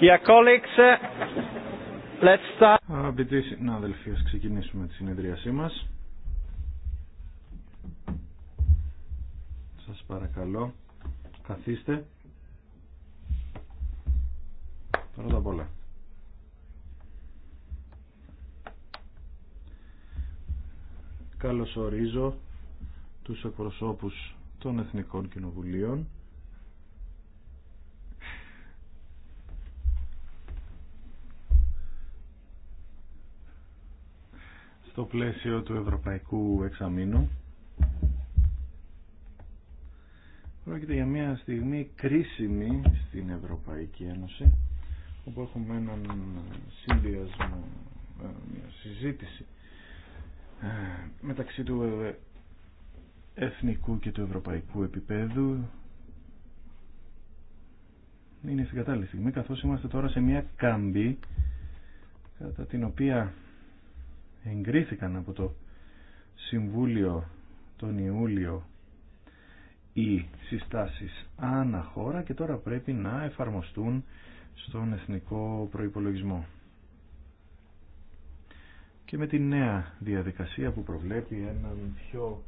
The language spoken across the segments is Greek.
Για colleagues, let's start. Αγαπητοί συνάδελφοι, ας ξεκινήσουμε τη συνεδρίασή μας. Σας παρακαλώ, καθίστε. Πρώτα απ' όλα. Καλωσορίζω τους εκπροσώπους των Εθνικών Κοινοβουλίων Το πλαίσιο του Ευρωπαϊκού Εξαμήνου. Πρόκειται για μια στιγμή κρίσιμη στην Ευρωπαϊκή Ένωση όπου έχουμε έναν συνδυασμό, ε, μια συζήτηση ε, μεταξύ του ε, εθνικού και του ευρωπαϊκού επίπεδου είναι στην κατάλληλη στιγμή καθώς είμαστε τώρα σε μια κάμπη κατά την οποία εγκρίθηκαν από το Συμβούλιο τον Ιούλιο οι συστάσεις άνα χώρα και τώρα πρέπει να εφαρμοστούν στον εθνικό προϋπολογισμό. Και με τη νέα διαδικασία που προβλέπει έναν πιο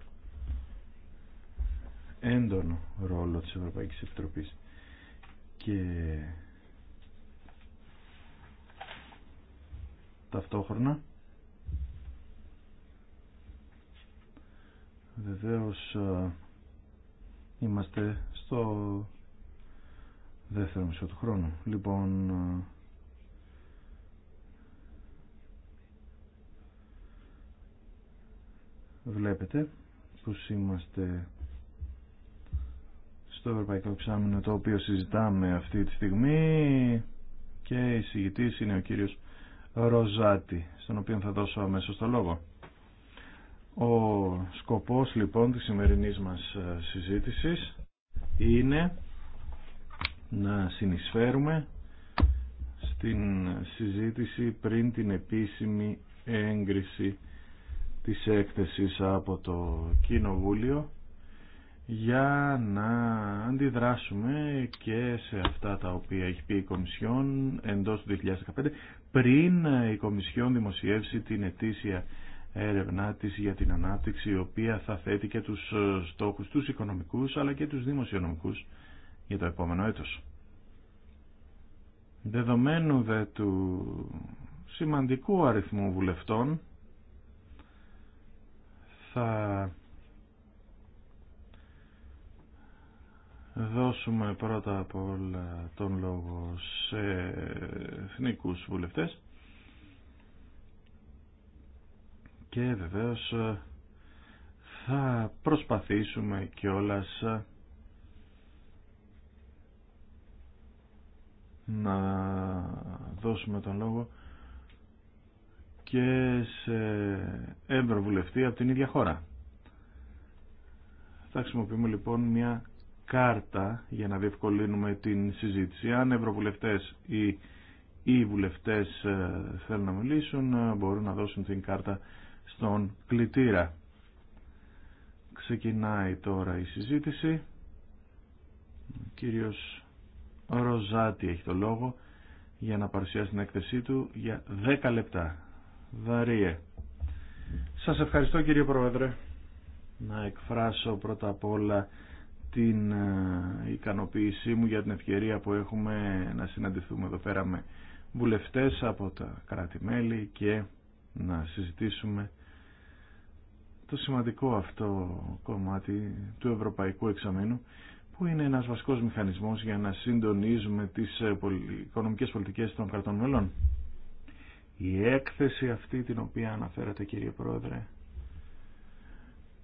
έντονο ρόλο της Ευρωπαϊκής Επιτροπής και ταυτόχρονα Βεβαίως ε, είμαστε στο δεύτερο μισό του χρόνου. Λοιπόν, ε, βλέπετε πως είμαστε στο Ευρωπαϊκό Εξάμεινο το οποίο συζητάμε αυτή τη στιγμή και η συγητής είναι ο κύριος Ροζάτη, στον οποίο θα δώσω αμέσως το λόγο. Ο σκοπός λοιπόν της σημερινής μας ε, συζήτησης είναι να συνεισφέρουμε στην συζήτηση πριν την επίσημη έγκριση της έκθεσης από το Κοινοβούλιο για να αντιδράσουμε και σε αυτά τα οποία έχει πει η Κομισιόν εντός του 2015 πριν η Κομισιόν δημοσιεύσει την ετήσια έρευνά της για την ανάπτυξη η οποία θα θέτει και τους ε, στόχους τους οικονομικούς αλλά και τους δημοσιονομικούς για το επόμενο έτος. Δεδομένου δε του σημαντικού αριθμού βουλευτών θα δώσουμε πρώτα απ' όλα τον λόγο σε εθνικούς βουλευτές και βεβαίως ε, θα προσπαθήσουμε όλας ε, να δώσουμε τον λόγο και σε ευρωβουλευτή από την ίδια χώρα. Θα χρησιμοποιούμε λοιπόν μια κάρτα για να διευκολύνουμε την συζήτηση. Αν ευρωβουλευτές ή οι βουλευτές ε, θέλουν να μιλήσουν μπορούν να δώσουν την κάρτα στον κλητήρα. Ξεκινάει τώρα η συζήτηση. Ο κύριος Ροζάτη έχει το λόγο για να παρουσιάσει την έκθεσή του για 10 λεπτά. Δαρίε. Σας ευχαριστώ κύριε Πρόεδρε. Να εκφράσω πρώτα απ' όλα την ε, ικανοποίησή μου για την ευκαιρία που έχουμε να συναντηθούμε εδώ πέρα με βουλευτές από τα κράτη-μέλη και να συζητήσουμε το σημαντικό αυτό κομμάτι του Ευρωπαϊκού Εξαμένου που είναι ένας βασικός μηχανισμός για να συντονίζουμε τις ε, οικονομικές πολιτικές των κρατών μελών. Η έκθεση αυτή την οποία αναφέρατε κύριε Πρόεδρε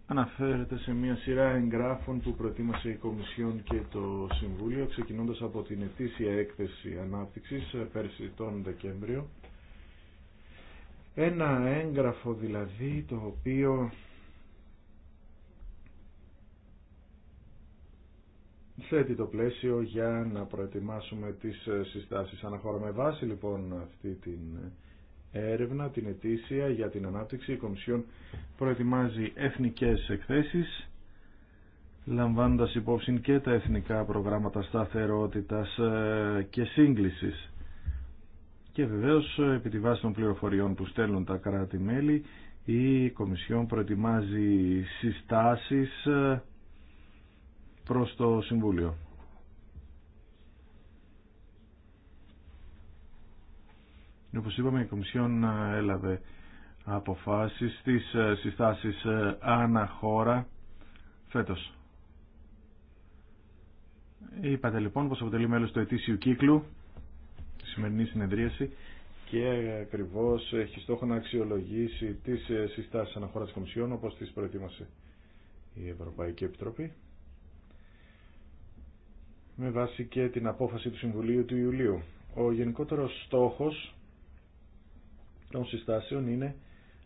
αναφέρεται σε μια σειρά εγγράφων που προετοίμασε η Κομισιόν και το Συμβούλιο ξεκινώντας από την ετήσια έκθεση ανάπτυξης ε, πέρσι τον Δεκέμβριο ένα έγγραφο δηλαδή το οποίο θέτει το πλαίσιο για να προετοιμάσουμε τις ε, συστάσεις. Αναχώρα με βάση λοιπόν αυτή την έρευνα, την ετήσια για την ανάπτυξη, η Κομισιόν προετοιμάζει εθνικές εκθέσεις, λαμβάνοντας υπόψη και τα εθνικά προγράμματα σταθερότητας ε, και σύγκλησης. Και βεβαίως, επί τη βάση των πληροφοριών που στέλνουν τα κράτη-μέλη, η Κομισιόν προετοιμάζει συστάσεις ε, προς το Συμβούλιο. Όπω είπαμε, η Κομισιόν ε, έλαβε αποφάσεις στις ε, συστάσεις ε, αναχώρα φέτος. Είπατε λοιπόν πως αποτελεί μέλος του ετήσιου κύκλου τη σημερινή συνεδρίαση και ακριβώ έχει στόχο να αξιολογήσει τις συστάσεις αναχώρας Κομισιόν όπως τις προετοίμασε η Ευρωπαϊκή Επιτροπή με βάση και την απόφαση του Συμβουλίου του Ιουλίου. Ο γενικότερος στόχος των συστάσεων είναι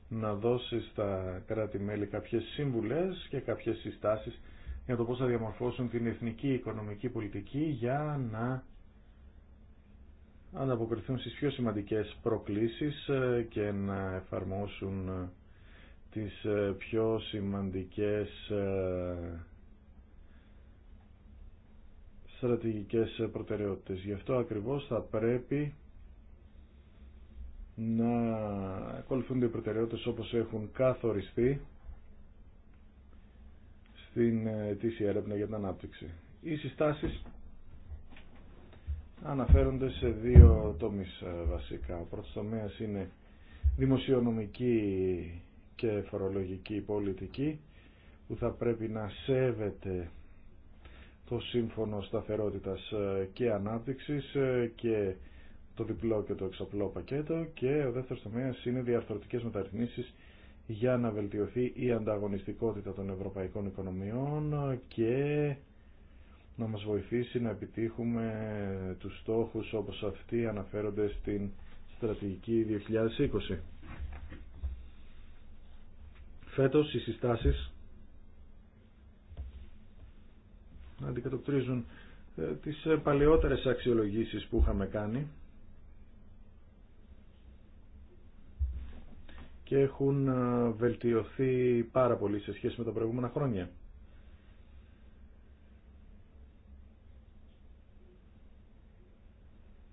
να δώσει στα κράτη-μέλη κάποιες σύμβουλες και κάποιες συστάσεις για το πώς θα διαμορφώσουν την εθνική οικονομική πολιτική για να ανταποκριθούν στις πιο σημαντικές προκλήσεις ε, και να εφαρμόσουν ε, τις ε, πιο σημαντικές στρατηγικές προτεραιότητες. Γι' αυτό ακριβώς θα πρέπει να ακολουθούνται οι προτεραιότητες όπως έχουν καθοριστεί στην ετήσια έρευνα για την ανάπτυξη. Οι συστάσεις αναφέρονται σε δύο τομείς ε, βασικά. Ο πρώτος τομέας είναι δημοσιονομική και φορολογική πολιτική που θα πρέπει να σέβεται το Σύμφωνο Σταθερότητας ε, και Ανάπτυξης ε, και το διπλό και το εξαπλό πακέτο και ο δεύτερος τομέας είναι διαρθρωτικές μεταρρυθμίσεις για να βελτιωθεί η ανταγωνιστικότητα των ευρωπαϊκών οικονομιών και να μας βοηθήσει να επιτύχουμε τους στόχους όπως αυτοί αναφέρονται στην στρατηγική 2020. Φέτος οι συστάσεις να αντικατοπτρίζουν ε, τις ε, παλαιότερες αξιολογήσεις που είχαμε κάνει και έχουν ε, βελτιωθεί πάρα πολύ σε σχέση με τα προηγούμενα χρόνια.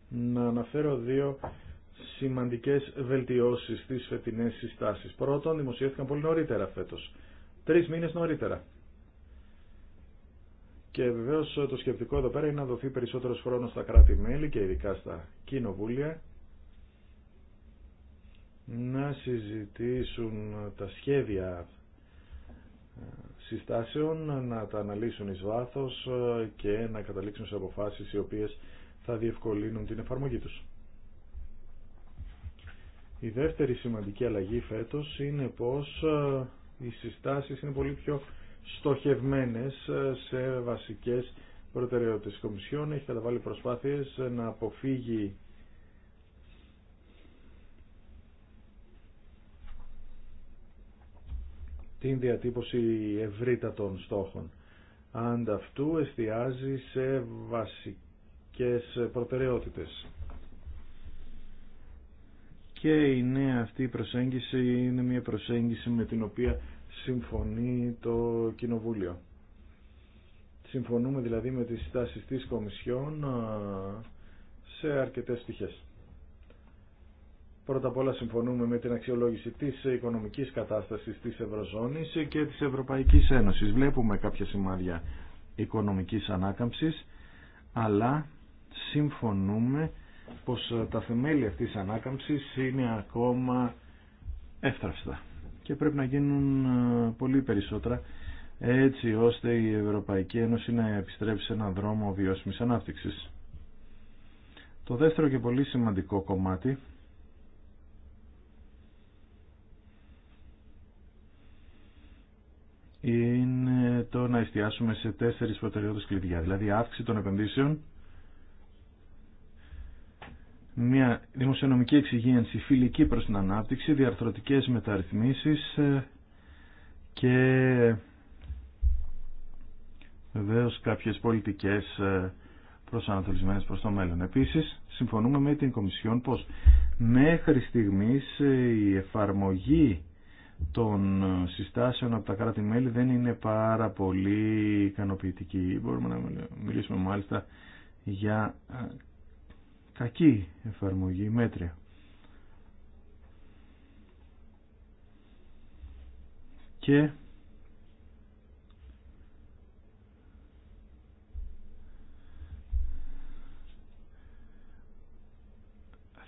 Να αναφέρω δύο σημαντικές βελτιώσεις στις φετινές συστάσεις. Πρώτον, δημοσιεύτηκαν πολύ νωρίτερα φέτος. Τρεις μήνες νωρίτερα. Και βεβαίω το σκεπτικό εδώ πέρα είναι να δοθεί περισσότερο χρόνο στα κράτη-μέλη και ειδικά στα κοινοβούλια να συζητήσουν τα σχέδια ε, συστάσεων, να τα αναλύσουν εις βάθος ε, και να καταλήξουν σε αποφάσεις οι οποίες θα διευκολύνουν την εφαρμογή τους. Η δεύτερη σημαντική αλλαγή φέτος είναι πως ε, οι συστάσεις είναι πολύ πιο στοχευμένες ε, σε βασικές προτεραιότητες. Η Κομισιόν έχει καταβάλει προσπάθειες ε, να αποφύγει την διατύπωση ευρύτατων στόχων. Ανταυτού εστιάζει σε βασικές προτεραιότητες. Και η νέα αυτή προσέγγιση είναι μια προσέγγιση με την οποία συμφωνεί το Κοινοβούλιο. Συμφωνούμε δηλαδή με τις στάσεις της Κομισιόν σε αρκετές στοιχές. Πρώτα απ' όλα συμφωνούμε με την αξιολόγηση της οικονομικής κατάστασης της Ευρωζώνης και της Ευρωπαϊκής Ένωσης. Βλέπουμε κάποια σημάδια οικονομικής ανάκαμψης, αλλά συμφωνούμε πως τα θεμέλια αυτής της ανάκαμψης είναι ακόμα εύθραυστα και πρέπει να γίνουν ε, πολύ περισσότερα έτσι ώστε η Ευρωπαϊκή Ένωση να επιστρέψει σε έναν δρόμο βιώσιμης ανάπτυξης. Το δεύτερο και πολύ σημαντικό κομμάτι είναι το να εστιάσουμε σε τέσσερις προτεραιότητες κλειδιά, δηλαδή αύξηση των επενδύσεων, μια δημοσιονομική εξυγίανση φιλική προς την ανάπτυξη, διαρθρωτικές μεταρρυθμίσεις ε, και βεβαίω κάποιες πολιτικές ε, προσανατολισμένες προς το μέλλον. Επίσης, συμφωνούμε με την Κομισιόν πως μέχρι στιγμής ε, η εφαρμογή των συστάσεων από τα κράτη-μέλη δεν είναι πάρα πολύ ικανοποιητική. Μπορούμε να μιλήσουμε μάλιστα για κακή εφαρμογή, μέτρια. Και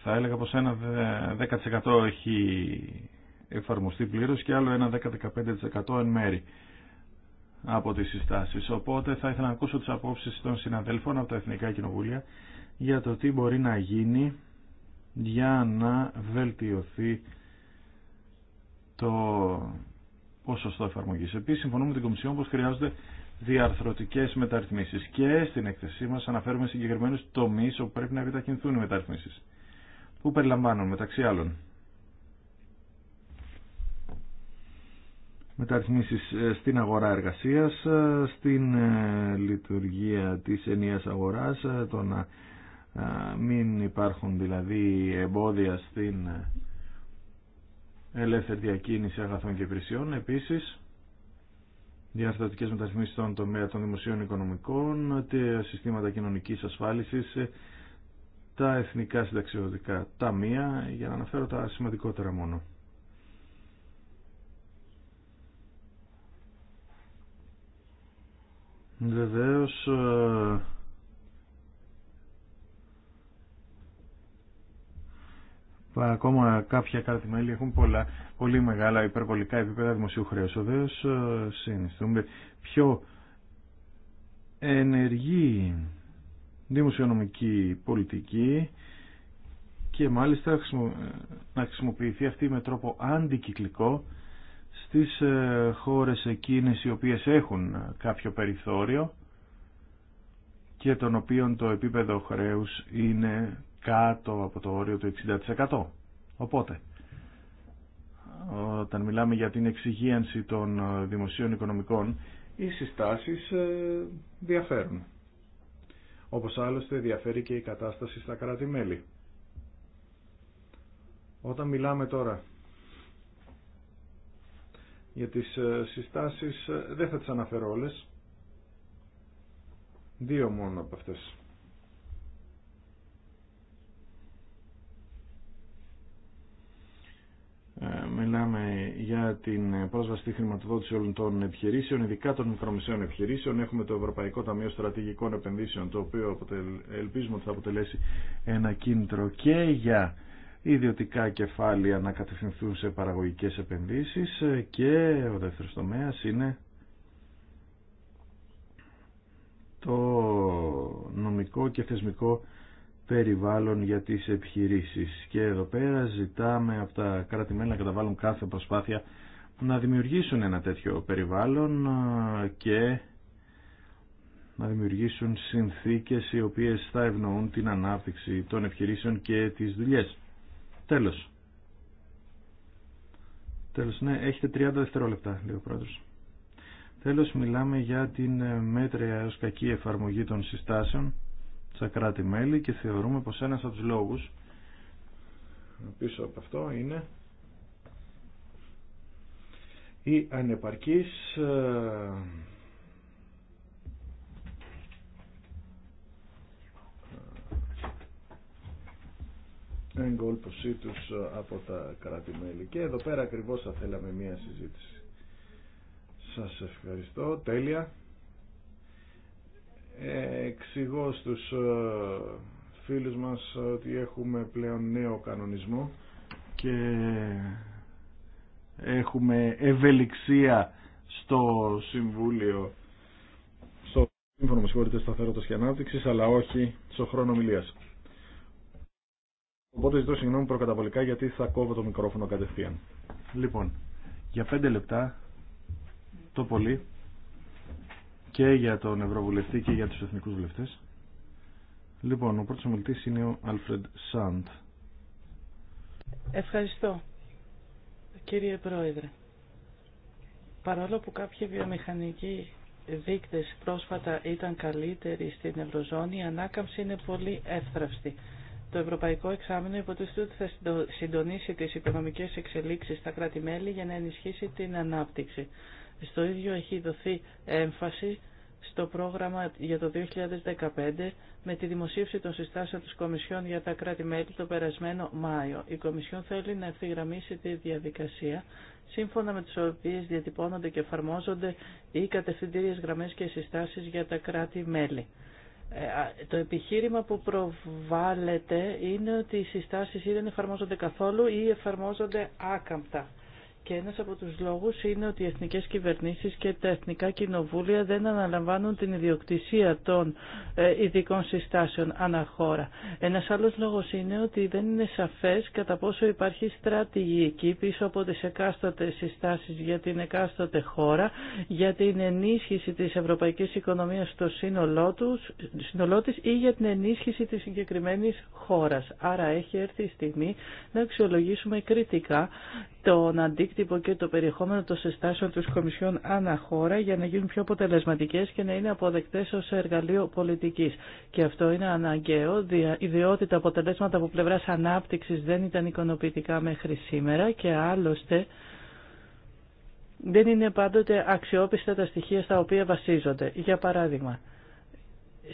θα έλεγα πως ένα 10% έχει εφαρμοστεί πλήρως και άλλο ένα 10-15% εν μέρη από τις συστάσεις. Οπότε θα ήθελα να ακούσω τις απόψεις των συναδέλφων από τα Εθνικά Κοινοβούλια για το τι μπορεί να γίνει για να βελτιωθεί το ποσοστό εφαρμογής. Επίσης, συμφωνούμε με την Κομισιόν πως χρειάζονται διαρθρωτικές μεταρρυθμίσεις και στην έκθεσή μα αναφέρουμε συγκεκριμένου τομεί όπου πρέπει να επιταχυνθούν οι μεταρρυθμίσεις που περιλαμβάνουν μεταξύ άλλων μεταρρυθμίσεις ε, στην αγορά εργασίας, ε, στην ε, λειτουργία της ενίας αγοράς, το να μην υπάρχουν δηλαδή εμπόδια στην ελεύθερη διακίνηση αγαθών και υπηρεσιών. Επίσης, διαστατικές μεταρρυθμίσεις στον τομέα των δημοσίων οικονομικών, τα συστήματα κοινωνικής ασφάλισης, τα εθνικά τα ταμεία, για να αναφέρω τα σημαντικότερα μόνο. Βεβαίως, ε, ακομα ακόμα κάποια κράτη-μέλη έχουν πολλά, πολύ μεγάλα υπερβολικά επίπεδα δημοσίου χρέους. Ε, συνιστούμε πιο ενεργή δημοσιονομική πολιτική και μάλιστα ε, να χρησιμοποιηθεί αυτή με τρόπο αντικυκλικό στις ε, χώρες εκείνες οι οποίες έχουν κάποιο περιθώριο και των οποίων το επίπεδο χρέους είναι κάτω από το όριο του 60%. Οπότε, όταν μιλάμε για την εξυγίανση των ε, δημοσίων οικονομικών, οι συστάσεις ε, διαφέρουν. Όπως άλλωστε διαφέρει και η κατάσταση στα κράτη-μέλη. Όταν μιλάμε τώρα για τις ε, συστάσεις, δεν θα τις αναφέρω όλες. Δύο μόνο από αυτές. Ε, μιλάμε για την πρόσβαση στη χρηματοδότηση όλων των επιχειρήσεων, ειδικά των μικρομεσαίων επιχειρήσεων. Έχουμε το Ευρωπαϊκό Ταμείο Στρατηγικών Επενδύσεων, το οποίο ελπίζουμε ότι θα αποτελέσει ένα κίνητρο και για ιδιωτικά κεφάλαια να κατευθυνθούν σε παραγωγικές επενδύσεις και ο δεύτερο τομέας είναι το νομικό και θεσμικό περιβάλλον για τις επιχειρήσεις. Και εδώ πέρα ζητάμε από τα κρατη να καταβάλουν κάθε προσπάθεια να δημιουργήσουν ένα τέτοιο περιβάλλον και να δημιουργήσουν συνθήκες οι οποίες θα ευνοούν την ανάπτυξη των επιχειρήσεων και τις δουλειές. Τέλος. Τέλος, ναι, έχετε 30 δευτερόλεπτα, λέει ο πρόεδρος. Τέλος, μιλάμε για την ε, μέτρια ως κακή εφαρμογή των συστάσεων στα κράτη-μέλη και θεωρούμε πως ένας από τους λόγους πίσω από αυτό είναι η ανεπαρκής ε, εγκόλπωσή τους από τα κράτη-μέλη. Και εδώ πέρα ακριβώς θα θέλαμε μία συζήτηση. Σας ευχαριστώ. Τέλεια εξηγώ στους ε, φίλους μας ότι έχουμε πλέον νέο κανονισμό και έχουμε ευελιξία στο Συμβούλιο στο Σύμφωνο με συγχωρείτε σταθερότητας και ανάπτυξης αλλά όχι στο χρόνο μιλίας. Οπότε ζητώ συγγνώμη προκαταβολικά γιατί θα κόβω το μικρόφωνο κατευθείαν. Λοιπόν, για πέντε λεπτά το πολύ και για τον Ευρωβουλευτή και για τους Εθνικούς Βουλευτές. Λοιπόν, ο πρώτος ομιλητής είναι ο Αλφρεντ Σάντ. Ευχαριστώ, κύριε Πρόεδρε. Παρόλο που κάποιοι βιομηχανικοί δείκτες πρόσφατα ήταν καλύτεροι στην Ευρωζώνη, η ανάκαμψη είναι πολύ εύθραυστη. Το Ευρωπαϊκό Εξάμεινο υποτίθεται ότι θα συντονίσει τις οικονομικές εξελίξεις στα κράτη-μέλη για να ενισχύσει την ανάπτυξη. Στο ίδιο έχει δοθεί έμφαση στο πρόγραμμα για το 2015 με τη δημοσίευση των συστάσεων της Κομισιόν για τα κράτη-μέλη το περασμένο Μάιο. Η Κομισιόν θέλει να ευθυγραμμίσει τη διαδικασία σύμφωνα με τις οποίες διατυπώνονται και εφαρμόζονται οι κατευθυντήριες γραμμές και συστάσεις για τα κράτη-μέλη. Ε, το επιχείρημα που προβάλλεται είναι ότι οι συστάσεις ή δεν εφαρμόζονται καθόλου ή εφαρμόζονται άκαμπτα. Και ένας από τους λόγους είναι ότι οι εθνικές κυβερνήσεις και τα εθνικά κοινοβούλια δεν αναλαμβάνουν την ιδιοκτησία των ε, ειδικών συστάσεων αναχώρα. Ένα άλλος λόγος είναι ότι δεν είναι σαφές κατά πόσο υπάρχει στρατηγική πίσω από τις εκάστοτε συστάσεις για την εκάστοτε χώρα, για την ενίσχυση της ευρωπαϊκής οικονομίας στο σύνολό, τους, σύνολό ή για την ενίσχυση της συγκεκριμένης χώρας. Άρα έχει έρθει η στιγμή να αξιολογήσουμε κριτικά τον αντίκτυπο και το περιεχόμενο των συστάσεων της Κομισιόν αναχώρα για να γίνουν πιο αποτελεσματικές και να είναι αποδεκτές ως εργαλείο πολιτικής. Και αυτό είναι αναγκαίο, διότι τα αποτελέσματα από πλευράς ανάπτυξης δεν ήταν ικανοποιητικά μέχρι σήμερα και άλλωστε δεν είναι πάντοτε αξιόπιστα τα στοιχεία στα οποία βασίζονται. Για παράδειγμα,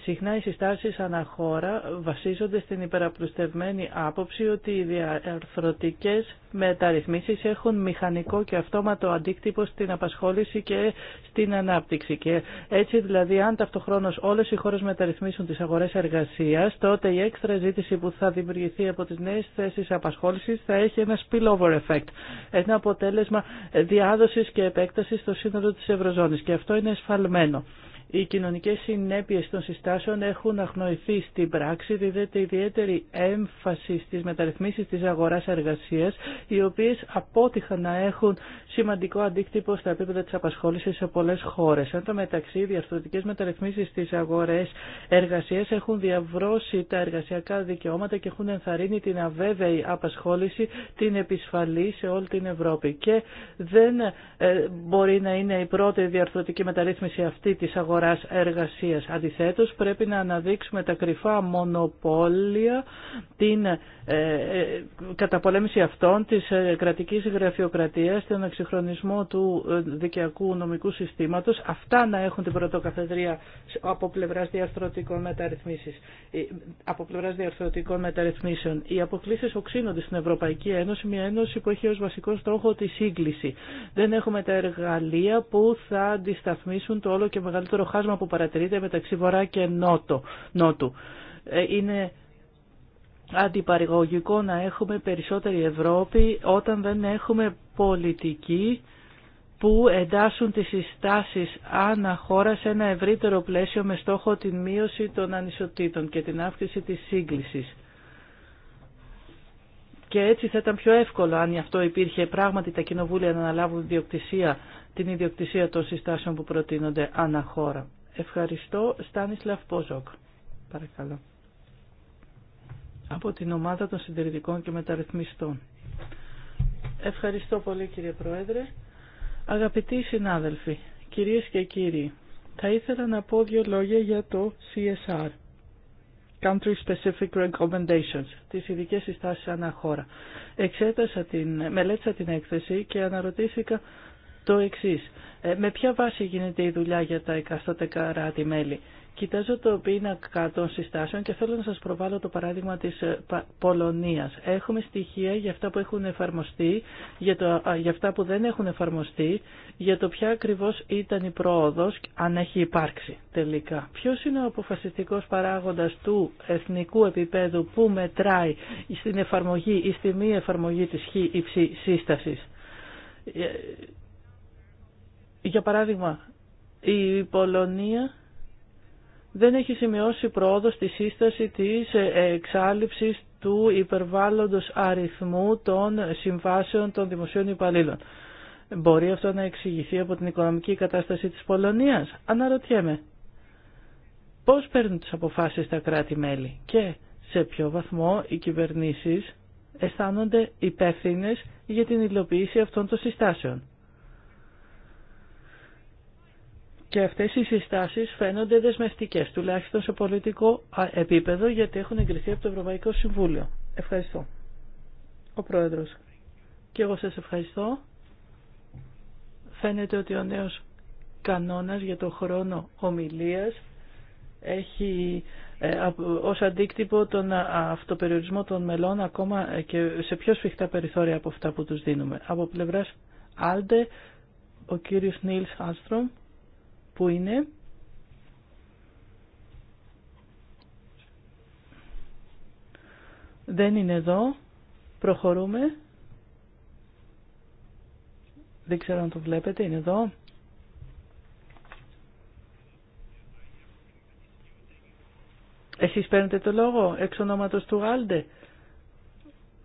Συχνά οι συστάσεις αναχώρα βασίζονται στην υπεραπλουστευμένη άποψη ότι οι διαρθρωτικές μεταρρυθμίσεις έχουν μηχανικό και αυτόματο αντίκτυπο στην απασχόληση και στην ανάπτυξη. Και έτσι δηλαδή αν ταυτοχρόνως όλες οι χώρες μεταρρυθμίσουν τις αγορές εργασίας, τότε η έξτρα ζήτηση που θα δημιουργηθεί από τις νέες θέσεις απασχόλησης θα έχει ένα spillover effect, ένα αποτέλεσμα διάδοσης και επέκτασης στο σύνολο της Ευρωζώνης. Και αυτό είναι εσφαλμένο. Οι κοινωνικές συνέπειες των συστάσεων έχουν αγνοηθεί στην πράξη, δίδεται ιδιαίτερη έμφαση στις μεταρρυθμίσεις της αγοράς εργασίας, οι οποίες απότυχαν να έχουν σημαντικό αντίκτυπο στα επίπεδα της απασχόλησης σε πολλές χώρες. Αν το μεταξύ, οι διαρθρωτικές μεταρρυθμίσεις στις αγορές εργασίας έχουν διαβρώσει τα εργασιακά δικαιώματα και έχουν ενθαρρύνει την αβέβαιη απασχόληση, την επισφαλή σε όλη την Ευρώπη. Και δεν ε, μπορεί να είναι η πρώτη διαρθρωτική μεταρρύθμιση αυτή της αγοράς εργασίας. Αντιθέτως πρέπει να αναδείξουμε τα κρυφά μονοπόλια, την ε, ε, καταπολέμηση αυτών της ε, κρατικής γραφειοκρατίας, τον εξυγχρονισμό του δικαιακού νομικού συστήματος. Αυτά να έχουν την πρωτοκαθεδρία από πλευράς διαρθρωτικών μεταρρυθμίσεις. Από πλευράς διαρθρωτικών μεταρρυθμίσεων. Οι αποκλήσεις οξύνονται στην Ευρωπαϊκή Ένωση, μια ένωση που έχει ως βασικό στόχο τη σύγκληση. Δεν έχουμε τα εργαλεία που θα αντισταθμίσουν το όλο και μεγαλύτερο το χάσμα που παρατηρείται μεταξύ Βορρά και νότο, Νότου. Ε, είναι αντιπαρηγωγικό να έχουμε περισσότερη Ευρώπη όταν δεν έχουμε πολιτική που εντάσσουν τις συστάσεις άνα χώρα σε ένα ευρύτερο πλαίσιο με στόχο την μείωση των ανισοτήτων και την αύξηση της σύγκλησης. Και έτσι θα ήταν πιο εύκολο αν αυτό υπήρχε πράγματι τα κοινοβούλια να αναλάβουν την ιδιοκτησία των συστάσεων που προτείνονται αναχώρα. Ευχαριστώ. Στάνισλαφ Πόζοκ. Παρακαλώ. Από την ομάδα των συντηρητικών και μεταρρυθμιστών. Ευχαριστώ πολύ κύριε Πρόεδρε. Αγαπητοί συνάδελφοι, κυρίες και κύριοι, θα ήθελα να πω δύο λόγια για το CSR country-specific recommendations, τις ειδικές συστάσεις ανά χώρα. Εξέτασα την, μελέτησα την έκθεση και αναρωτήθηκα το εξής. Ε, με ποια βάση γίνεται η δουλειά για τα εκάστοτε κράτη-μέλη Κοιτάζω το πίνακα των συστάσεων και θέλω να σας προβάλλω το παράδειγμα της ε, Πολωνίας. Έχουμε στοιχεία για αυτά που έχουν εφαρμοστεί, για, το, αυτά που δεν έχουν εφαρμοστεί, για το ποια ακριβώς ήταν η πρόοδος, αν έχει υπάρξει τελικά. Ποιος είναι ο αποφασιστικός παράγοντας του εθνικού επίπεδου που μετράει στην εφαρμογή ή στη μη εφαρμογή της χ υψη σύστασης. Ε, για παράδειγμα, η Πολωνία δεν έχει σημειώσει πρόοδο στη σύσταση της εξάλληψης του υπερβάλλοντος αριθμού των συμβάσεων των δημοσίων υπαλλήλων. Μπορεί αυτό να εξηγηθεί από την οικονομική κατάσταση της Πολωνίας. Αναρωτιέμαι, πώς παίρνουν τις αποφάσεις τα κράτη-μέλη και σε ποιο βαθμό οι κυβερνήσεις αισθάνονται υπεύθυνε για την υλοποίηση αυτών των συστάσεων. Και αυτές οι συστάσεις φαίνονται δεσμευτικές, τουλάχιστον σε πολιτικό επίπεδο, γιατί έχουν εγκριθεί από το Ευρωπαϊκό Συμβούλιο. Ευχαριστώ. Ο Πρόεδρος. Και εγώ σας ευχαριστώ. Φαίνεται ότι ο νέος κανόνας για το χρόνο ομιλίας έχει ε, ως αντίκτυπο τον αυτοπεριορισμό των μελών ακόμα ε, και σε πιο σφιχτά περιθώρια από αυτά που τους δίνουμε. Από πλευράς Άλτε, ο κύριος Νίλς Άστρομ που είναι δεν είναι εδώ προχωρούμε δεν ξέρω αν το βλέπετε είναι εδώ Εσείς παίρνετε το λόγο εξ ονόματος του Γάλντε.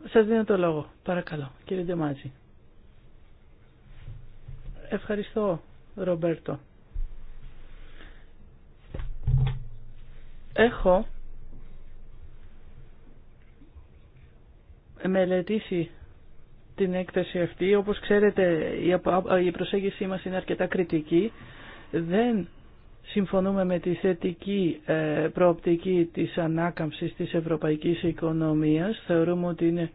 Σας δίνω το λόγο. Παρακαλώ, κύριε Ντεμάζη. Ευχαριστώ, Ρομπέρτο. Έχω μελετήσει την έκθεση αυτή. Όπως ξέρετε η προσέγγιση μας είναι αρκετά κριτική. Δεν συμφωνούμε με τη θετική ε, προοπτική της ανάκαμψης της ευρωπαϊκής οικονομίας. Θεωρούμε ότι είναι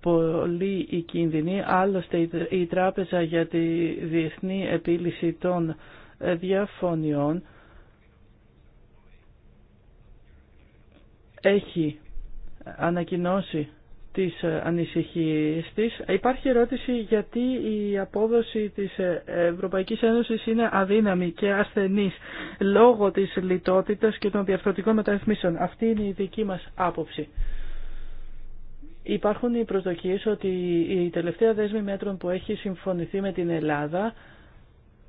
πολύ η κίνδυνη. Άλλωστε η Τράπεζα για τη Διεθνή Επίλυση των Διαφωνιών έχει ανακοινώσει τις ε, ανησυχίες της. Υπάρχει ερώτηση γιατί η απόδοση της ε, Ευρωπαϊκής Ένωσης είναι αδύναμη και ασθενής λόγω της λιτότητας και των διαφορετικών μεταρρυθμίσεων. Αυτή είναι η δική μας άποψη. Υπάρχουν οι προσδοκίες ότι η τελευταία δέσμη μέτρων που έχει συμφωνηθεί με την Ελλάδα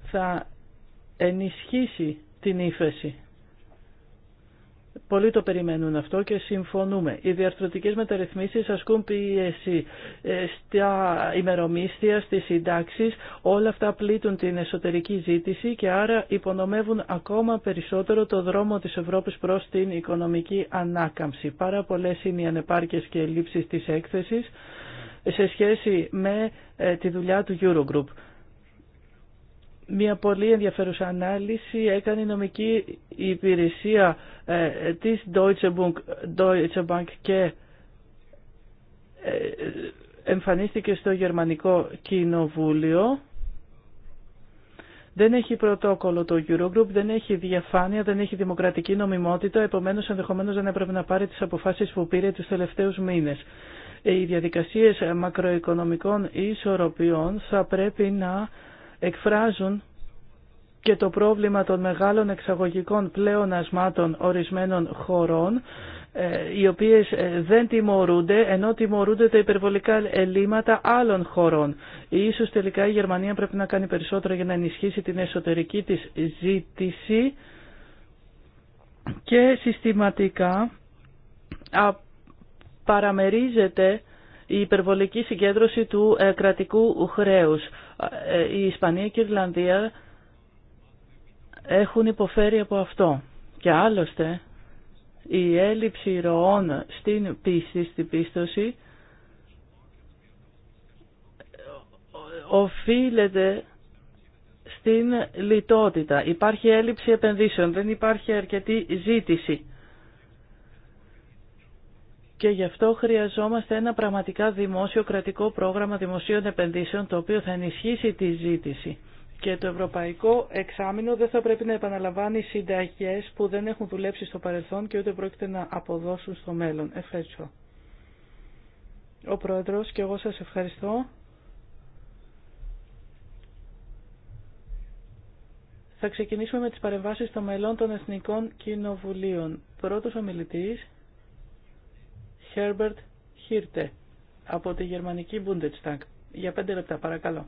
θα ενισχύσει την ύφεση Πολλοί το περιμένουν αυτό και συμφωνούμε. Οι διαρθρωτικές μεταρρυθμίσεις ασκούν πίεση ε, στα ημερομίσθια, στις συντάξεις. Όλα αυτά πλήττουν την εσωτερική ζήτηση και άρα υπονομεύουν ακόμα περισσότερο το δρόμο της Ευρώπης προς την οικονομική ανάκαμψη. Πάρα πολλές είναι οι ανεπάρκειες και λήψει της έκθεσης σε σχέση με ε, τη δουλειά του Eurogroup. Μια πολύ ενδιαφέρουσα ανάλυση έκανε η νομική υπηρεσία ε, της Deutsche Bank, Deutsche Bank και ε, εμφανίστηκε στο Γερμανικό Κοινοβούλιο. Δεν έχει πρωτόκολλο το Eurogroup, δεν έχει διαφάνεια, δεν έχει δημοκρατική νομιμότητα, επομένως ενδεχομένως δεν έπρεπε να πάρει τις αποφάσεις που πήρε τους τελευταίους μήνες. Οι διαδικασίες μακροοικονομικών ισορροπιών θα πρέπει να εκφράζουν και το πρόβλημα των μεγάλων εξαγωγικών πλεονασμάτων ορισμένων χωρών, ε, οι οποίες ε, δεν τιμωρούνται, ενώ τιμωρούνται τα υπερβολικά ελλείμματα άλλων χωρών. Ίσως τελικά η Γερμανία πρέπει να κάνει περισσότερο για να ενισχύσει την εσωτερική της ζήτηση και συστηματικά παραμερίζεται η υπερβολική συγκέντρωση του ε, κρατικού χρέους. Η Ισπανία και η Ιρλανδία έχουν υποφέρει από αυτό. Και άλλωστε η έλλειψη ροών στην πίστη, στην πίστοση, οφείλεται στην λιτότητα. Υπάρχει έλλειψη επενδύσεων, δεν υπάρχει αρκετή ζήτηση. Και γι' αυτό χρειαζόμαστε ένα πραγματικά δημόσιο κρατικό πρόγραμμα δημοσίων επενδύσεων, το οποίο θα ενισχύσει τη ζήτηση. Και το ευρωπαϊκό εξάμεινο δεν θα πρέπει να επαναλαμβάνει συνταγές που δεν έχουν δουλέψει στο παρελθόν και ούτε πρόκειται να αποδώσουν στο μέλλον. Ευχαριστώ. Ο Πρόεδρος και εγώ σας ευχαριστώ. Θα ξεκινήσουμε με τις παρεμβάσεις των μελών των Εθνικών Κοινοβουλίων. Πρώτος ομιλητής, Herbert Hirte, από τη Γερμανική Bundestag. Για πέντε λεπτά, παρακαλώ.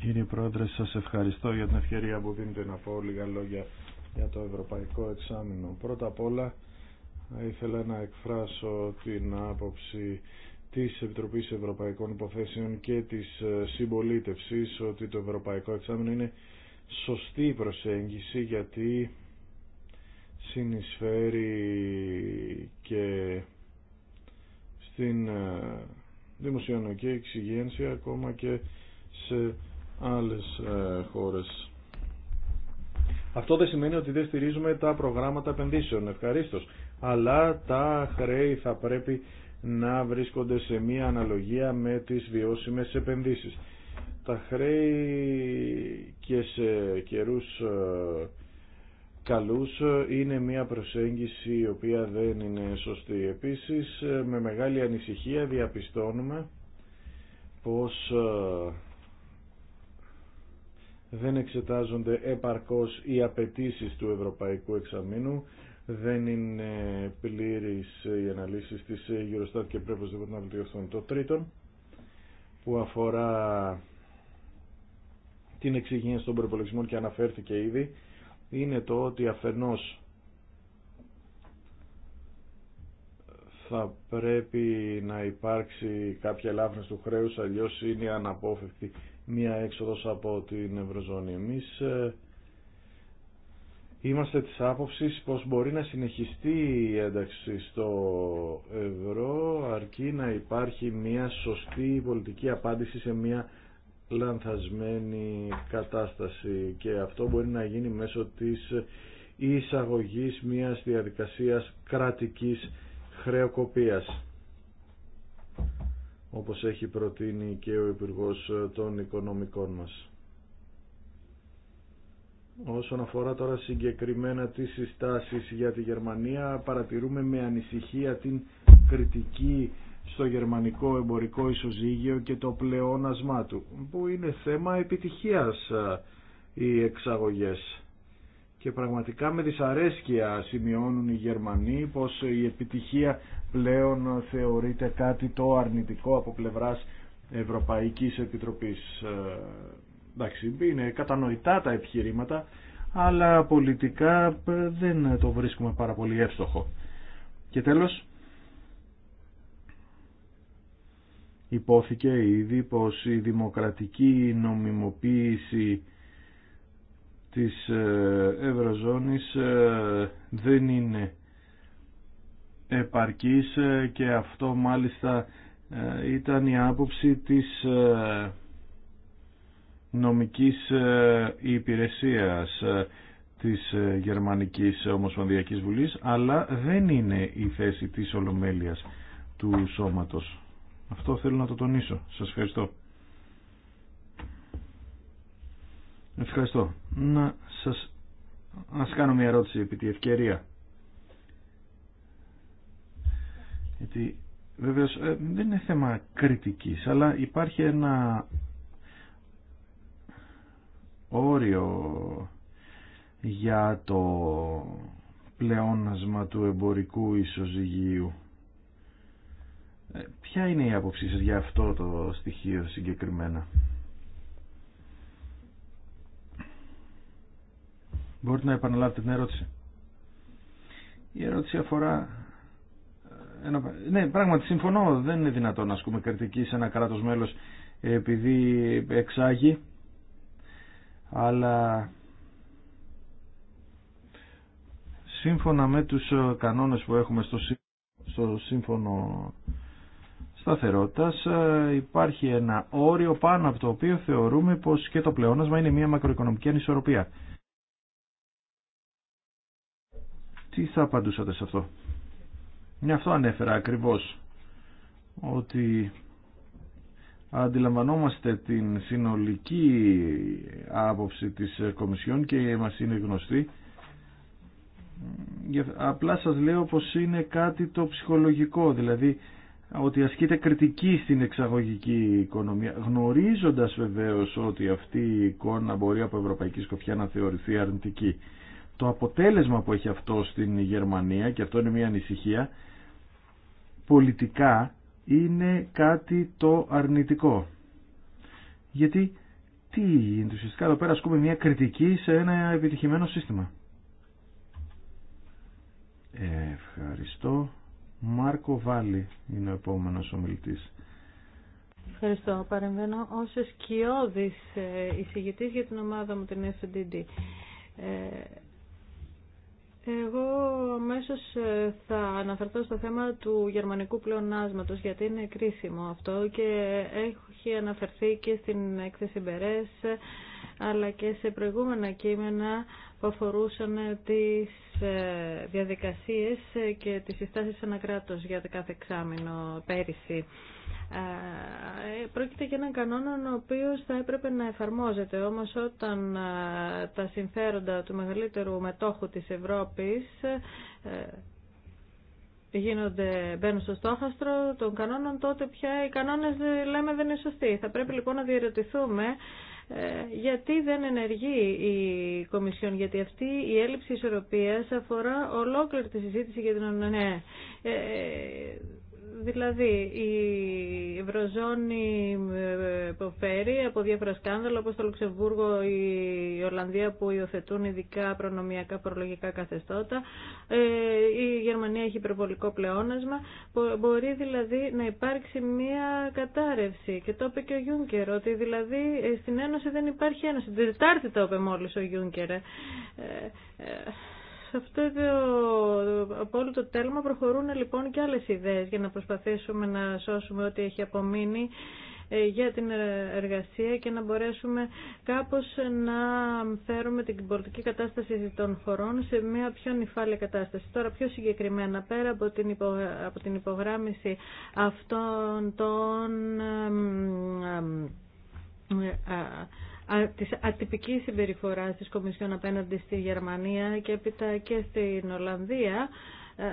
Κύριε Πρόεδρε, σας ευχαριστώ για την ευκαιρία που δίνετε να πω λίγα λόγια για το Ευρωπαϊκό Εξάμεινο. Πρώτα απ' όλα ήθελα να εκφράσω την άποψη της Επιτροπής Ευρωπαϊκών Υποθέσεων και της ε, συμπολίτευσης ότι το Ευρωπαϊκό Εξάμεινο είναι σωστή προσέγγιση γιατί συνεισφέρει και στην ε, δημοσιονομική εξυγένση ακόμα και σε άλλες ε, χώρες. Αυτό δεν σημαίνει ότι δεν στηρίζουμε τα προγράμματα επενδύσεων, ευχαρίστως. Αλλά τα χρέη θα πρέπει να βρίσκονται σε μία αναλογία με τις βιώσιμες επενδύσεις. Τα χρέη και σε καιρούς ε, καλούς ε, είναι μία προσέγγιση η οποία δεν είναι σωστή. Επίσης, με μεγάλη ανησυχία διαπιστώνουμε πως δεν εξετάζονται επαρκώς οι απαιτήσει του Ευρωπαϊκού Εξαμήνου, δεν είναι πλήρης οι αναλύσεις της Eurostat και πρέπει οπωσδήποτε να βελτιωθούν. Το τρίτο που αφορά την εξυγίανση των προπολογισμών και αναφέρθηκε ήδη είναι το ότι αφενός θα πρέπει να υπάρξει κάποια ελάφρυνση του χρέους αλλιώς είναι αναπόφευκτη μια έξοδος από την Ευρωζώνη. Εμείς ε, είμαστε της άποψης πως μπορεί να συνεχιστεί η ένταξη στο ευρώ αρκεί να υπάρχει μια σωστή πολιτική απάντηση σε μια λανθασμένη κατάσταση και αυτό μπορεί να γίνει μέσω της εισαγωγής μιας διαδικασίας κρατικής χρεοκοπίας όπως έχει προτείνει και ο Υπουργός των Οικονομικών μας. Όσον αφορά τώρα συγκεκριμένα τις συστάσεις για τη Γερμανία, παρατηρούμε με ανησυχία την κριτική στο γερμανικό εμπορικό ισοζύγιο και το πλεόνασμά του, που είναι θέμα επιτυχίας ε, οι εξαγωγές και πραγματικά με δυσαρέσκεια σημειώνουν οι Γερμανοί πως η επιτυχία πλέον θεωρείται κάτι το αρνητικό από πλευράς Ευρωπαϊκής Επιτροπής. Ε, εντάξει, είναι κατανοητά τα επιχειρήματα, αλλά πολιτικά ε, δεν το βρίσκουμε πάρα πολύ εύστοχο. Και τέλος, υπόθηκε ήδη πως η δημοκρατική νομιμοποίηση της ε, Ευρωζώνης ε, δεν είναι επαρκής ε, και αυτό μάλιστα ήταν η άποψη της νομικής υπηρεσίας της Γερμανικής Ομοσπονδιακής Βουλής αλλά δεν είναι η θέση της Ολομέλειας του σώματος. Αυτό θέλω να το τονίσω. Σας ευχαριστώ. Ευχαριστώ. Να σας κάνω μια ερώτηση επί τη ευκαιρία. Γιατί Βεβαίως ε, δεν είναι θέμα κριτικής, αλλά υπάρχει ένα όριο για το πλεόνασμα του εμπορικού ισοζυγίου. Ε, ποια είναι η άποψή για αυτό το στοιχείο συγκεκριμένα. Μπορείτε να επαναλάβετε την ερώτηση. Η ερώτηση αφορά... Ε, ναι, πράγματι συμφωνώ. Δεν είναι δυνατόν να ασκούμε κριτική σε ένα κράτος μέλος επειδή εξάγει. Αλλά σύμφωνα με τους ε, κανόνες που έχουμε στο, στο σύμφωνο σταθερότητας ε, υπάρχει ένα όριο πάνω από το οποίο θεωρούμε πως και το πλεόνασμα είναι μια μακροοικονομική ανισορροπία. Τι θα απαντούσατε σε αυτό. Μια αυτό ανέφερα ακριβώς. Ότι αντιλαμβανόμαστε την συνολική άποψη της Κομισιόν και μας είναι γνωστή. Απλά σας λέω πως είναι κάτι το ψυχολογικό, δηλαδή ότι ασκείται κριτική στην εξαγωγική οικονομία, γνωρίζοντας βεβαίως ότι αυτή η εικόνα μπορεί από ευρωπαϊκή σκοπιά να θεωρηθεί αρνητική το αποτέλεσμα που έχει αυτό στην Γερμανία και αυτό είναι μια ανησυχία πολιτικά είναι κάτι το αρνητικό. Γιατί τι γίνεται ουσιαστικά εδώ πέρα ασκούμε μια κριτική σε ένα επιτυχημένο σύστημα. Ευχαριστώ. Μάρκο Βάλι είναι ο επόμενος ομιλητής. Ευχαριστώ. Παρεμβαίνω ως σκιώδης ε, εισηγητής για την ομάδα μου, την FDD. Ε, εγώ αμέσω ε, θα αναφερθώ στο θέμα του γερμανικού πλεονάσματος γιατί είναι κρίσιμο αυτό και έχει αναφερθεί και στην έκθεση Μπερές αλλά και σε προηγούμενα κείμενα που αφορούσαν τις ε, διαδικασίες και τις συστάσεις ανακράτως για κάθε εξάμεινο πέρυσι. Ε, πρόκειται για έναν κανόνα ο οποίος θα έπρεπε να εφαρμόζεται, όμως όταν τα συμφέροντα του μεγαλύτερου μετόχου της Ευρώπης ε, γίνονται, μπαίνουν στο στόχαστρο των κανόνων, τότε πια οι κανόνες ε, λέμε δεν είναι σωστοί. Θα πρέπει λοιπόν να διαρωτηθούμε γιατί δεν ενεργεί η Κομισιόν, γιατί αυτή η έλλειψη ισορροπίας αφορά ολόκληρη τη συζήτηση για την ΟΝΕ. Δηλαδή, η Ευρωζώνη υποφέρει ε, από διάφορα σκάνδαλα, όπως το Λουξεμβούργο, η Ολλανδία που υιοθετούν ειδικά προνομιακά προλογικά καθεστώτα. Ε, η Γερμανία έχει υπερβολικό πλεόνασμα. Μπορεί δηλαδή να υπάρξει μια κατάρρευση. Και το είπε και ο Γιούνκερ, ότι δηλαδή στην Ένωση δεν υπάρχει Ένωση. Την Τετάρτη το είπε μόλις ο Γιούνκερ. Ε. Σε αυτό το απόλυτο τέλμα προχωρούν λοιπόν και άλλες ιδέες για να προσπαθήσουμε να σώσουμε ό,τι έχει απομείνει ε, για την εργασία και να μπορέσουμε κάπως να φέρουμε την πολιτική κατάσταση των χωρών σε μια πιο νυφάλια κατάσταση. Τώρα πιο συγκεκριμένα, πέρα από την, από την υπογράμμιση αυτών των ε, της ατυπικής συμπεριφοράς της Κομισιόν απέναντι στη Γερμανία και έπειτα και στην Ολλανδία ε,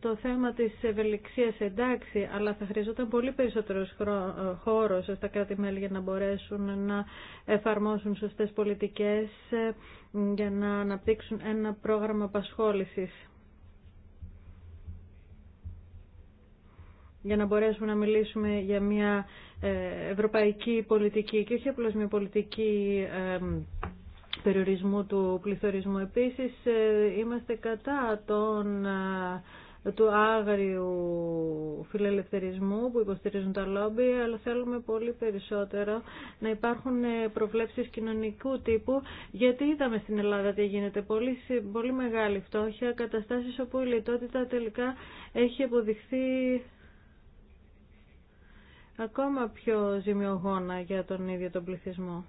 το θέμα της ευελιξίας εντάξει, αλλά θα χρειαζόταν πολύ περισσότερο χώρος στα κράτη-μέλη για να μπορέσουν να εφαρμόσουν σωστές πολιτικές ε, για να αναπτύξουν ένα πρόγραμμα απασχόλησης. Για να μπορέσουμε να μιλήσουμε για μια ε, ευρωπαϊκή πολιτική και όχι απλώς μια πολιτική περιορισμού του πληθωρισμού. Επίσης, ε, είμαστε κατά των ε, του άγριου φιλελευθερισμού που υποστηρίζουν τα λόμπι, αλλά θέλουμε πολύ περισσότερο να υπάρχουν προβλέψεις κοινωνικού τύπου, γιατί είδαμε στην Ελλάδα τι γίνεται. Πολύ, πολύ μεγάλη φτώχεια, καταστάσεις όπου η λιτότητα τελικά έχει αποδειχθεί ακόμα πιο ζημιογόνα για τον ίδιο τον πληθυσμό.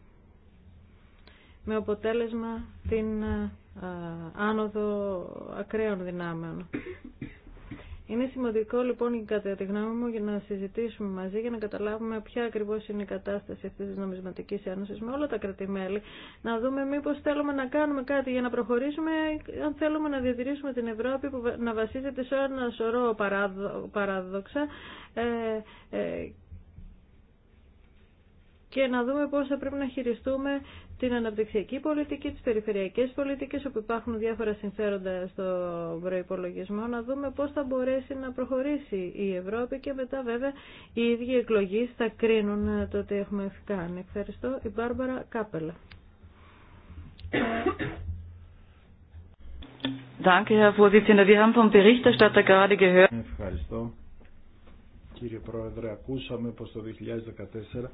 Με αποτέλεσμα την ε, άνοδο ακραίων δυνάμεων. Είναι σημαντικό λοιπόν κατά τη γνώμη μου για να συζητήσουμε μαζί για να καταλάβουμε ποια ακριβώς είναι η κατάσταση αυτής της νομισματικής ένωσης με όλα τα κρατημέλη, να δούμε μήπως θέλουμε να κάνουμε κάτι για να προχωρήσουμε, αν θέλουμε να διατηρήσουμε την Ευρώπη που να βασίζεται σε ένα σωρό παράδοξα ε, ε, και να δούμε πώς θα πρέπει να χειριστούμε την αναπτυξιακή πολιτική, τις περιφερειακές πολιτικές όπου υπάρχουν διάφορα συμφέροντα στο προϋπολογισμό, να δούμε πώς θα μπορέσει να προχωρήσει η Ευρώπη και μετά βέβαια οι ίδιοι εκλογείς θα κρίνουν το τι έχουμε κάνει. Ευχαριστώ. Η Μπάρμπαρα Κάπελα. Ευχαριστώ. Κύριε Πρόεδρε, ακούσαμε πως το 2014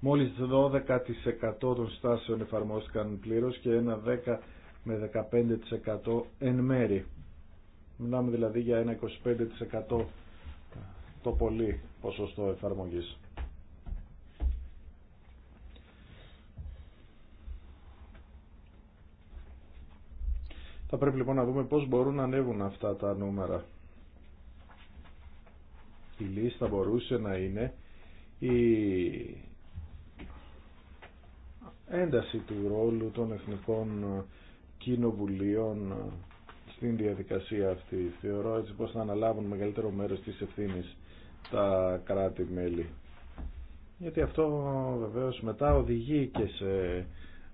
Μόλις 12% των στάσεων εφαρμόστηκαν πλήρως και ένα 10 με 15% εν μέρη. Μιλάμε δηλαδή για ένα 25% το πολύ ποσοστό εφαρμογής. Θα πρέπει λοιπόν να δούμε πώς μπορούν να ανέβουν αυτά τα νούμερα. Η λίστα μπορούσε να είναι η ένταση του ρόλου των εθνικών ε, κοινοβουλίων ε, στην διαδικασία αυτή. Θεωρώ έτσι πως θα αναλάβουν μεγαλύτερο μέρος της ευθύνης τα κράτη-μέλη. Γιατί αυτό βεβαίως μετά οδηγεί και σε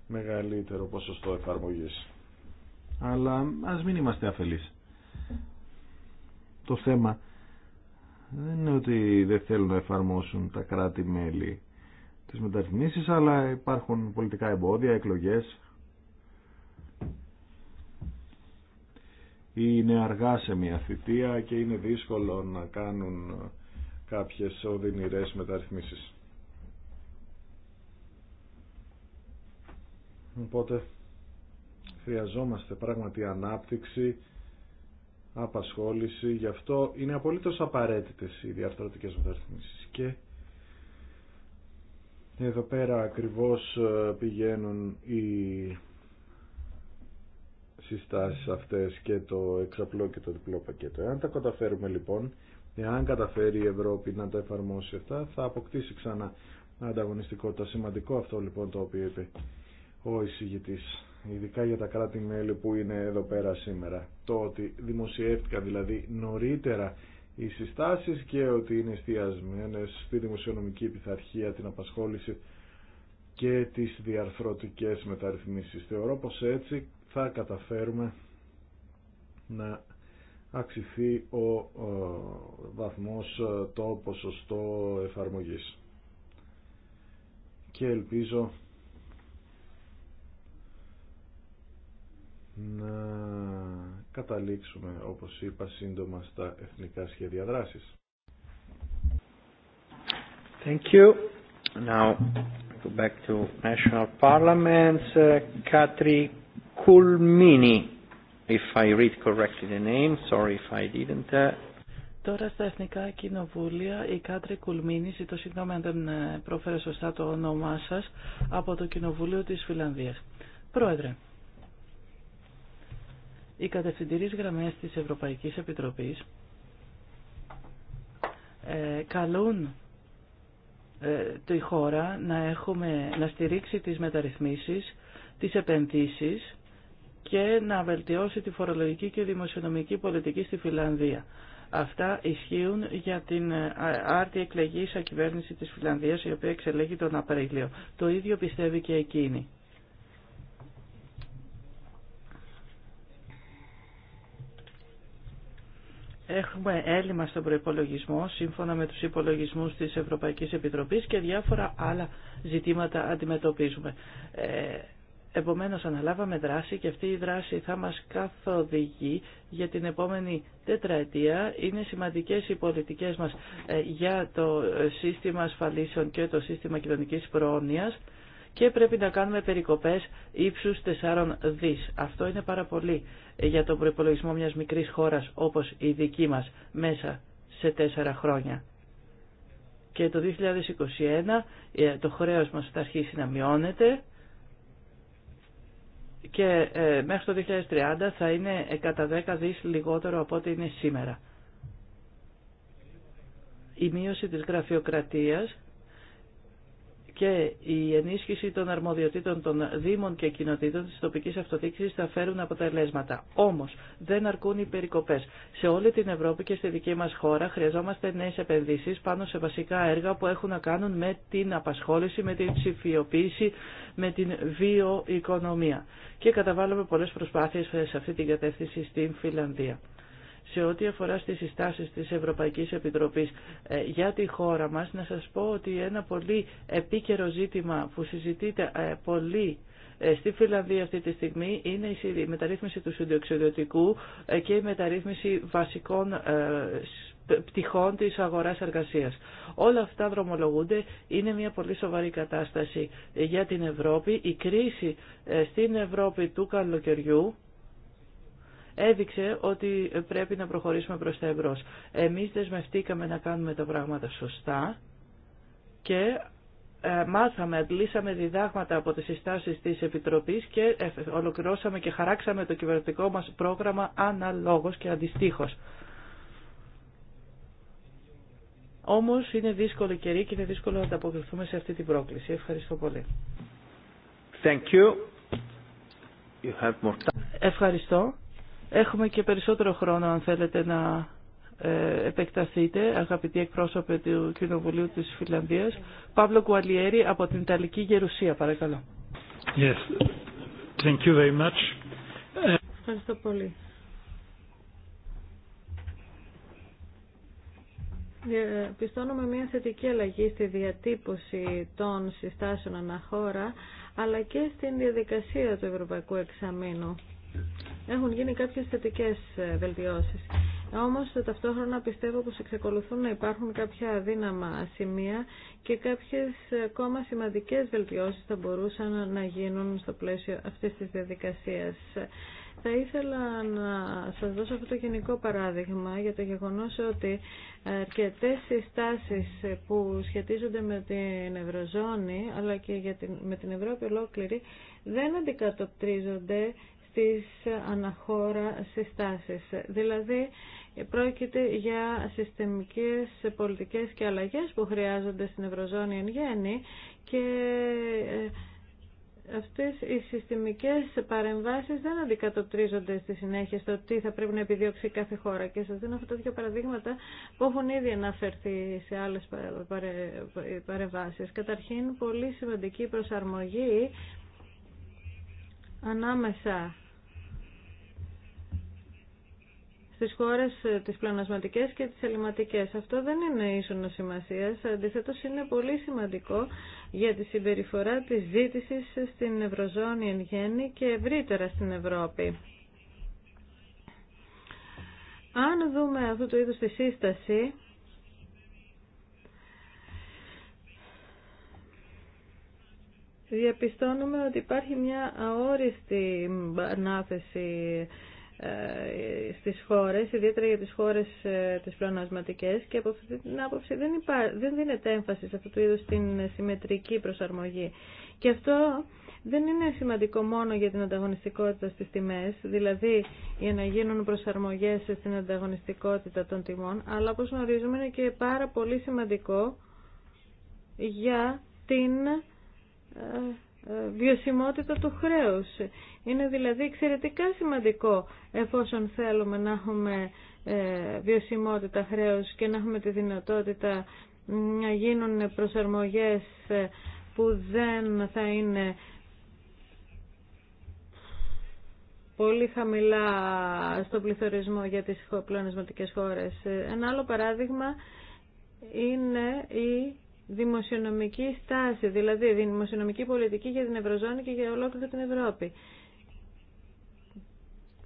μεγαλύτερο ποσοστό εφαρμογής. Αλλά ας μην είμαστε αφελείς. Το θέμα δεν είναι ότι δεν θέλουν να εφαρμόσουν τα κράτη-μέλη τις μεταρρυθμίσεις, αλλά υπάρχουν πολιτικά εμπόδια, εκλογές. Είναι αργά σε μια θητεία και είναι δύσκολο να κάνουν κάποιες οδυνηρές μεταρρυθμίσεις. Οπότε χρειαζόμαστε πράγματι ανάπτυξη, απασχόληση, γι' αυτό είναι απολύτως απαραίτητες οι διαρθρωτικές μεταρρυθμίσεις και εδώ πέρα ακριβώς ε, πηγαίνουν οι συστάσεις αυτές και το εξαπλό και το διπλό πακέτο. Εάν τα καταφέρουμε λοιπόν, εάν καταφέρει η Ευρώπη να τα εφαρμόσει αυτά, θα αποκτήσει ξανά ανταγωνιστικότητα. Σημαντικό αυτό λοιπόν το οποίο είπε ο εισηγητής, ειδικά για τα κράτη-μέλη που είναι εδώ πέρα σήμερα. Το ότι δημοσιεύτηκαν δηλαδή νωρίτερα οι συστάσεις και ότι είναι εστιασμένες στη δημοσιονομική πειθαρχία, την απασχόληση και τις διαρθρωτικές μεταρρυθμίσεις. Θεωρώ πως έτσι θα καταφέρουμε να αξιθεί ο βαθμός ε, το ποσοστό εφαρμογής. Και ελπίζω να καταλήξουμε, όπως είπα, σύντομα στα εθνικά σχέδια δράσης. Thank you. Now go back to national parliaments. Uh, Katri Kulmini, if I read correctly the name, sorry if I didn't. Uh. Τώρα στα Εθνικά Κοινοβούλια η Κάτρι Κουλμίνη, ζητώ συγγνώμη αν δεν ε, προφέρω σωστά το όνομά σας, από το Κοινοβούλιο της Φιλανδίας. Πρόεδρε, οι κατευθυντηρίες γραμμές της Ευρωπαϊκής Επιτροπής ε, καλούν ε, τη χώρα να, έχουμε, να στηρίξει τις μεταρρυθμίσεις, τις επενδύσεις και να βελτιώσει τη φορολογική και δημοσιονομική πολιτική στη Φιλανδία. Αυτά ισχύουν για την ε, άρτη εκλεγής κυβέρνηση της Φιλανδίας η οποία εξελέγει τον Απρίλιο. Το ίδιο πιστεύει και εκείνη. Έχουμε έλλειμμα στον προπολογισμό σύμφωνα με τους υπολογισμούς της Ευρωπαϊκής Επιτροπής και διάφορα άλλα ζητήματα αντιμετωπίζουμε. Ε, επομένως αναλάβαμε δράση και αυτή η δράση θα μας καθοδηγεί για την επόμενη τετραετία. Είναι σημαντικές οι πολιτικές μας ε, για το ε, σύστημα ασφαλίσεων και το σύστημα κοινωνικής προόνοιας και πρέπει να κάνουμε περικοπές ύψους 4 δις. Αυτό είναι πάρα πολύ για τον προπολογισμό μιας μικρής χώρας όπως η δική μας μέσα σε 4 χρόνια. Και το 2021 ε, το χρέος μας θα αρχίσει να μειώνεται και ε, μέχρι το 2030 θα είναι κατά 10 δις λιγότερο από ό,τι είναι σήμερα. Η μείωση της γραφειοκρατίας και η ενίσχυση των αρμοδιοτήτων των Δήμων και Κοινοτήτων της τοπικής αυτοδιοίκησης θα φέρουν αποτελέσματα. Όμως δεν αρκούν οι περικοπές. Σε όλη την Ευρώπη και στη δική μας χώρα χρειαζόμαστε νέες επενδύσεις πάνω σε βασικά έργα που έχουν να κάνουν με την απασχόληση, με την ψηφιοποίηση, με την βιοοικονομία. Και καταβάλαμε πολλές προσπάθειες σε αυτή την κατεύθυνση στην Φιλανδία. Σε ό,τι αφορά στις συστάσεις της Ευρωπαϊκής Επιτροπής ε, για τη χώρα μας, να σας πω ότι ένα πολύ επίκαιρο ζήτημα που συζητείται ε, πολύ ε, στη Φιλανδία αυτή τη στιγμή είναι η μεταρρύθμιση του συνδιοξιδιωτικού και η μεταρρύθμιση βασικών πτυχών της αγοράς εργασίας. Όλα αυτά δρομολογούνται, είναι μια πολύ σοβαρή κατάσταση για την Ευρώπη. Η κρίση στην Ευρώπη του καλοκαιριού έδειξε ότι πρέπει να προχωρήσουμε προς τα εμπρός. Εμείς δεσμευτήκαμε να κάνουμε τα πράγματα σωστά και ε, μάθαμε, αντλήσαμε διδάγματα από τις συστάσεις της Επιτροπής και ε, ολοκληρώσαμε και χαράξαμε το κυβερνητικό μας πρόγραμμα αναλόγως και αντιστοίχως. Όμως είναι δύσκολο καιρή και είναι δύσκολο να ανταποκριθούμε σε αυτή την πρόκληση. Ευχαριστώ πολύ. Thank you. You have more time. Ευχαριστώ. Έχουμε και περισσότερο χρόνο αν θέλετε να ε, επεκταθείτε, αγαπητοί εκπρόσωποι του Κοινοβουλίου της Φιλανδίας. Παύλο Κουαλιέρη από την Ιταλική Γερουσία, παρακαλώ. Yes. Thank you very much. Ευχαριστώ πολύ. Πιστώνουμε μια θετική αλλαγή στη διατύπωση των συστάσεων αναχώρα, αλλά και στην διαδικασία του Ευρωπαϊκού Εξαμήνου. Έχουν γίνει κάποιες θετικέ ε, βελτιώσεις. Όμως ταυτόχρονα πιστεύω πως εξακολουθούν να υπάρχουν κάποια αδύναμα σημεία και κάποιες ακόμα σημαντικές βελτιώσεις θα μπορούσαν να γίνουν στο πλαίσιο αυτής της διαδικασίας. Θα ήθελα να σας δώσω αυτό το γενικό παράδειγμα για το γεγονός ότι αρκετέ συστάσει που σχετίζονται με την Ευρωζώνη αλλά και με την Ευρώπη ολόκληρη δεν αντικατοπτρίζονται στις αναχώρα συστάσεις. Δηλαδή, πρόκειται για συστημικές πολιτικές και αλλαγές που χρειάζονται στην Ευρωζώνη εν γέννη και ε, αυτές οι συστημικές παρεμβάσεις δεν αντικατοπτρίζονται στη συνέχεια στο τι θα πρέπει να επιδιώξει κάθε χώρα και σας δίνω αυτά τα δύο παραδείγματα που έχουν ήδη αναφερθεί σε άλλες παρεμβάσεις. Καταρχήν, πολύ σημαντική προσαρμογή ανάμεσα στις χώρες ε, τις πλανασματικές και τις ελληματικές. Αυτό δεν είναι ίσω σημασία, αντιθέτως είναι πολύ σημαντικό για τη συμπεριφορά της ζήτηση στην Ευρωζώνη εν γέννη και ευρύτερα στην Ευρώπη. Αν δούμε αυτού του είδους τη σύσταση, διαπιστώνουμε ότι υπάρχει μια αόριστη ανάθεση ε, στις χώρες, ιδιαίτερα για τις χώρες ε, τις πλεονασματικές και από αυτή την άποψη δεν, δεν δίνεται έμφαση σε αυτού του είδους την συμμετρική προσαρμογή. Και αυτό δεν είναι σημαντικό μόνο για την ανταγωνιστικότητα στις τιμές, δηλαδή για να γίνουν προσαρμογές στην ανταγωνιστικότητα των τιμών, αλλά όπως γνωρίζουμε είναι και πάρα πολύ σημαντικό για την ε, βιωσιμότητα του χρέους είναι δηλαδή εξαιρετικά σημαντικό εφόσον θέλουμε να έχουμε ε, βιωσιμότητα χρέους και να έχουμε τη δυνατότητα να γίνουν προσαρμογές ε, που δεν θα είναι πολύ χαμηλά στον πληθωρισμό για τις πλανεσματικές χώρες. Ε, ένα άλλο παράδειγμα είναι η δημοσιονομική στάση, δηλαδή η δημοσιονομική πολιτική για την Ευρωζώνη και για ολόκληρη την Ευρώπη.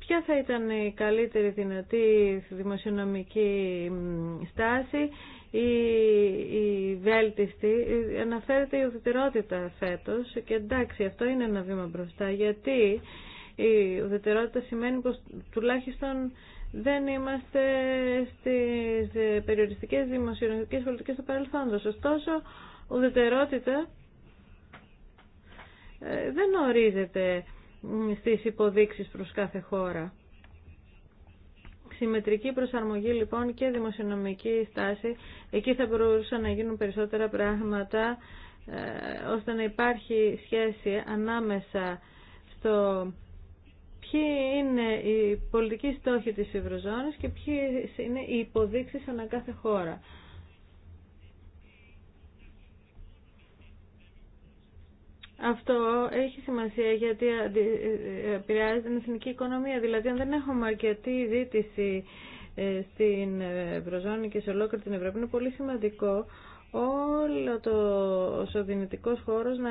Ποια θα ήταν η καλύτερη δυνατή δημοσιονομική στάση η, η βέλτιστη αναφέρεται η ουδετερότητα φέτος και εντάξει αυτό είναι ένα βήμα μπροστά γιατί η ουδετερότητα σημαίνει πως τουλάχιστον δεν είμαστε στις περιοριστικές δημοσιονομικές πολιτικές του παρελθόντος. Ωστόσο, ουδετερότητα ε, δεν ορίζεται στις υποδείξεις προς κάθε χώρα. Συμμετρική προσαρμογή λοιπόν και δημοσιονομική στάση. Εκεί θα μπορούσαν να γίνουν περισσότερα πράγματα ε, ώστε να υπάρχει σχέση ανάμεσα στο ποιοι είναι οι πολιτικοί στόχοι της Ευρωζώνης και ποιοι είναι οι υποδείξεις ανά κάθε χώρα. Αυτό έχει σημασία γιατί ε, επηρεάζει την εθνική οικονομία. Δηλαδή, αν δεν έχουμε αρκετή ζήτηση ε, στην Ευρωζώνη και σε ολόκληρη την Ευρώπη, είναι πολύ σημαντικό όλο το σοδυνητικό χώρος να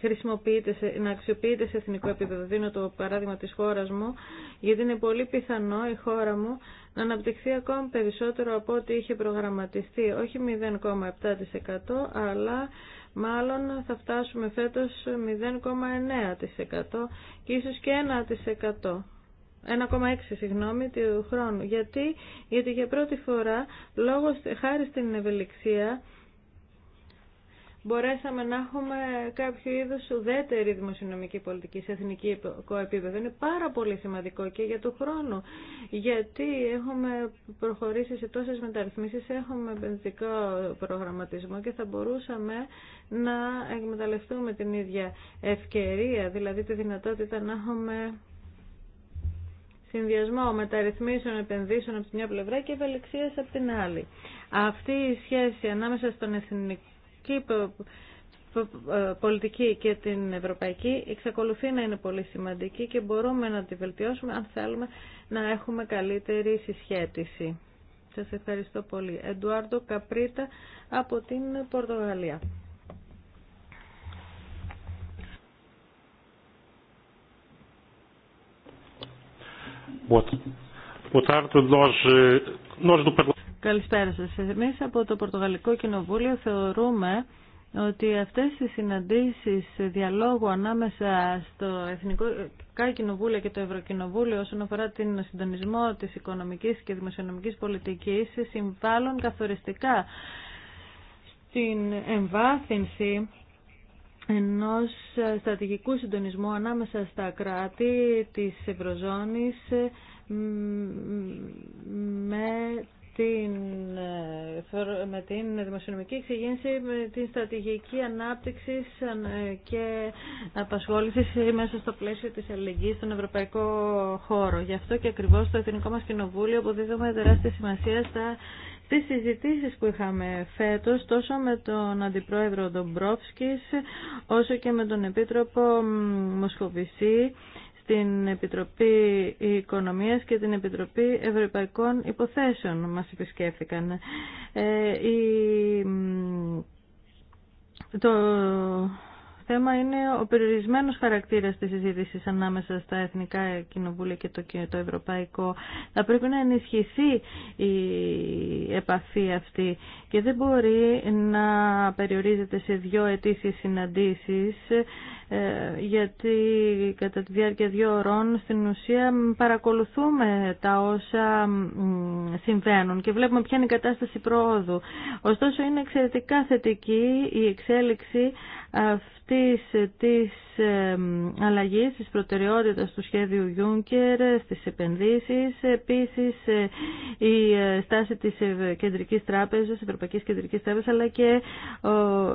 χρησιμοποιείται, να αξιοποιείται σε εθνικό επίπεδο. Δίνω το παράδειγμα της χώρας μου, γιατί είναι πολύ πιθανό η χώρα μου να αναπτυχθεί ακόμη περισσότερο από ό,τι είχε προγραμματιστεί. Όχι 0,7% αλλά Μάλλον θα φτάσουμε φέτος 0,9% και ίσως και 1%. 1,6 συγγνώμη του χρόνου. Γιατί, γιατί για πρώτη φορά, λόγω, χάρη στην ευελιξία, μπορέσαμε να έχουμε κάποιο είδου ουδέτερη δημοσιονομική πολιτική σε εθνικό επίπεδο. Είναι πάρα πολύ σημαντικό και για το χρόνο. γιατί έχουμε προχωρήσει σε τόσε μεταρρυθμίσεις, έχουμε επενδυτικό προγραμματισμό και θα μπορούσαμε να εκμεταλλευτούμε την ίδια ευκαιρία, δηλαδή τη δυνατότητα να έχουμε συνδυασμό μεταρρυθμίσεων επενδύσεων από τη μια πλευρά και ευελιξία από την άλλη. Αυτή η σχέση ανάμεσα στον εθνικό εξωτερική ε, πολιτική και την ευρωπαϊκή εξακολουθεί να είναι πολύ σημαντική και μπορούμε να τη βελτιώσουμε αν θέλουμε να έχουμε καλύτερη συσχέτιση. Σας ευχαριστώ πολύ. Εντουάρντο Καπρίτα από την Πορτογαλία. Καλησπέρα σας. Εμείς από το Πορτογαλικό Κοινοβούλιο θεωρούμε ότι αυτές οι συναντήσεις διαλόγου ανάμεσα στο Εθνικό Κοινοβούλιο και το Ευρωκοινοβούλιο όσον αφορά την συντονισμό της οικονομικής και δημοσιονομικής πολιτικής συμβάλλουν καθοριστικά στην εμβάθυνση ενός στρατηγικού συντονισμού ανάμεσα στα κράτη της Ευρωζώνης με την, ε, με την δημοσιονομική εξηγήνση, με την στρατηγική ανάπτυξη ε, και απασχόληση μέσα στο πλαίσιο της αλληλεγγύη, στον ευρωπαϊκό χώρο. Γι' αυτό και ακριβώς το Εθνικό μας Κοινοβούλιο που δίδουμε τεράστια σημασία στα τις συζητήσεις που είχαμε φέτος τόσο με τον Αντιπρόεδρο Ντομπρόφσκης όσο και με τον Επίτροπο Μοσχοβησή την Επιτροπή Οικονομίας και την Επιτροπή Ευρωπαϊκών Υποθέσεων μας επισκέφθηκαν. Ε, η, το θέμα είναι ο περιορισμένος χαρακτήρας της συζήτηση ανάμεσα στα Εθνικά Κοινοβούλια και το, και το Ευρωπαϊκό. Θα πρέπει να ενισχυθεί η επαφή αυτή και δεν μπορεί να περιορίζεται σε δύο ετήσιες συναντήσεις ε, γιατί κατά τη διάρκεια δύο ώρων στην ουσία παρακολουθούμε τα όσα συμβαίνουν και βλέπουμε ποια είναι η κατάσταση πρόοδου. Ωστόσο είναι εξαιρετικά θετική η εξέλιξη αυτής της αλλαγής της προτεραιότητας του σχέδιου Juncker στις επενδύσεις. Επίσης ε, η ε, στάση της Κεντρικής Τράπεζας, Ευρωπαϊκής Κεντρικής Τράπεζας αλλά και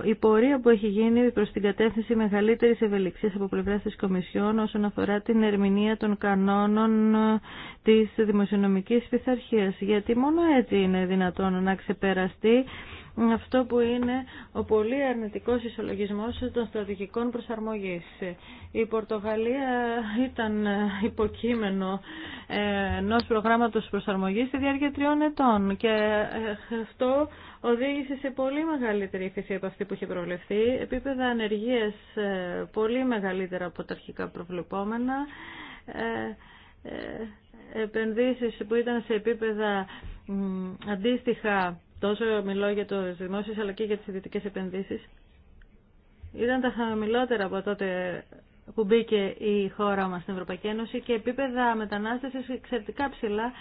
η πορεία που έχει γίνει προς την κατεύθυνση μεγαλύτερης ευελιξίας από πλευρά της Κομισιόν όσον αφορά την ερμηνεία των κανόνων ε, της δημοσιονομικής πειθαρχίας. Γιατί μόνο έτσι είναι δυνατόν να ξεπεραστεί αυτό που είναι ο πολύ αρνητικός ισολογισμός των στρατηγικών προσαρμογής. Η Πορτογαλία ήταν υποκείμενο ε, ενό προγράμματος προσαρμογής στη διάρκεια τριών ετών και ε, αυτό οδήγησε σε πολύ μεγαλύτερη ύφεση από αυτή που είχε προβλεφθεί, επίπεδα ανεργίας ε, πολύ μεγαλύτερα από τα αρχικά προβλεπόμενα, επενδύσεις που ήταν σε επίπεδα αντίστοιχα τόσο μιλώ για το δημόσιες αλλά και για τις ιδιωτικέ επενδύσεις, ήταν τα χαμηλότερα από τότε που μπήκε η χώρα μας στην Ευρωπαϊκή Ένωση και επίπεδα μετανάστευσης εξαιρετικά ψηλά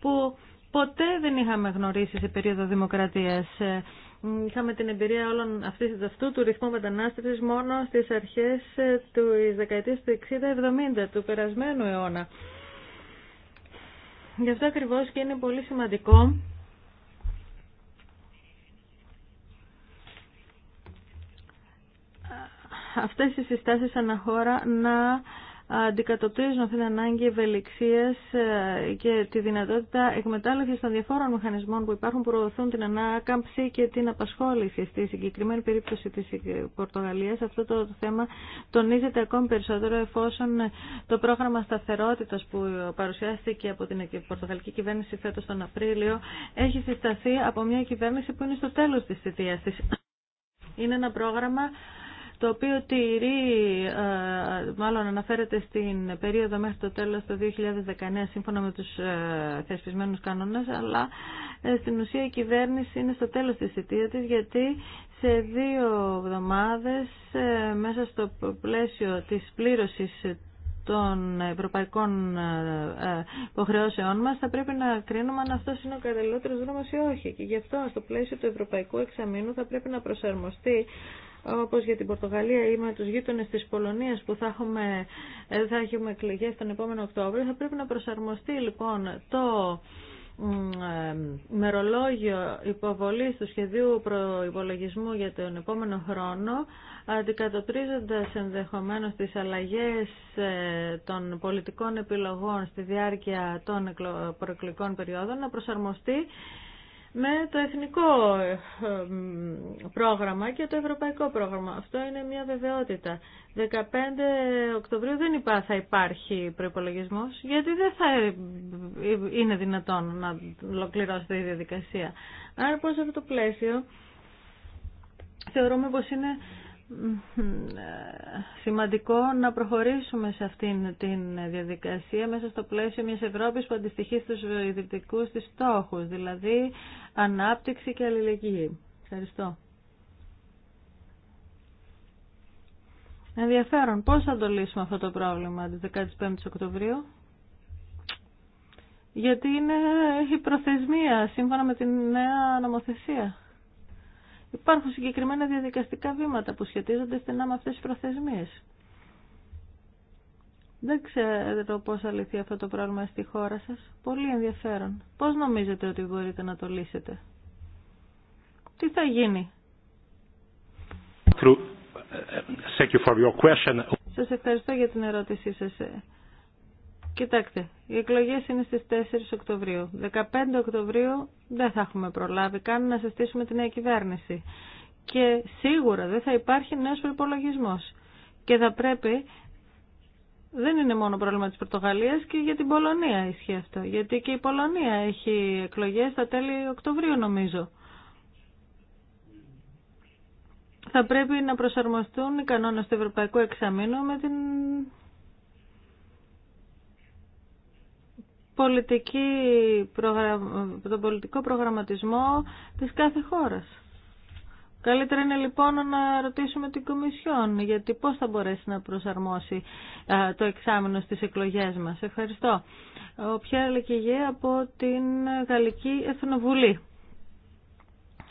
που ποτέ δεν είχαμε γνωρίσει σε περίοδο δημοκρατίας. Είχαμε την εμπειρία όλων αυτής, αυτού του ρυθμού μετανάστευσης μόνο στις αρχές του δεκαετίας του 60-70 του περασμένου αιώνα. Γι' αυτό ακριβώς και είναι πολύ σημαντικό αυτές οι συστάσεις αναχώρα να αντικατοπτρίζουν αυτήν την ανάγκη ευελιξίας ε, και τη δυνατότητα εκμετάλλευσης των διαφόρων μηχανισμών που υπάρχουν που προωθούν την ανάκαμψη και την απασχόληση. Στη συγκεκριμένη περίπτωση της Πορτογαλίας αυτό το θέμα τονίζεται ακόμη περισσότερο εφόσον το πρόγραμμα σταθερότητας που παρουσιάστηκε από την Πορτογαλική κυβέρνηση φέτος τον Απρίλιο έχει συσταθεί από μια κυβέρνηση που είναι στο τέλος της θητείας της. Είναι ένα πρόγραμμα το οποίο τηρεί, ε, μάλλον αναφέρεται στην περίοδο μέχρι το τέλος του 2019 σύμφωνα με τους ε, θεσπισμένους κανόνες, αλλά ε, στην ουσία η κυβέρνηση είναι στο τέλος της θητεία της γιατί σε δύο εβδομάδες μέσα στο πλαίσιο της πλήρωσης των ευρωπαϊκών υποχρεώσεών μας θα πρέπει να κρίνουμε αν αυτός είναι ο καταλληλότερος δρόμος ή όχι. Και γι' αυτό στο πλαίσιο του ευρωπαϊκού εξαμήνου θα πρέπει να προσαρμοστεί όπως για την Πορτογαλία ή με τους γείτονες της Πολωνίας που θα έχουμε, ε, θα έχουμε εκλογές τον επόμενο Οκτώβριο, θα πρέπει να προσαρμοστεί λοιπόν το ε, μερολόγιο υποβολής του σχεδίου προϋπολογισμού για τον επόμενο χρόνο, αντικατοπτρίζοντας ενδεχομένως τις αλλαγές ε, των πολιτικών επιλογών στη διάρκεια των προεκλογικών περιόδων, να προσαρμοστεί με το εθνικό πρόγραμμα και το ευρωπαϊκό πρόγραμμα. Αυτό είναι μια βεβαιότητα. 15 Οκτωβρίου δεν υπά, θα υπάρχει προπολογισμό, γιατί δεν θα ε, είναι δυνατόν να ολοκληρώσετε η διαδικασία. Άρα, πώς αυτό το πλαίσιο θεωρούμε πως είναι σημαντικό να προχωρήσουμε σε αυτήν την διαδικασία μέσα στο πλαίσιο μιας Ευρώπης που αντιστοιχεί στους ιδρυτικούς της στόχους, δηλαδή ανάπτυξη και αλληλεγγύη. Ευχαριστώ. Ενδιαφέρον. Πώς θα το λύσουμε αυτό το πρόβλημα τη 15 η Οκτωβρίου. Γιατί είναι, έχει προθεσμία σύμφωνα με την νέα νομοθεσία. Υπάρχουν συγκεκριμένα διαδικαστικά βήματα που σχετίζονται στενά με αυτές τις προθεσμίες. Δεν ξέρω πώς θα αυτό το πρόβλημα στη χώρα σας. Πολύ ενδιαφέρον. Πώς νομίζετε ότι μπορείτε να το λύσετε. Τι θα γίνει. Uh, σας ευχαριστώ για την ερώτησή σας. Ε. Κοιτάξτε, οι εκλογέ είναι στι 4 Οκτωβρίου. 15 Οκτωβρίου δεν θα έχουμε προλάβει καν να συστήσουμε τη νέα κυβέρνηση. Και σίγουρα δεν θα υπάρχει νέο προπολογισμό. Και θα πρέπει, δεν είναι μόνο πρόβλημα τη Πορτογαλία και για την Πολωνία ισχύει αυτό. Γιατί και η Πολωνία έχει εκλογέ στα τέλη Οκτωβρίου νομίζω. Θα πρέπει να προσαρμοστούν οι κανόνε του Ευρωπαϊκού Εξαμήνου με την πολιτική τον πολιτικό προγραμματισμό της κάθε χώρας. Καλύτερα είναι λοιπόν να ρωτήσουμε την Κομισιόν γιατί πώς θα μπορέσει να προσαρμόσει το εξάμεινο στις εκλογές μας. Ευχαριστώ. Ο Πιέρα Λεκηγέ από την Γαλλική Εθνοβουλή.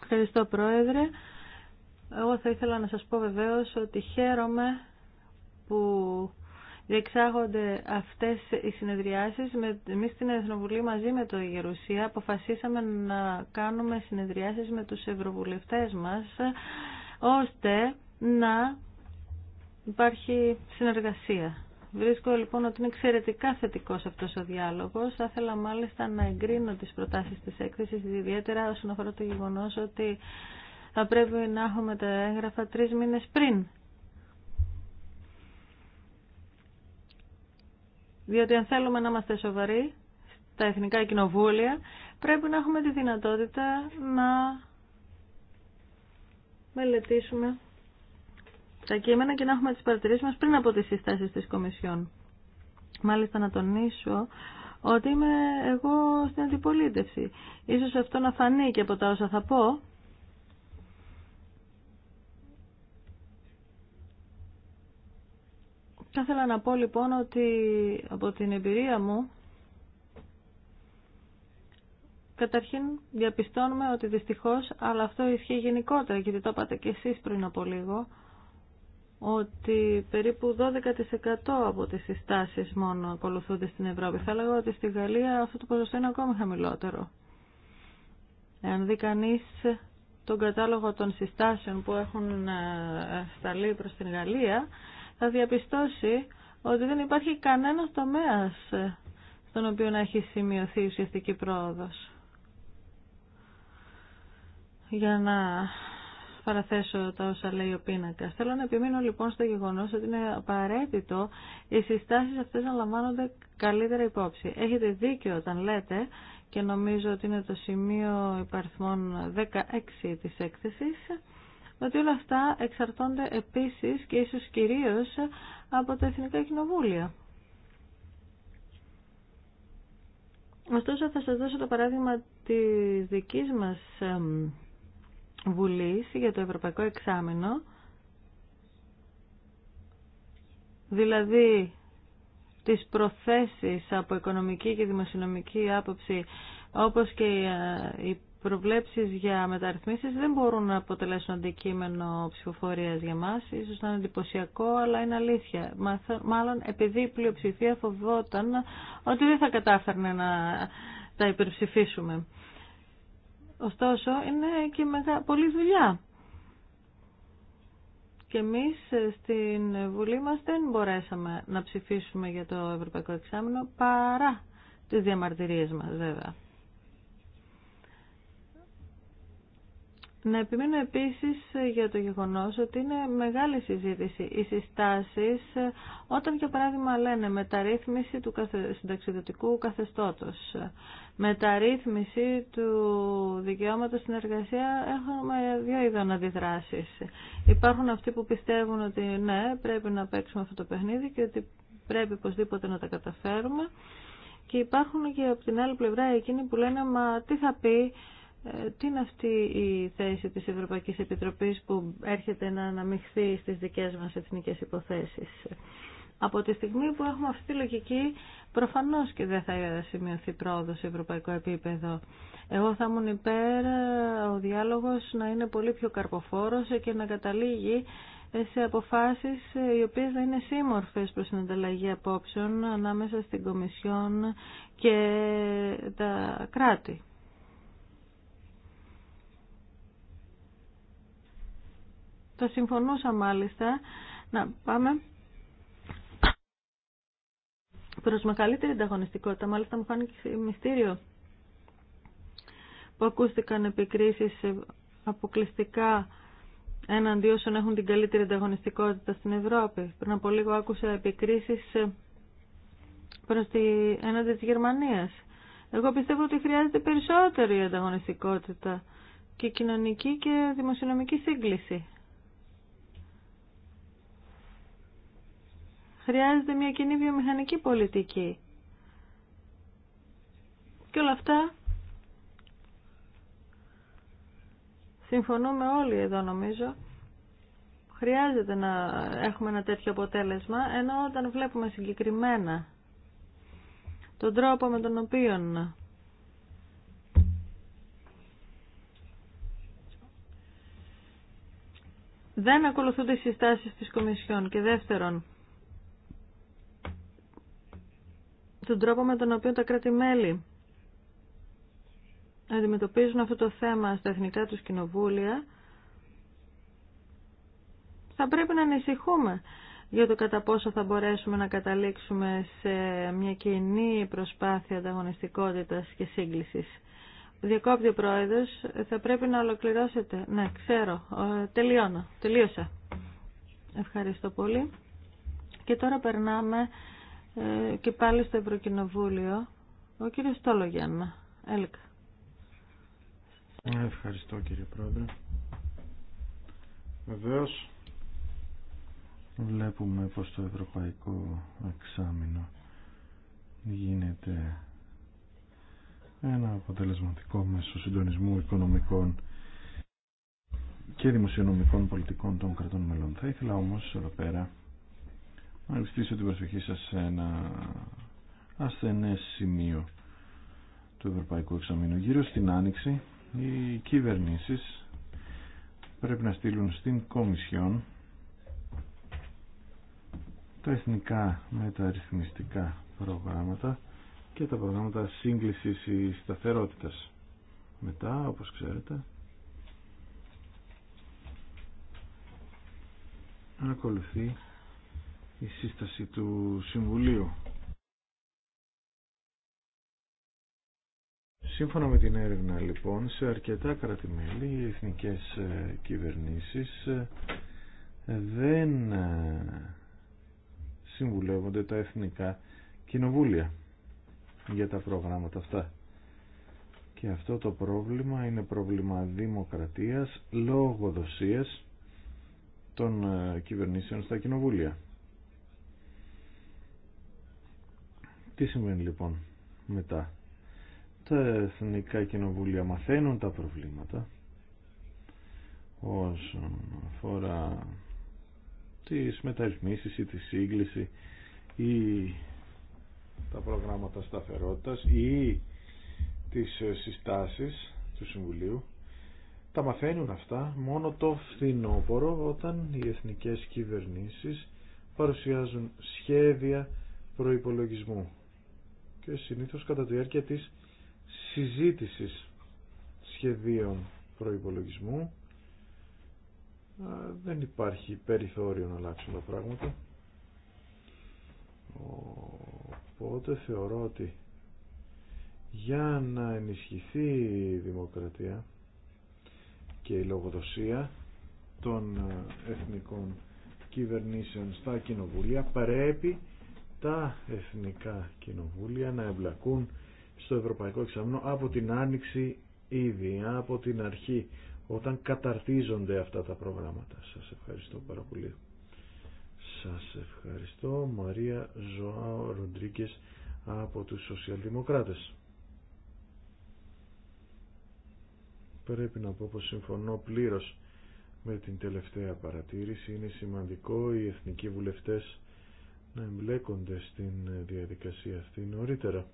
Ευχαριστώ Πρόεδρε. Εγώ θα ήθελα να σας πω βεβαίως ότι χαίρομαι που διεξάγονται αυτές οι συνεδριάσεις. Με, εμείς στην Εθνοβουλή μαζί με το Γερουσία αποφασίσαμε να κάνουμε συνεδριάσεις με τους ευρωβουλευτές μας ώστε να υπάρχει συνεργασία. Βρίσκω λοιπόν ότι είναι εξαιρετικά θετικό αυτό ο διάλογο. Θα ήθελα μάλιστα να εγκρίνω τι προτάσει τη έκθεση, ιδιαίτερα όσον αφορά το γεγονό ότι θα πρέπει να έχουμε τα έγγραφα τρει μήνε πριν Διότι αν θέλουμε να είμαστε σοβαροί στα εθνικά κοινοβούλια, πρέπει να έχουμε τη δυνατότητα να μελετήσουμε τα κείμενα και να έχουμε τις παρατηρήσεις μας πριν από τις συστάσεις της Κομισιόν. Μάλιστα να τονίσω ότι είμαι εγώ στην αντιπολίτευση. Ίσως αυτό να φανεί και από τα όσα θα πω, Θα ήθελα να πω λοιπόν ότι από την εμπειρία μου Καταρχήν διαπιστώνουμε ότι δυστυχώς, αλλά αυτό ισχύει γενικότερα, γιατί το είπατε και εσείς πριν από λίγο, ότι περίπου 12% από τις συστάσεις μόνο ακολουθούνται στην Ευρώπη. Θα έλεγα ότι στη Γαλλία αυτό το ποσοστό είναι ακόμη χαμηλότερο. Εάν δει κανεί τον κατάλογο των συστάσεων που έχουν ε, σταλεί προς την Γαλλία, θα διαπιστώσει ότι δεν υπάρχει κανένας τομέας ε, στον οποίο να έχει σημειωθεί ουσιαστική πρόοδος. Για να παραθέσω τα όσα λέει ο πίνακα. Θέλω να επιμείνω λοιπόν στο γεγονό ότι είναι απαραίτητο οι συστάσει αυτέ να λαμβάνονται καλύτερα υπόψη. Έχετε δίκιο όταν λέτε και νομίζω ότι είναι το σημείο υπαριθμών 16 της έκθεσης ότι όλα αυτά εξαρτώνται επίσης και ίσως κυρίως από τα Εθνικά Κοινοβούλια. Ωστόσο θα σας δώσω το παράδειγμα της δικής μας Βουλής για το Ευρωπαϊκό Εξάμεινο, δηλαδή τις προθέσεις από οικονομική και δημοσιονομική άποψη όπως και η. Ε, προβλέψεις για μεταρρυθμίσεις δεν μπορούν να αποτελέσουν αντικείμενο ψηφοφορίας για μας. Ίσως να είναι εντυπωσιακό, αλλά είναι αλήθεια. Μάλλον επειδή η πλειοψηφία φοβόταν ότι δεν θα κατάφερνε να τα υπερψηφίσουμε. Ωστόσο, είναι και μεγά... πολλή δουλειά. Και εμείς ε, στην Βουλή μας δεν μπορέσαμε να ψηφίσουμε για το Ευρωπαϊκό Εξάμεινο παρά τις διαμαρτυρίες μας βέβαια. Να επιμείνω επίσης για το γεγονός ότι είναι μεγάλη συζήτηση οι συστάσεις όταν για παράδειγμα λένε μεταρρύθμιση του συνταξιδοτικού καθεστώτος, μεταρρύθμιση του δικαιώματος στην εργασία έχουμε δύο είδων αντιδράσεις. Υπάρχουν αυτοί που πιστεύουν ότι ναι πρέπει να παίξουμε αυτό το παιχνίδι και ότι πρέπει οπωσδήποτε να τα καταφέρουμε και υπάρχουν και από την άλλη πλευρά εκείνοι που λένε μα τι θα πει τι είναι αυτή η θέση της Ευρωπαϊκής Επιτροπής που έρχεται να αναμειχθεί στις δικές μας εθνικές υποθέσεις. Από τη στιγμή που έχουμε αυτή τη λογική, προφανώς και δεν θα σημειωθεί πρόοδο σε ευρωπαϊκό επίπεδο. Εγώ θα ήμουν υπέρ ο διάλογος να είναι πολύ πιο καρποφόρος και να καταλήγει σε αποφάσεις οι οποίες να είναι σύμμορφες προς την ανταλλαγή απόψεων ανάμεσα στην Κομισιόν και τα κράτη. Το συμφωνούσα μάλιστα να πάμε προς μεγαλύτερη ανταγωνιστικότητα. Μάλιστα μου φάνηκε μυστήριο που ακούστηκαν επικρίσεις αποκλειστικά έναντι όσων έχουν την καλύτερη ανταγωνιστικότητα στην Ευρώπη. Πριν από λίγο άκουσα επικρίσεις προς τη, έναντι της Γερμανίας. Εγώ πιστεύω ότι χρειάζεται περισσότερη ανταγωνιστικότητα και κοινωνική και δημοσιονομική σύγκληση. Χρειάζεται μια κοινή βιομηχανική πολιτική. Και όλα αυτά συμφωνούμε όλοι εδώ νομίζω. Χρειάζεται να έχουμε ένα τέτοιο αποτέλεσμα, ενώ όταν βλέπουμε συγκεκριμένα τον τρόπο με τον οποίο δεν ακολουθούν οι συστάσεις της Κομισιόν και δεύτερον τον τρόπο με τον οποίο τα κράτη-μέλη αντιμετωπίζουν αυτό το θέμα στα εθνικά τους κοινοβούλια, θα πρέπει να ανησυχούμε για το κατά πόσο θα μπορέσουμε να καταλήξουμε σε μια κοινή προσπάθεια ανταγωνιστικότητας και σύγκλησης. Διακόπτει ο Πρόεδρος, θα πρέπει να ολοκληρώσετε. Ναι, ξέρω, ε, τελειώνω, τελείωσα. Ευχαριστώ πολύ. Και τώρα περνάμε ε, και πάλι στο Ευρωκοινοβούλιο ο κύριος Τόλογιαν. Έλκα. Ευχαριστώ κύριε Πρόεδρε. Βεβαίως βλέπουμε πως το ευρωπαϊκό εξάμεινο γίνεται ένα αποτελεσματικό μέσο συντονισμού οικονομικών και δημοσιονομικών πολιτικών των κρατών μελών. Θα ήθελα όμως εδώ πέρα να την προσοχή σας σε ένα ασθενές σημείο του Ευρωπαϊκού Εξαμήνου. Γύρω στην Άνοιξη οι κυβερνήσεις πρέπει να στείλουν στην Κομισιόν τα εθνικά μεταρρυθμιστικά προγράμματα και τα προγράμματα σύγκλησης ή σταθερότητας. Μετά, όπως ξέρετε, ακολουθεί η σύσταση του Συμβουλίου. Σύμφωνα με την έρευνα λοιπόν, σε αρκετά κρατημέλη οι εθνικές ε, κυβερνήσεις ε, δεν ε, συμβουλεύονται τα εθνικά κοινοβούλια για τα προγράμματα αυτά. Και αυτό το πρόβλημα είναι πρόβλημα δημοκρατίας, δοσίας των κυβερνήσεων στα κοινοβούλια. Τι συμβαίνει λοιπόν μετά. Τα εθνικά κοινοβούλια μαθαίνουν τα προβλήματα όσον αφορά τις μεταρρυθμίσεις ή τη σύγκληση ή τα προγράμματα σταθερότητας ή τις συστάσεις του Συμβουλίου τα μαθαίνουν αυτά μόνο το φθινόπορο όταν οι εθνικές κυβερνήσεις παρουσιάζουν σχέδια προϋπολογισμού και συνήθως κατά τη διάρκεια της συζήτησης σχεδίων προϋπολογισμού δεν υπάρχει περιθώριο να αλλάξουν τα πράγματα οπότε θεωρώ ότι για να ενισχυθεί η δημοκρατία και η λογοδοσία των εθνικών κυβερνήσεων στα κοινοβουλία πρέπει τα εθνικά κοινοβούλια να εμπλακούν στο Ευρωπαϊκό Εξάμεινο από την άνοιξη ήδη, από την αρχή, όταν καταρτίζονται αυτά τα προγράμματα. Σας ευχαριστώ πάρα πολύ. Σας ευχαριστώ Μαρία Ζωάο Ροντρίκες από τους Σοσιαλδημοκράτες. Πρέπει να πω πως συμφωνώ πλήρως με την τελευταία παρατήρηση. Είναι σημαντικό οι εθνικοί βουλευτές να εμπλέκονται στην διαδικασία αυτή νωρίτερα.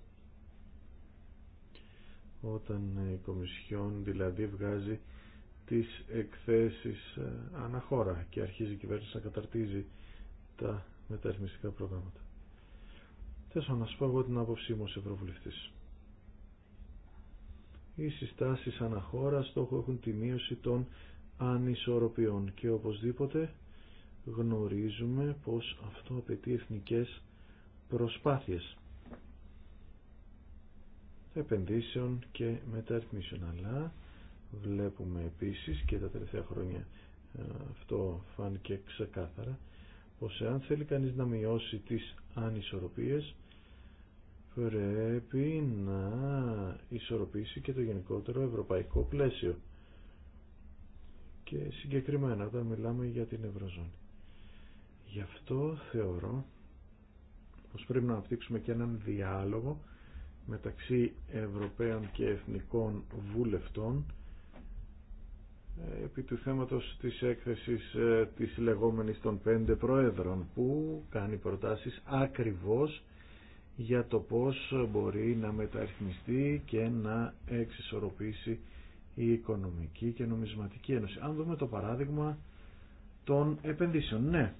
Όταν η Κομισιόν δηλαδή βγάζει τις εκθέσεις ε, αναχώρα και αρχίζει η κυβέρνηση να καταρτίζει τα μεταρρυθμιστικά προγράμματα. Θέλω να σου πω εγώ την άποψή μου ως Ευρωβουλευτής. Οι συστάσεις αναχώρα στόχο έχουν τη μείωση των ανισορροπιών και οπωσδήποτε γνωρίζουμε πως αυτό απαιτεί εθνικές προσπάθειες επενδύσεων και μεταρρυθμίσεων. Αλλά βλέπουμε επίσης και τα τελευταία χρόνια ε, αυτό φάνηκε ξεκάθαρα πως εάν θέλει κανείς να μειώσει τις ανισορροπίες πρέπει να ισορροπήσει και το γενικότερο ευρωπαϊκό πλαίσιο και συγκεκριμένα όταν μιλάμε για την Ευρωζώνη. Γι' αυτό θεωρώ πως πρέπει να αναπτύξουμε και έναν διάλογο μεταξύ Ευρωπαίων και Εθνικών Βουλευτών ε, επί του θέματος της έκθεσης ε, της λεγόμενης των πέντε προέδρων που κάνει προτάσεις ακριβώς για το πώς μπορεί να μεταρρυθμιστεί και να εξισορροπήσει η Οικονομική και Νομισματική Ένωση. Αν δούμε το παράδειγμα των επενδύσεων, ναι,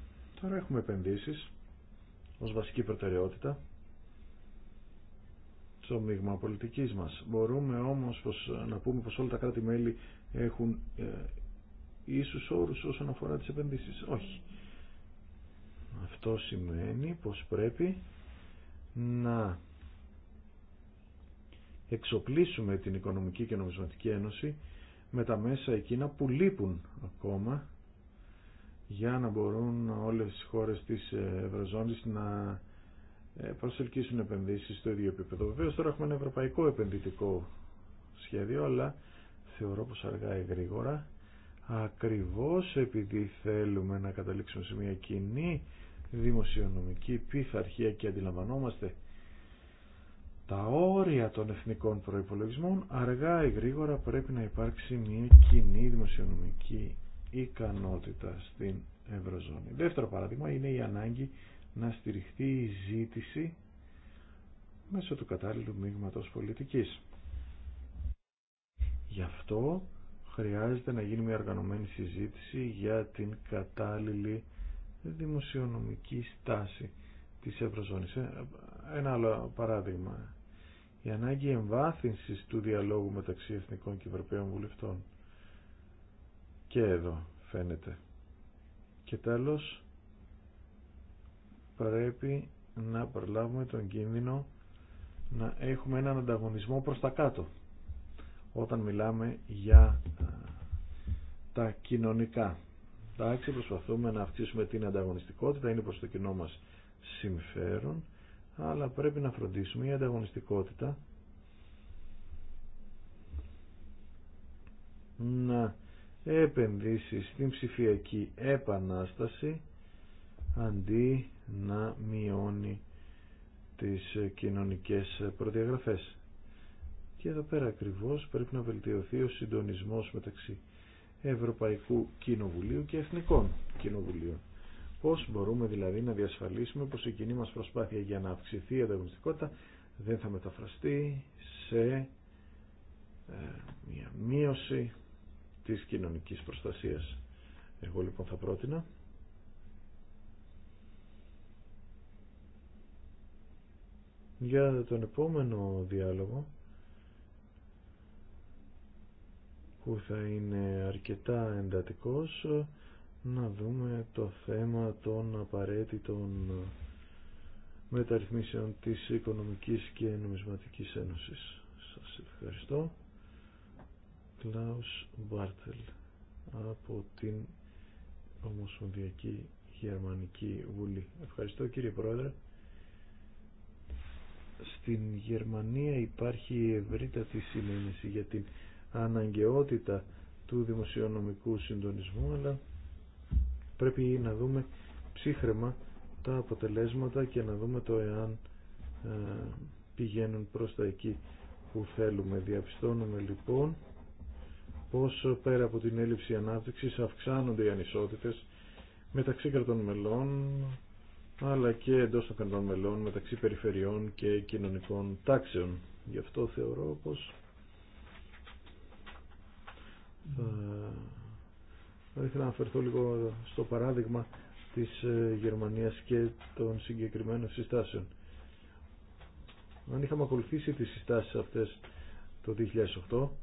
Άρα έχουμε επενδύσεις ως βασική προτεραιότητα στο μείγμα πολιτικής μας. Μπορούμε όμως πως, να πούμε πως όλα τα κράτη-μέλη έχουν ε, ίσους όρους όσον αφορά τις επενδύσεις. Όχι. Αυτό σημαίνει πως πρέπει να εξοπλίσουμε την Οικονομική και Νομισματική Ένωση με τα μέσα εκείνα που λείπουν ακόμα για να μπορούν όλες οι χώρες της ε, Ευρωζώνης να ε, προσελκύσουν επενδύσεις στο ίδιο επίπεδο. Βεβαίω τώρα έχουμε ένα ευρωπαϊκό επενδυτικό σχέδιο, αλλά θεωρώ πως αργά ή γρήγορα, ακριβώς επειδή θέλουμε να καταλήξουμε σε μια κοινή δημοσιονομική πειθαρχία και αντιλαμβανόμαστε τα όρια των εθνικών προϋπολογισμών, αργά ή γρήγορα πρέπει να υπάρξει μια κοινή δημοσιονομική ικανότητα στην Ευρωζώνη. Δεύτερο παράδειγμα είναι η ανάγκη να στηριχτεί η ζήτηση μέσω του κατάλληλου μείγματος πολιτικής. Γι' αυτό χρειάζεται να γίνει μια οργανωμένη συζήτηση για την κατάλληλη δημοσιονομική στάση της Ευρωζώνης. Ε, ένα άλλο παράδειγμα. Η ανάγκη εμβάθυνσης του διαλόγου μεταξύ εθνικών και ευρωπαίων βουλευτών και εδώ φαίνεται. Και τέλος πρέπει να προλάβουμε τον κίνδυνο να έχουμε έναν ανταγωνισμό προς τα κάτω όταν μιλάμε για ε, τα κοινωνικά. Εντάξει, προσπαθούμε να αυξήσουμε την ανταγωνιστικότητα, είναι προς το κοινό μας συμφέρον, αλλά πρέπει να φροντίσουμε η ανταγωνιστικότητα να επενδύσεις στην ψηφιακή επανάσταση αντί να μειώνει τις κοινωνικές προδιαγραφές. Και εδώ πέρα ακριβώς πρέπει να βελτιωθεί ο συντονισμός μεταξύ Ευρωπαϊκού Κοινοβουλίου και Εθνικών Κοινοβουλίων. Πώς μπορούμε δηλαδή να διασφαλίσουμε πως η κοινή μας προσπάθεια για να αυξηθεί η ανταγωνιστικότητα δεν θα μεταφραστεί σε ε, μια μείωση της κοινωνικής προστασίας. Εγώ λοιπόν θα πρότεινα για τον επόμενο διάλογο που θα είναι αρκετά εντατικός να δούμε το θέμα των απαραίτητων μεταρρυθμίσεων της Οικονομικής και Νομισματικής Ένωσης. Σας ευχαριστώ. Κλάους Μπάρτελ από την Ομοσπονδιακή Γερμανική Βουλή. Ευχαριστώ κύριε Πρόεδρε. Στην Γερμανία υπάρχει ευρύτατη συνέντευξη για την αναγκαιότητα του δημοσιονομικού συντονισμού, αλλά πρέπει να δούμε ψύχρεμα τα αποτελέσματα και να δούμε το εάν ε, πηγαίνουν προς τα εκεί που θέλουμε. Διαπιστώνουμε λοιπόν πως πέρα από την έλλειψη ανάπτυξης αυξάνονται οι ανισότητες μεταξύ κρατών μελών αλλά και εντός των κρατών μελών μεταξύ περιφερειών και κοινωνικών τάξεων. Γι' αυτό θεωρώ πως θα ήθελα να αφαιρθώ λίγο στο παράδειγμα της ε, Γερμανίας και των συγκεκριμένων συστάσεων. Αν είχαμε ακολουθήσει τις συστάσεις αυτές το 2008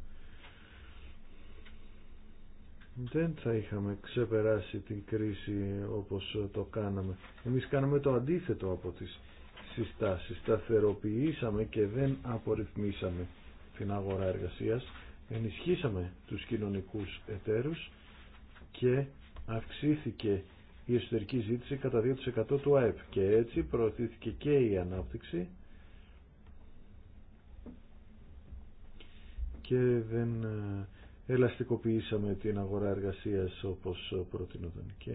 δεν θα είχαμε ξεπεράσει την κρίση όπως το κάναμε. Εμείς κάναμε το αντίθετο από τις συστάσεις. Σταθεροποιήσαμε και δεν απορριθμίσαμε την αγορά εργασίας. Ενισχύσαμε τους κοινωνικούς εταίρους και αυξήθηκε η εσωτερική ζήτηση κατά 2% του ΑΕΠ και έτσι προωθήθηκε και η ανάπτυξη και δεν ε, ελαστικοποιήσαμε την αγορά εργασίας όπως προτείνονταν. Και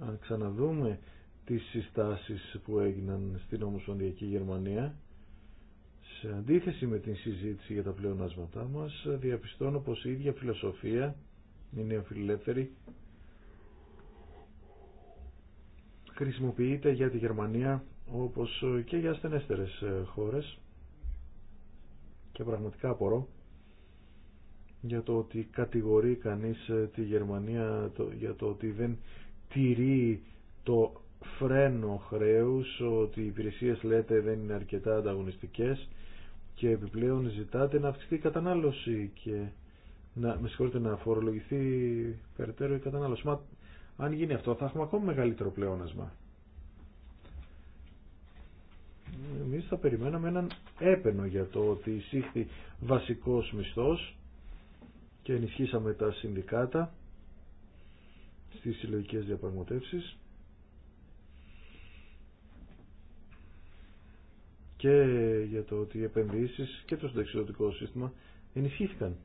αν ξαναδούμε τις συστάσεις που έγιναν στην Ομοσπονδιακή Γερμανία, σε αντίθεση με την συζήτηση για τα πλεονάσματά μας, διαπιστώνω πως η ίδια φιλοσοφία η νεοφιλελεύθερη χρησιμοποιείται για τη Γερμανία όπως και για ασθενέστερες χώρες και πραγματικά απορώ για το ότι κατηγορεί κανείς ε, τη Γερμανία για το ότι δεν τηρεί το φρένο χρέους, ότι οι υπηρεσίες λέτε δεν είναι αρκετά ανταγωνιστικές και επιπλέον ζητάτε να αυξηθεί η κατανάλωση και να, με συγχωρείτε να φορολογηθεί περαιτέρω η κατανάλωση. Μα αν γίνει αυτό θα έχουμε ακόμα μεγαλύτερο πλεόνασμα. Εμείς θα περιμέναμε έναν έπαινο για το ότι εισήχθη βασικός μισθός και ενισχύσαμε τα συνδικάτα στις συλλογικές διαπραγματεύσεις και για το ότι οι επενδύσεις και το συνταξιδοτικό σύστημα ενισχύθηκαν.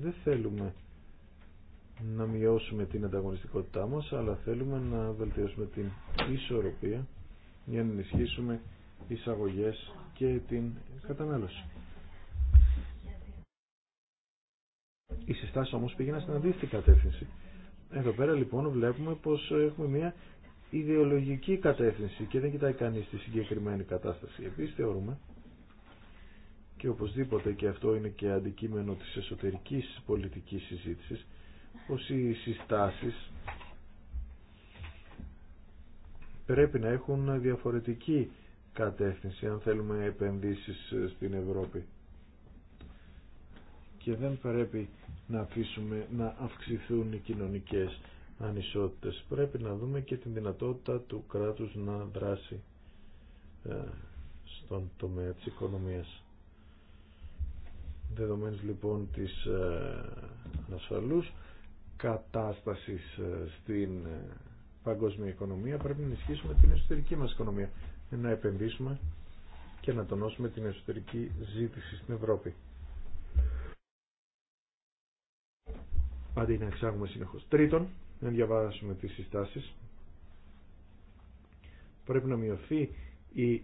Δεν θέλουμε να μειώσουμε την ανταγωνιστικότητά μας, αλλά θέλουμε να βελτιώσουμε την ισορροπία για να ενισχύσουμε εισαγωγές και την κατανάλωση. Οι συστάσεις όμως πήγαιναν στην αντίθετη κατεύθυνση. Εδώ πέρα λοιπόν βλέπουμε πως έχουμε μια ιδεολογική κατεύθυνση και δεν κοιτάει κανείς τη συγκεκριμένη κατάσταση. Επίσης θεωρούμε και οπωσδήποτε και αυτό είναι και αντικείμενο της εσωτερικής πολιτικής συζήτησης πως οι συστάσεις πρέπει να έχουν διαφορετική κατεύθυνση αν θέλουμε επενδύσεις στην Ευρώπη και δεν πρέπει να αφήσουμε να αυξηθούν οι κοινωνικές ανισότητες. Πρέπει να δούμε και την δυνατότητα του κράτους να δράσει ε, στον τομέα της οικονομίας. Δεδομένης λοιπόν της ε, ασφαλούς κατάστασης ε, στην παγκόσμια οικονομία πρέπει να ενισχύσουμε την εσωτερική μας οικονομία να επενδύσουμε και να τονώσουμε την εσωτερική ζήτηση στην Ευρώπη. αντί να εξάγουμε συνεχώς. Τρίτον, να διαβάσουμε τις συστάσεις. Πρέπει να μειωθεί η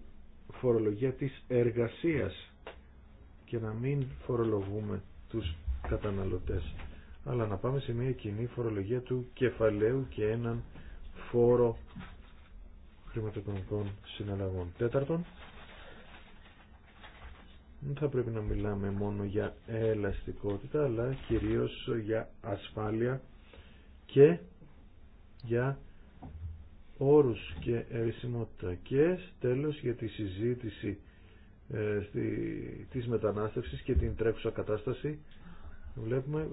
φορολογία της εργασίας και να μην φορολογούμε τους καταναλωτές αλλά να πάμε σε μια κοινή φορολογία του κεφαλαίου και έναν φόρο χρηματοοικονομικών συναλλαγών. Τέταρτον, δεν θα πρέπει να μιλάμε μόνο για ελαστικότητα, αλλά κυρίως για ασφάλεια και για όρους και ερισιμότητα. Και τέλος για τη συζήτηση ε, στη, της μετανάστευσης και την τρέχουσα κατάσταση. Βλέπουμε,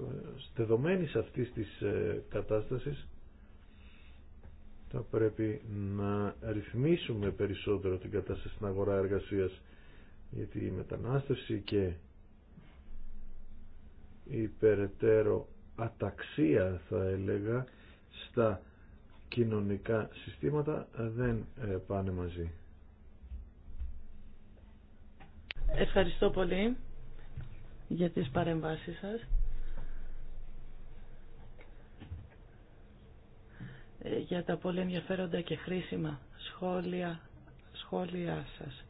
σε αυτής της ε, κατάστασης, θα πρέπει να ρυθμίσουμε περισσότερο την κατάσταση στην αγορά εργασίας γιατί η μετανάστευση και η περαιτέρω αταξία θα έλεγα στα κοινωνικά συστήματα δεν ε, πάνε μαζί. Ευχαριστώ πολύ για τις παρεμβάσεις σας. Ε, για τα πολύ ενδιαφέροντα και χρήσιμα σχόλια, σχόλια σας.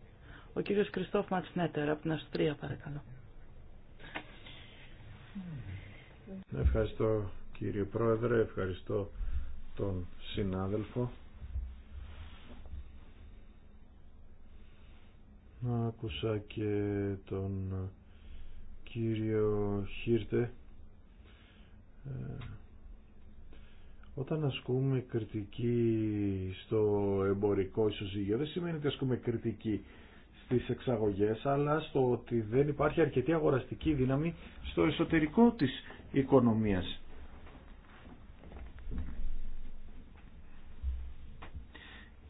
Ο κύριος Κριστόφ Ματσνέτερ από την Αυστρία παρακαλώ. Ευχαριστώ κύριε Πρόεδρε, ευχαριστώ τον συνάδελφο. Άκουσα και τον κύριο Χίρτε. Ε, όταν ασκούμε κριτική στο εμπορικό ισοζύγιο, δεν σημαίνει ότι ασκούμε κριτική στις εξαγωγές αλλά στο ότι δεν υπάρχει αρκετή αγοραστική δύναμη στο εσωτερικό της οικονομίας.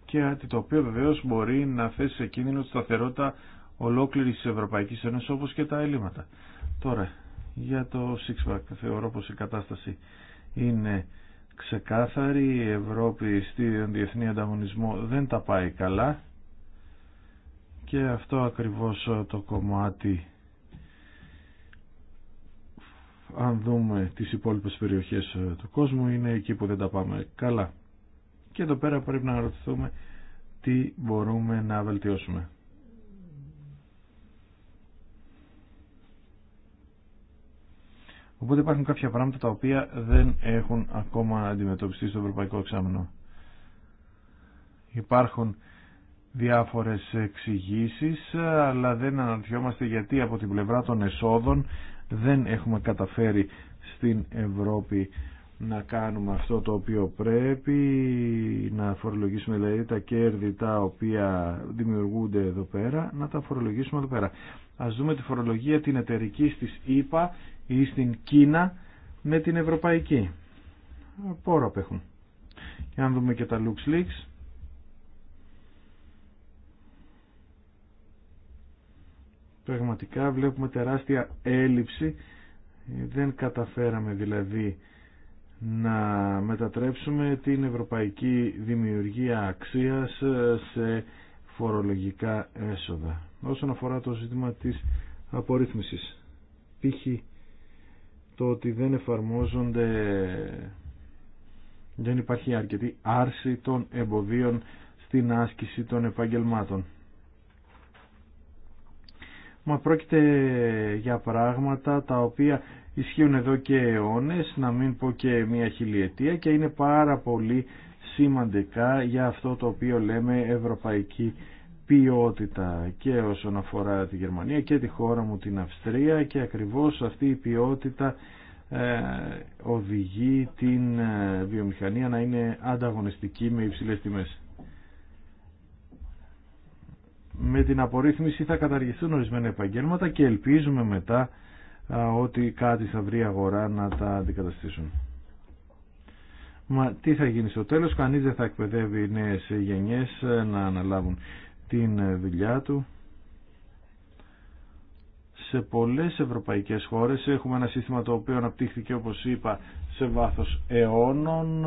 Και το οποίο βεβαίω μπορεί να θέσει σε κίνδυνο τη σταθερότητα ολόκληρη τη Ευρωπαϊκή Ένωση όπω και τα ελλείμματα. Τώρα, για το Sixpack θεωρώ πω η κατάσταση είναι ξεκάθαρη η Ευρώπη στη διεθνή ανταγωνισμό δεν τα πάει καλά και αυτό ακριβώς ε, το κομμάτι αν δούμε τις υπόλοιπες περιοχές ε, του κόσμου είναι εκεί που δεν τα πάμε καλά και εδώ πέρα πρέπει να ρωτηθούμε τι μπορούμε να βελτιώσουμε Οπότε υπάρχουν κάποια πράγματα τα οποία δεν έχουν ακόμα αντιμετωπιστεί στο Ευρωπαϊκό Εξάμεινο. Υπάρχουν διάφορες εξηγήσει, αλλά δεν αναρωτιόμαστε γιατί από την πλευρά των εσόδων δεν έχουμε καταφέρει στην Ευρώπη να κάνουμε αυτό το οποίο πρέπει, να φορολογήσουμε δηλαδή τα κέρδη τα οποία δημιουργούνται εδώ πέρα, να τα φορολογήσουμε εδώ πέρα. Ας δούμε τη φορολογία την εταιρική στις ΕΠΑ ή στην Κίνα με την ευρωπαϊκή. Πόρο απέχουν. Και αν δούμε και τα LuxLeaks, Πραγματικά βλέπουμε τεράστια έλλειψη. Δεν καταφέραμε δηλαδή να μετατρέψουμε την ευρωπαϊκή δημιουργία αξίας σε φορολογικά έσοδα. Όσον αφορά το ζήτημα της απορρίθμισης, π.χ. το ότι δεν εφαρμόζονται, δεν υπάρχει αρκετή άρση των εμποδίων στην άσκηση των επαγγελμάτων. Μα πρόκειται για πράγματα τα οποία ισχύουν εδώ και αιώνες, να μην πω και μια χιλιετία και είναι πάρα πολύ σημαντικά για αυτό το οποίο λέμε ευρωπαϊκή ποιότητα και όσον αφορά τη Γερμανία και τη χώρα μου την Αυστρία και ακριβώς αυτή η ποιότητα ε, οδηγεί την ε, βιομηχανία να είναι ανταγωνιστική με υψηλές τιμές με την απορρίθμιση θα καταργηθούν ορισμένα επαγγέλματα και ελπίζουμε μετά ότι κάτι θα βρει αγορά να τα αντικαταστήσουν. Μα τι θα γίνει στο τέλος, κανείς δεν θα εκπαιδεύει νέες γενιές ε, να αναλάβουν την ε, δουλειά του. Σε πολλές ευρωπαϊκές χώρες έχουμε ένα σύστημα το οποίο αναπτύχθηκε όπως είπα σε βάθος αιώνων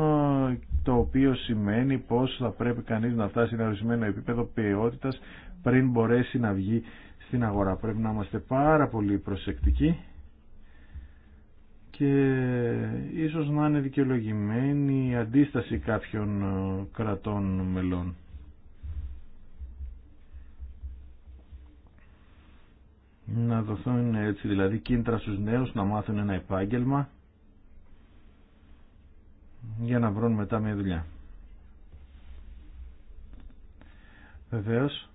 το οποίο σημαίνει πως θα πρέπει κανείς να φτάσει σε ένα ορισμένο επίπεδο ποιότητας πριν μπορέσει να βγει στην αγορά. Πρέπει να είμαστε πάρα πολύ προσεκτικοί και ίσως να είναι δικαιολογημένη η αντίσταση κάποιων ε, κρατών μελών. Να δοθούν έτσι δηλαδή κίντρα στους νέους να μάθουν ένα επάγγελμα για να βρουν μετά μια δουλειά. Βεβαίως,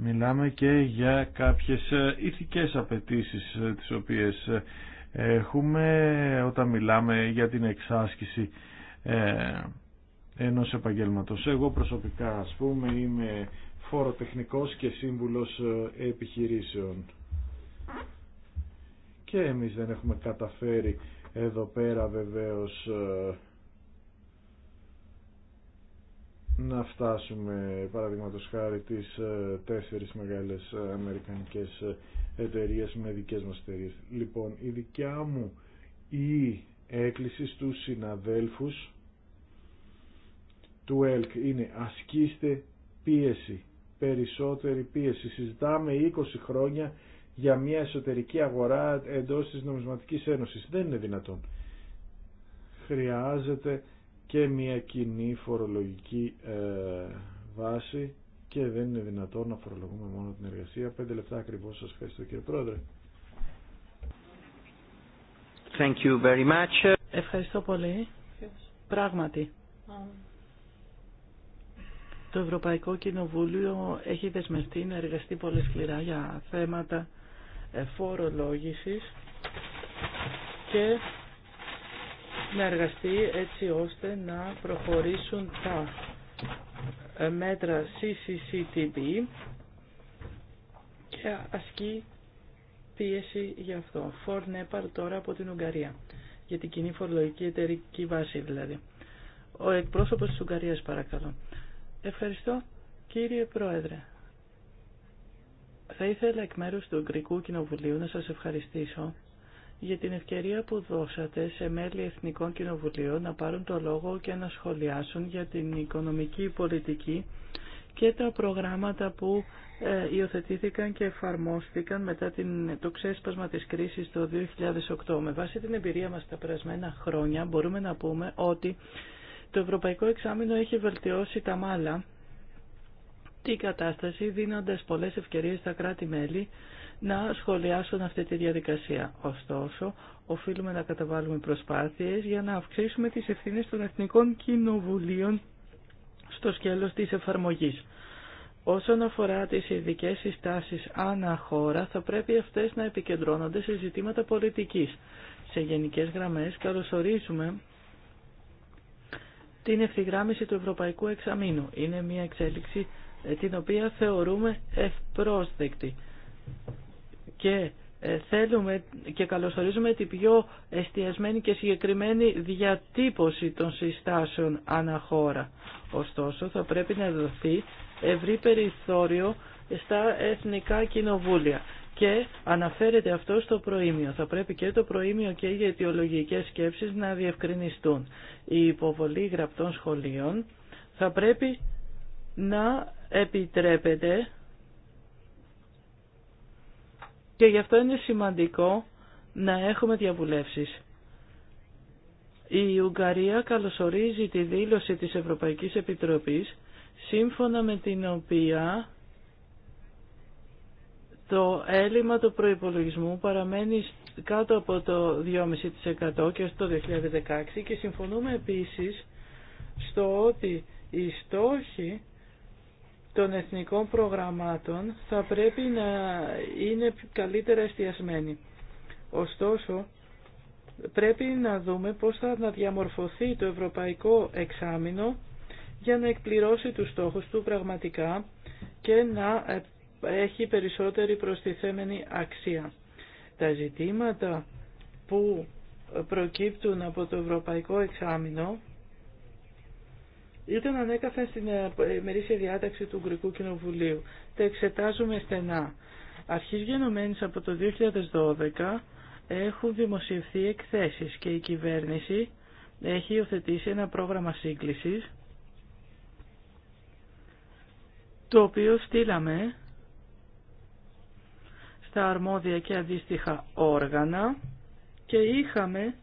Μιλάμε και για κάποιες ε, ηθικές απαιτήσεις ε, τις οποίες ε, έχουμε όταν μιλάμε για την εξάσκηση ενός επαγγέλματος. Εγώ προσωπικά ας πούμε είμαι φοροτεχνικός και σύμβουλος ε, επιχειρήσεων. Και εμείς δεν έχουμε καταφέρει εδώ πέρα βεβαίως ε, να φτάσουμε παραδείγματος χάρη τις ε, τέσσερις μεγάλες αμερικανικές εταιρείες με δικές μας εταιρείες. Λοιπόν, η δικιά μου η έκκληση στους συναδέλφους του ΕΛΚ είναι ασκήστε πίεση περισσότερη πίεση. Συζητάμε 20 χρόνια για μια εσωτερική αγορά εντός της νομισματικής ένωσης. Δεν είναι δυνατόν. Χρειάζεται και μια κοινή φορολογική ε, βάση και δεν είναι δυνατόν να φορολογούμε μόνο την εργασία. Πέντε λεπτά ακριβώς σας ευχαριστώ κύριε Πρόεδρε. Thank you very much. Ευχαριστώ πολύ. Πράγματι. Το Ευρωπαϊκό Κοινοβούλιο έχει δεσμευτεί να εργαστεί πολύ σκληρά για θέματα ε, φορολόγησης και να εργαστεί έτσι ώστε να προχωρήσουν τα ε, μέτρα CCCTB και ασκεί πίεση για αυτό. Φορ Νέπαρ τώρα από την Ουγγαρία. Για την κοινή φορολογική εταιρική βάση δηλαδή. Ο εκπρόσωπος της Ουγγαρίας παρακαλώ. Ευχαριστώ κύριε Πρόεδρε. Θα ήθελα εκ μέρους του Ουγγρικού Κοινοβουλίου να σας ευχαριστήσω για την ευκαιρία που δώσατε σε μέλη Εθνικών Κοινοβουλίων να πάρουν το λόγο και να σχολιάσουν για την οικονομική πολιτική και τα προγράμματα που ε, υιοθετήθηκαν και εφαρμόστηκαν μετά την, το ξέσπασμα της κρίσης το 2008. Με βάση την εμπειρία μας τα περασμένα χρόνια μπορούμε να πούμε ότι το Ευρωπαϊκό Εξάμεινο έχει βελτιώσει τα μάλα την κατάσταση δίνοντας πολλές ευκαιρίες στα κράτη-μέλη να σχολιάσουν αυτή τη διαδικασία. Ωστόσο, οφείλουμε να καταβάλουμε προσπάθειες για να αυξήσουμε τις ευθύνες των εθνικών κοινοβουλίων στο σκέλος της εφαρμογής. Όσον αφορά τις ειδικέ συστάσεις ανά χώρα, θα πρέπει αυτές να επικεντρώνονται σε ζητήματα πολιτικής. Σε γενικές γραμμές καλωσορίζουμε την ευθυγράμμιση του Ευρωπαϊκού Εξαμήνου. Είναι μια εξέλιξη ε, την οποία θεωρούμε ευπρόσδεκτη και ε, θέλουμε και καλωσορίζουμε την πιο εστιασμένη και συγκεκριμένη διατύπωση των συστάσεων αναχώρα. Ωστόσο, θα πρέπει να δοθεί ευρύ περιθώριο στα εθνικά κοινοβούλια και αναφέρεται αυτό στο προήμιο. Θα πρέπει και το προήμιο και οι αιτιολογικές σκέψεις να διευκρινιστούν. Η υποβολή γραπτών σχολείων θα πρέπει να επιτρέπεται και γι' αυτό είναι σημαντικό να έχουμε διαβουλεύσεις. Η Ουγγαρία καλωσορίζει τη δήλωση της Ευρωπαϊκής Επιτροπής σύμφωνα με την οποία το έλλειμμα του προϋπολογισμού παραμένει κάτω από το 2,5% και στο 2016 και συμφωνούμε επίσης στο ότι οι στόχοι των εθνικών προγραμμάτων θα πρέπει να είναι καλύτερα εστιασμένοι. Ωστόσο, πρέπει να δούμε πώς θα αναδιαμορφωθεί το ευρωπαϊκό εξάμεινο για να εκπληρώσει τους στόχους του πραγματικά και να έχει περισσότερη προστιθέμενη αξία. Τα ζητήματα που προκύπτουν από το Ευρωπαϊκό Εξάμεινο ήταν ανέκαθεν στην ε, ε, μερίσια διάταξη του Ουγγρικού Κοινοβουλίου. Τα εξετάζουμε στενά. Αρχής γενομένης από το 2012 έχουν δημοσιευθεί εκθέσεις και η κυβέρνηση έχει υιοθετήσει ένα πρόγραμμα σύγκλησης το οποίο στείλαμε στα αρμόδια και αντίστοιχα όργανα και είχαμε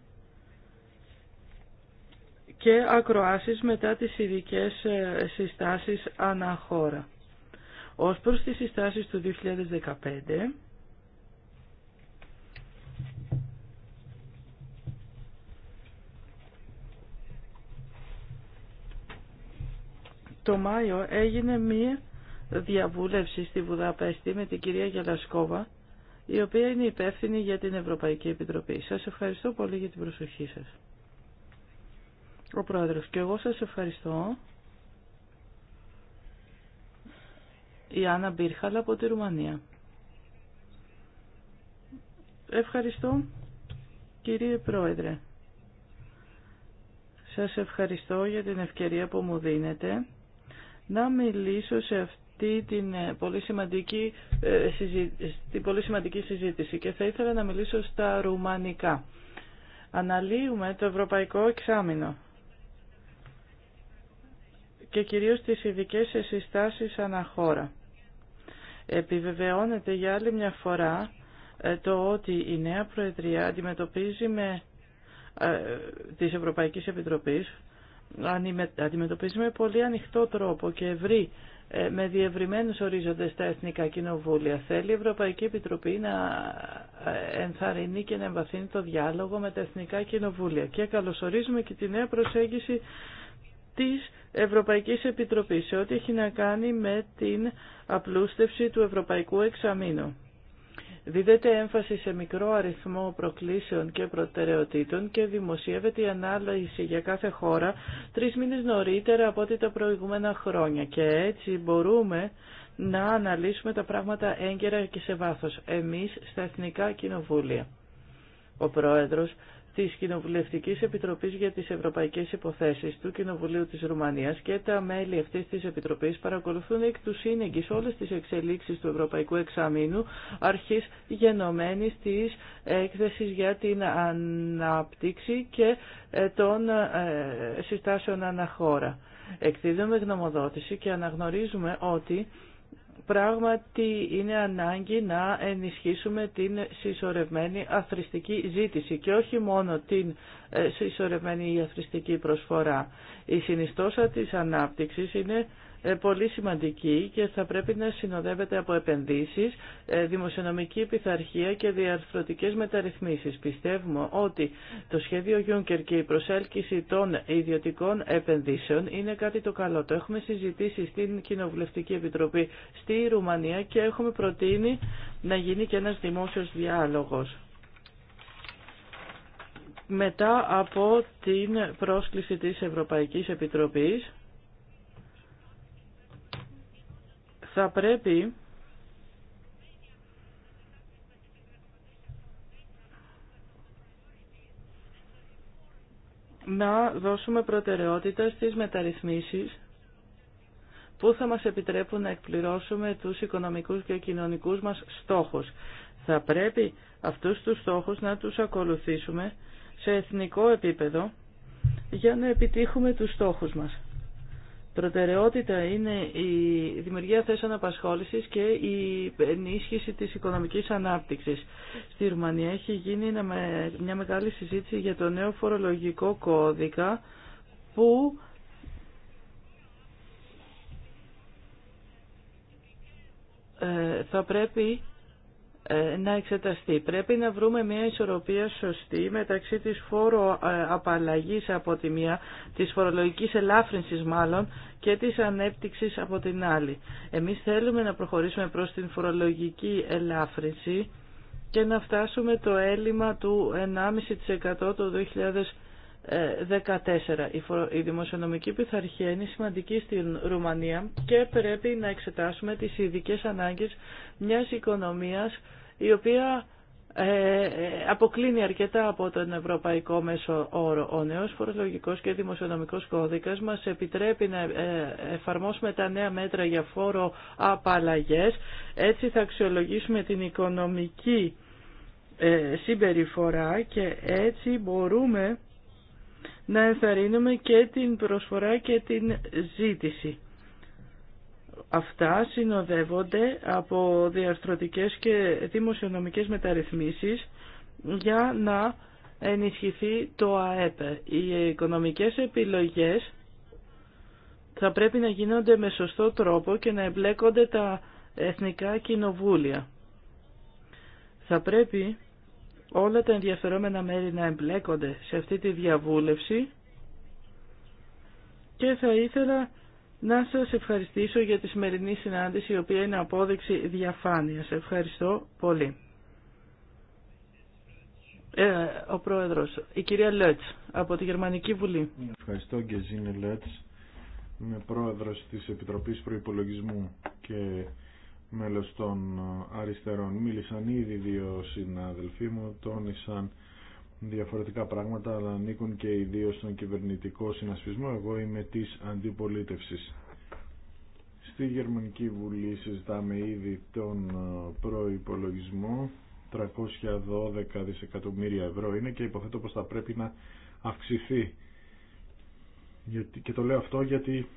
και ακροάσεις μετά τις ειδικέ ε, συστάσεις αναχώρα. Ως προς τις συστάσεις του 2015, το Μάιο έγινε μία διαβούλευση στη Βουδαπέστη με την κυρία Γελασκόβα, η οποία είναι υπεύθυνη για την Ευρωπαϊκή Επιτροπή. Σας ευχαριστώ πολύ για την προσοχή σας. Ο Πρόεδρος, και εγώ σας ευχαριστώ. Η Άννα Μπίρχαλα από τη Ρουμανία. Ευχαριστώ, κύριε Πρόεδρε. Σας ευχαριστώ για την ευκαιρία που μου δίνετε να μιλήσω σε αυτό ε, ε, την πολύ σημαντική, συζήτηση και θα ήθελα να μιλήσω στα ρουμανικά. Αναλύουμε το ευρωπαϊκό εξάμεινο και κυρίως τις ειδικέ συστάσεις αναχώρα. Επιβεβαιώνεται για άλλη μια φορά ε, το ότι η νέα Προεδρία αντιμετωπίζει με ε, της Ευρωπαϊκής Επιτροπής αντιμετωπίζει με πολύ ανοιχτό τρόπο και ευρύ ε, με διευρυμένους ορίζοντες τα Εθνικά Κοινοβούλια. Θέλει η Ευρωπαϊκή Επιτροπή να ε, ενθαρρυνεί και να εμβαθύνει το διάλογο με τα Εθνικά Κοινοβούλια. Και καλωσορίζουμε και τη νέα προσέγγιση της Ευρωπαϊκής Επιτροπής σε ό,τι έχει να κάνει με την απλούστευση του Ευρωπαϊκού Εξαμήνου. Δίδεται έμφαση σε μικρό αριθμό προκλήσεων και προτεραιοτήτων και δημοσιεύεται η ανάλυση για κάθε χώρα τρεις μήνες νωρίτερα από ό,τι τα προηγούμενα χρόνια και έτσι μπορούμε να αναλύσουμε τα πράγματα έγκαιρα και σε βάθος εμείς στα Εθνικά Κοινοβούλια. Ο Πρόεδρος της Κοινοβουλευτικής Επιτροπής για τις Ευρωπαϊκές Υποθέσεις του Κοινοβουλίου της Ρουμανίας και τα μέλη αυτής της Επιτροπής παρακολουθούν εκ του σύνεγγυς όλες τις εξελίξεις του Ευρωπαϊκού Εξαμήνου αρχής γενομένης της έκθεσης για την ανάπτυξη και ε, των ε, συστάσεων αναχώρα. Εκδίδουμε γνωμοδότηση και αναγνωρίζουμε ότι πράγματι είναι ανάγκη να ενισχύσουμε την συσσωρευμένη αθρηστική ζήτηση και όχι μόνο την ε, συσσωρευμένη αθρηστική προσφορά. Η συνιστόσα της ανάπτυξης είναι ε, πολύ σημαντική και θα πρέπει να συνοδεύεται από επενδύσεις, ε, δημοσιονομική πειθαρχία και διαρθρωτικές μεταρρυθμίσεις. Πιστεύουμε ότι το σχέδιο Juncker και η προσέλκυση των ιδιωτικών επενδύσεων είναι κάτι το καλό. Το έχουμε συζητήσει στην Κοινοβουλευτική Επιτροπή στη Ρουμανία και έχουμε προτείνει να γίνει και ένας δημόσιος διάλογος μετά από την πρόσκληση της Ευρωπαϊκής Επιτροπής θα πρέπει να δώσουμε προτεραιότητα στις μεταρρυθμίσεις που θα μας επιτρέπουν να εκπληρώσουμε τους οικονομικούς και κοινωνικούς μας στόχους. Θα πρέπει αυτούς τους στόχους να τους ακολουθήσουμε σε εθνικό επίπεδο για να επιτύχουμε τους στόχους μας. Προτεραιότητα είναι η δημιουργία θέσεων απασχόλησης και η ενίσχυση της οικονομικής ανάπτυξης. Στη Ρουμανία έχει γίνει μια μεγάλη συζήτηση για το νέο φορολογικό κώδικα που ε, θα πρέπει ε, να εξεταστεί. Πρέπει να βρούμε μια ισορροπία σωστή μεταξύ της φόρο ε, απαλλαγής από τη μία, της φορολογικής ελάφρυνσης μάλλον και της ανέπτυξης από την άλλη. Εμείς θέλουμε να προχωρήσουμε προς την φορολογική ελάφρυνση και να φτάσουμε το έλλειμμα του 1,5% το 14. Ε, η δημοσιονομική πειθαρχία είναι σημαντική στην Ρουμανία και πρέπει να εξετάσουμε τις ειδικές ανάγκες μιας οικονομίας η οποία ε, ε, αποκλίνει αρκετά από τον ευρωπαϊκό μέσο όρο. Ο νέος φορολογικός και δημοσιονομικός κώδικας μας επιτρέπει να εφαρμόσουμε τα νέα μέτρα για φόρο απαλλαγές. Έτσι θα αξιολογήσουμε την οικονομική συμπεριφορά και έτσι μπορούμε να ενθαρρύνουμε και την προσφορά και την ζήτηση. Αυτά συνοδεύονται από διαρθρωτικές και δημοσιονομικές μεταρρυθμίσεις για να ενισχυθεί το ΑΕΠ. Οι οικονομικές επιλογές θα πρέπει να γίνονται με σωστό τρόπο και να εμπλέκονται τα εθνικά κοινοβούλια. Θα πρέπει όλα τα ενδιαφερόμενα μέρη να εμπλέκονται σε αυτή τη διαβούλευση και θα ήθελα να σας ευχαριστήσω για τη σημερινή συνάντηση η οποία είναι απόδειξη διαφάνειας. Ευχαριστώ πολύ. Ε, ο Πρόεδρος, η κυρία Λέτς από τη Γερμανική Βουλή. Ευχαριστώ και Ζήνη Λέτς, είμαι Πρόεδρος της Επιτροπής Προϋπολογισμού και μέλος των ε, αριστερών. Μίλησαν ήδη δύο συναδελφοί μου, τόνισαν διαφορετικά πράγματα, αλλά ανήκουν και οι δύο στον κυβερνητικό συνασπισμό. Εγώ είμαι της αντιπολίτευσης. Στη Γερμανική Βουλή συζητάμε ήδη τον ε, προϋπολογισμό. 312 δισεκατομμύρια ευρώ είναι και υποθέτω πως θα πρέπει να αυξηθεί. Γιατί, και το λέω αυτό γιατί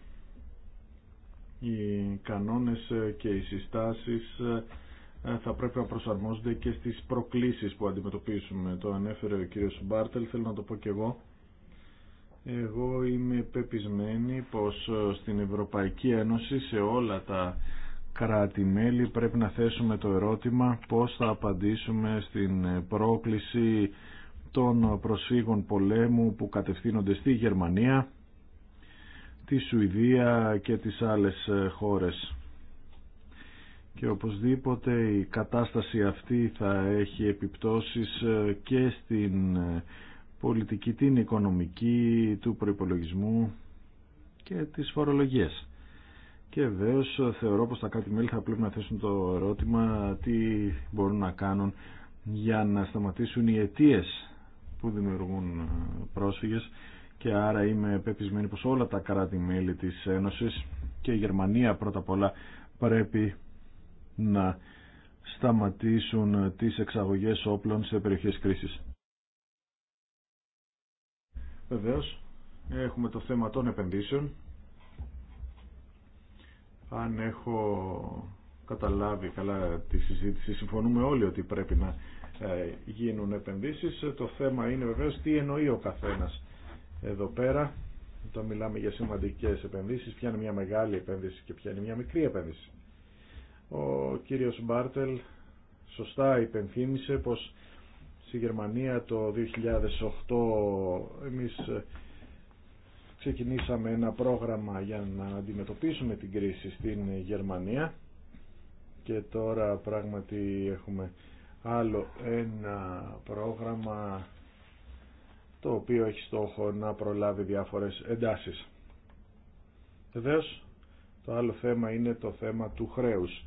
οι κανόνες και οι συστάσεις ε, θα πρέπει να προσαρμόζονται και στις προκλήσεις που αντιμετωπίσουμε. Το ανέφερε ο κύριος Μπάρτελ, θέλω να το πω και εγώ. Εγώ είμαι πεπισμένη πως ε, στην Ευρωπαϊκή Ένωση σε όλα τα κράτη-μέλη πρέπει να θέσουμε το ερώτημα πώς θα απαντήσουμε στην πρόκληση των προσφύγων πολέμου που κατευθύνονται στη Γερμανία τη Σουηδία και τις άλλες ε, χώρες. Και οπωσδήποτε η κατάσταση αυτή θα έχει επιπτώσεις ε, και στην ε, πολιτική, την οικονομική, του προϋπολογισμού και τις φορολογίες. Και βεβαίω θεωρώ πως τα κάτι μέλη θα πρέπει να θέσουν το ερώτημα τι μπορούν να κάνουν για να σταματήσουν οι αιτίες που δημιουργούν πρόσφυγες και άρα είμαι πεπισμένη πως όλα τα κράτη-μέλη της Ένωσης και η Γερμανία πρώτα απ' όλα πρέπει να σταματήσουν τις εξαγωγές όπλων σε περιοχές κρίσης. Βεβαίως, έχουμε το θέμα των επενδύσεων. Αν έχω καταλάβει καλά τη συζήτηση, συμφωνούμε όλοι ότι πρέπει να ε, γίνουν επενδύσεις. Το θέμα είναι βεβαίως τι εννοεί ο καθένας εδώ πέρα όταν μιλάμε για σημαντικές επενδύσεις ποια είναι μια μεγάλη επένδυση και ποια είναι μια μικρή επένδυση ο κύριος Μπάρτελ σωστά υπενθύμησε πως στη Γερμανία το 2008 εμείς ξεκινήσαμε ένα πρόγραμμα για να αντιμετωπίσουμε την κρίση στην Γερμανία και τώρα πράγματι έχουμε άλλο ένα πρόγραμμα το οποίο έχει στόχο να προλάβει διάφορες εντάσεις. Βεβαίω, το άλλο θέμα είναι το θέμα του χρέους.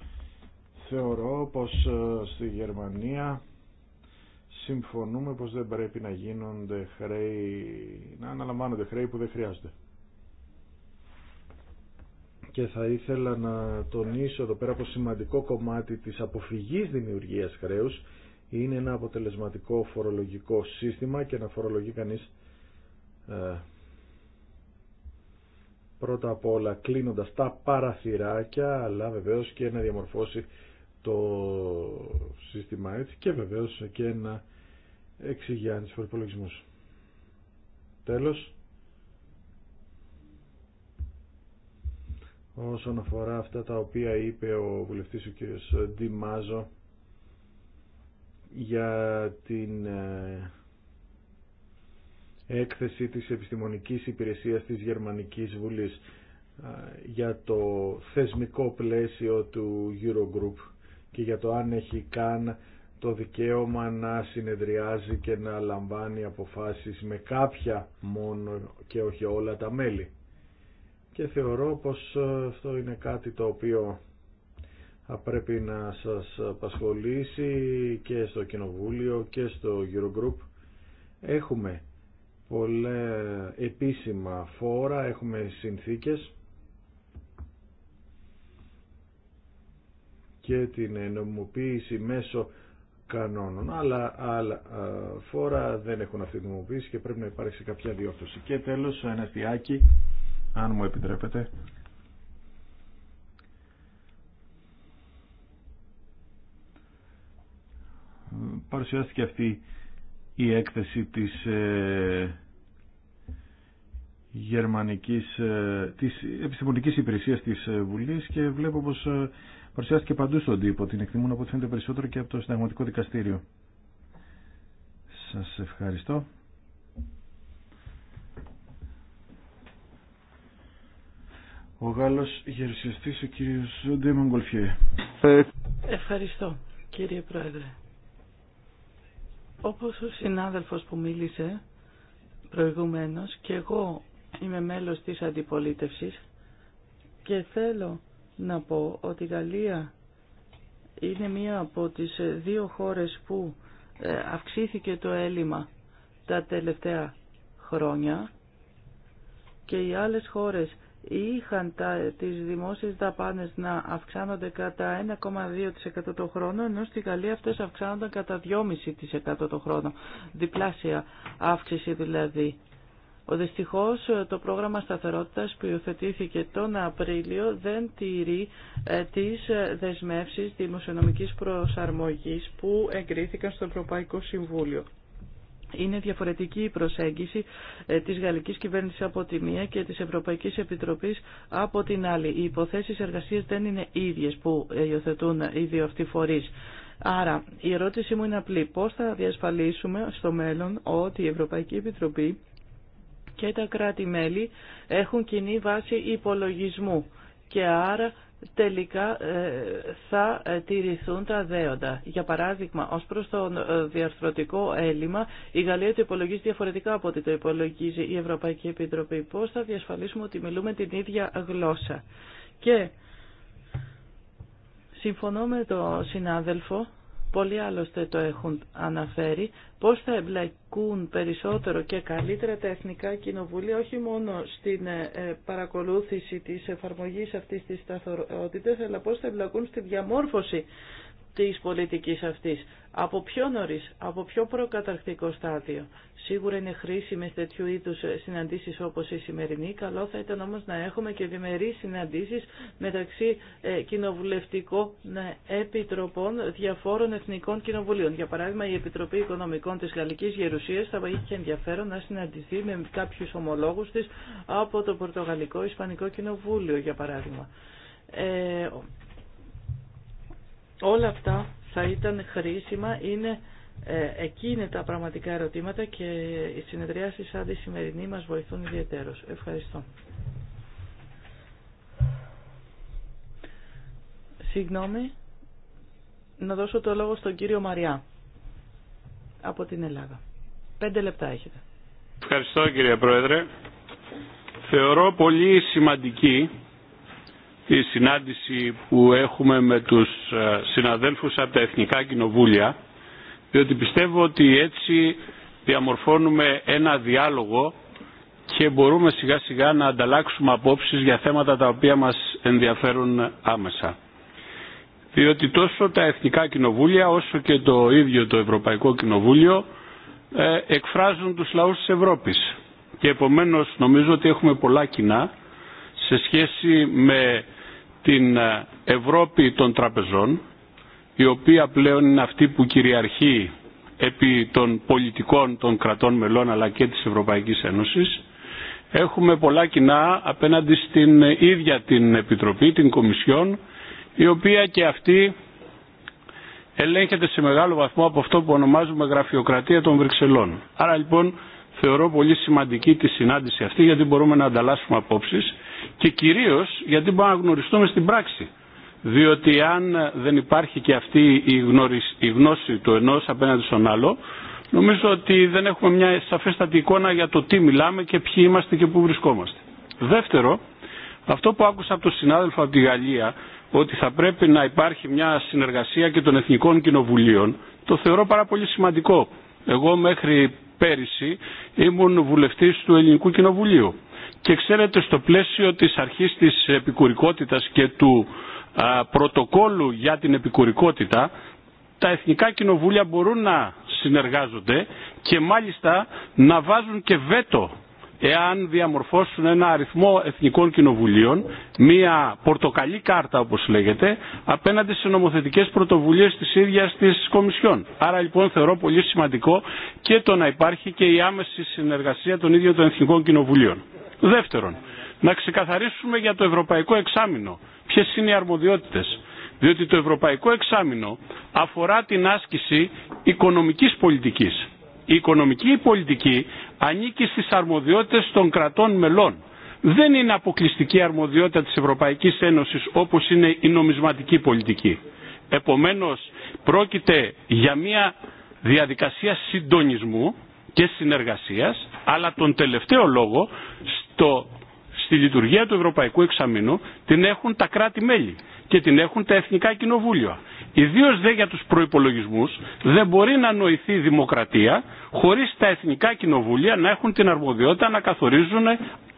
Θεωρώ πως ε, στη Γερμανία συμφωνούμε πως δεν πρέπει να γίνονται χρέη, να αναλαμβάνονται χρέη που δεν χρειάζονται. Και θα ήθελα να τονίσω εδώ πέρα πως σημαντικό κομμάτι της αποφυγής δημιουργίας χρέους είναι ένα αποτελεσματικό φορολογικό σύστημα και να φορολογεί κανείς ε, πρώτα απ' όλα κλείνοντας τα παραθυράκια αλλά βεβαίως και να διαμορφώσει το σύστημα έτσι και βεβαίως και να εξηγιάνει του προπολογισμούς. Τέλος, όσον αφορά αυτά τα οποία είπε ο βουλευτής ο κ. Ντιμάζο για την ε, έκθεση της Επιστημονικής Υπηρεσίας της Γερμανικής Βουλής ε, για το θεσμικό πλαίσιο του Eurogroup και για το αν έχει καν το δικαίωμα να συνεδριάζει και να λαμβάνει αποφάσεις με κάποια μόνο και όχι όλα τα μέλη. Και θεωρώ πως ε, αυτό είναι κάτι το οποίο θα πρέπει να σας απασχολήσει και στο Κοινοβούλιο και στο Eurogroup. Έχουμε πολλά επίσημα φόρα, έχουμε συνθήκες και την νομιμοποίηση μέσω κανόνων, αλλά άλλα φόρα δεν έχουν αυτή την νομιμοποίηση και πρέπει να υπάρξει κάποια διόρθωση. Και τέλος, ένα αστιάκι, αν μου επιτρέπετε. παρουσιάστηκε αυτή η έκθεση της ε, γερμανικής, ε, της επιστημονικής υπηρεσίας της ε, Βουλής και βλέπω πως ε, παρουσιάστηκε παντού στον τύπο. Την εκτιμούν από ό,τι φαίνεται περισσότερο και από το Συνταγματικό Δικαστήριο. Σας ευχαριστώ. Ο Γάλλος γερουσιαστής ο κύριος Ντέμον Γκολφιέ. Ευχαριστώ κύριε Πρόεδρε. Όπως ο συνάδελφος που μίλησε προηγουμένως και εγώ είμαι μέλος της αντιπολίτευσης και θέλω να πω ότι η Γαλλία είναι μία από τις δύο χώρες που ε, αυξήθηκε το έλλειμμα τα τελευταία χρόνια και οι άλλες χώρες είχαν τα, τις δημόσιες δαπάνες να αυξάνονται κατά 1,2% το χρόνο, ενώ στη Γαλλία αυτές αυξάνονταν κατά 2,5% το χρόνο, διπλάσια αύξηση δηλαδή. Ο δυστυχώς το πρόγραμμα σταθερότητας που υιοθετήθηκε τον Απρίλιο δεν τηρεί ε, τις ε, δεσμεύσεις δημοσιονομικής προσαρμογής που εγκρίθηκαν στο Ευρωπαϊκό Συμβούλιο είναι διαφορετική η προσέγγιση ε, της γαλλικής κυβέρνησης από τη μία και της Ευρωπαϊκής Επιτροπής από την άλλη. Οι υποθέσεις εργασίας δεν είναι ίδιες που ε, υιοθετούν οι δύο αυτοί φορείς. Άρα η ερώτησή μου είναι απλή. Πώς θα διασφαλίσουμε στο μέλλον ότι η Ευρωπαϊκή Επιτροπή και τα κράτη-μέλη έχουν κοινή βάση υπολογισμού και άρα τελικά ε, θα ε, τηρηθούν τα δέοντα. Για παράδειγμα, ως προς το ε, διαρθρωτικό έλλειμμα, η Γαλλία το υπολογίζει διαφορετικά από ό,τι το υπολογίζει η Ευρωπαϊκή Επιτροπή. Πώς θα διασφαλίσουμε ότι μιλούμε την ίδια γλώσσα. Και συμφωνώ με τον συνάδελφο πολλοί άλλωστε το έχουν αναφέρει, πώς θα εμπλακούν περισσότερο και καλύτερα τα εθνικά κοινοβούλια, όχι μόνο στην ε, ε, παρακολούθηση της εφαρμογής αυτής της σταθερότητας, αλλά πώς θα εμπλακούν στη διαμόρφωση της πολιτικής αυτής. Από πιο νωρίς, από πιο προκαταρκτικό στάδιο. Σίγουρα είναι χρήσιμε τέτοιου είδου συναντήσεις όπως η σημερινή. Καλό θα ήταν όμως να έχουμε και διμερείς συναντήσεις μεταξύ ε, κοινοβουλευτικών ε, επιτροπών διαφόρων εθνικών κοινοβουλίων. Για παράδειγμα, η Επιτροπή Οικονομικών της Γαλλική Γερουσίας θα είχε ενδιαφέρον να συναντηθεί με κάποιου ομολόγου τη από το Πορτογαλικό Ισπανικό Κοινοβούλιο, για παράδειγμα. Ε, Όλα αυτά θα ήταν χρήσιμα, είναι ε, εκείνη τα πραγματικά ερωτήματα και οι συνεδριάσεις σαν τη σημερινή μας βοηθούν ιδιαίτερως. Ευχαριστώ. Συγγνώμη, να δώσω το λόγο στον κύριο Μαριά από την Ελλάδα. Πέντε λεπτά έχετε. Ευχαριστώ κύριε Πρόεδρε. Θεωρώ πολύ σημαντική η συνάντηση που έχουμε με τους ε, συναδέλφους από τα Εθνικά Κοινοβούλια διότι πιστεύω ότι έτσι διαμορφώνουμε ένα διάλογο και μπορούμε σιγά σιγά να ανταλλάξουμε απόψεις για θέματα τα οποία μας ενδιαφέρουν άμεσα. Διότι τόσο τα Εθνικά Κοινοβούλια όσο και το ίδιο το Ευρωπαϊκό Κοινοβούλιο ε, εκφράζουν τους λαούς της Ευρώπης. Και επομένως νομίζω ότι έχουμε πολλά κοινά σε σχέση με την ε, Ευρώπη των τραπεζών, η οποία πλέον είναι αυτή που κυριαρχεί επί των πολιτικών των κρατών μελών αλλά και της Ευρωπαϊκής Ένωσης, έχουμε πολλά κοινά απέναντι στην ίδια την Επιτροπή, την Κομισιόν, η οποία και αυτή ελέγχεται σε μεγάλο βαθμό από αυτό που ονομάζουμε γραφειοκρατία των Βρυξελών. Άρα λοιπόν θεωρώ πολύ σημαντική τη συνάντηση αυτή γιατί μπορούμε να ανταλλάσσουμε απόψεις και κυρίως γιατί μπορούμε να γνωριστούμε στην πράξη. Διότι αν δεν υπάρχει και αυτή η, γνώση του ενός απέναντι στον άλλο, νομίζω ότι δεν έχουμε μια σαφέστατη εικόνα για το τι μιλάμε και ποιοι είμαστε και πού βρισκόμαστε. Δεύτερο, αυτό που άκουσα από τον συνάδελφο από τη Γαλλία, ότι θα πρέπει να υπάρχει μια συνεργασία και των εθνικών κοινοβουλίων, το θεωρώ πάρα πολύ σημαντικό. Εγώ μέχρι πέρυσι ήμουν βουλευτής του Ελληνικού Κοινοβουλίου και ξέρετε στο πλαίσιο της αρχής της επικουρικότητας και του α, πρωτοκόλου για την επικουρικότητα τα εθνικά κοινοβούλια μπορούν να συνεργάζονται και μάλιστα να βάζουν και βέτο εάν διαμορφώσουν ένα αριθμό εθνικών κοινοβουλίων, μία πορτοκαλί κάρτα όπως λέγεται, απέναντι σε νομοθετικές πρωτοβουλίες της ίδιας της Κομισιόν. Άρα λοιπόν θεωρώ πολύ σημαντικό και το να υπάρχει και η άμεση συνεργασία των ίδιων των εθνικών κοινοβουλίων. Δεύτερον, να ξεκαθαρίσουμε για το ευρωπαϊκό εξάμεινο ποιε είναι οι αρμοδιότητε. Διότι το ευρωπαϊκό εξάμεινο αφορά την άσκηση οικονομική πολιτική. Η οικονομική πολιτική ανήκει στι αρμοδιότητε των κρατών μελών. Δεν είναι αποκλειστική αρμοδιότητα της Ευρωπαϊκής Ένωσης όπως είναι η νομισματική πολιτική. Επομένω, πρόκειται για μια διαδικασία συντονισμού και συνεργασίας αλλά τον τελευταίο λόγο το, στη λειτουργία του Ευρωπαϊκού Εξαμήνου την έχουν τα κράτη-μέλη και την έχουν τα εθνικά κοινοβούλια. Ιδίω δε για του προπολογισμού δεν μπορεί να νοηθεί η δημοκρατία χωρί τα εθνικά κοινοβούλια να έχουν την αρμοδιότητα να καθορίζουν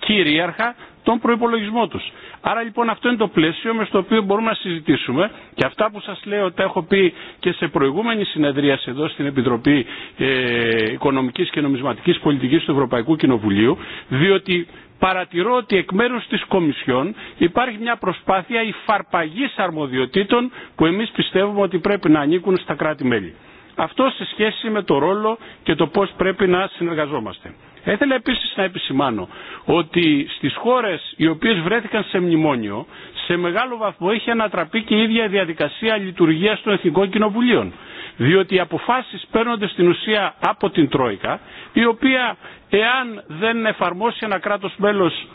κυρίαρχα τον προπολογισμό του. Άρα λοιπόν αυτό είναι το πλαίσιο με στο οποίο μπορούμε να συζητήσουμε και αυτά που σα λέω τα έχω πει και σε προηγούμενη συνεδρία εδώ στην Επιτροπή ε, Οικονομική και Νομισματική Πολιτική του Ευρωπαϊκού Κοινοβουλίου, διότι παρατηρώ ότι εκ μέρου τη Κομισιόν υπάρχει μια προσπάθεια υφαρπαγή αρμοδιοτήτων που εμεί πιστεύουμε ότι πρέπει να ανήκουν στα κράτη-μέλη. Αυτό σε σχέση με το ρόλο και το πώ πρέπει να συνεργαζόμαστε. Έθελα επίσης να επισημάνω ότι στις χώρες οι οποίες βρέθηκαν σε μνημόνιο σε μεγάλο βαθμό έχει ανατραπεί και η ίδια διαδικασία λειτουργίας των Εθνικών Κοινοβουλίων. Διότι οι αποφάσεις παίρνονται στην ουσία από την Τρόικα, η οποία εάν δεν εφαρμόσει ένα κράτος μέλος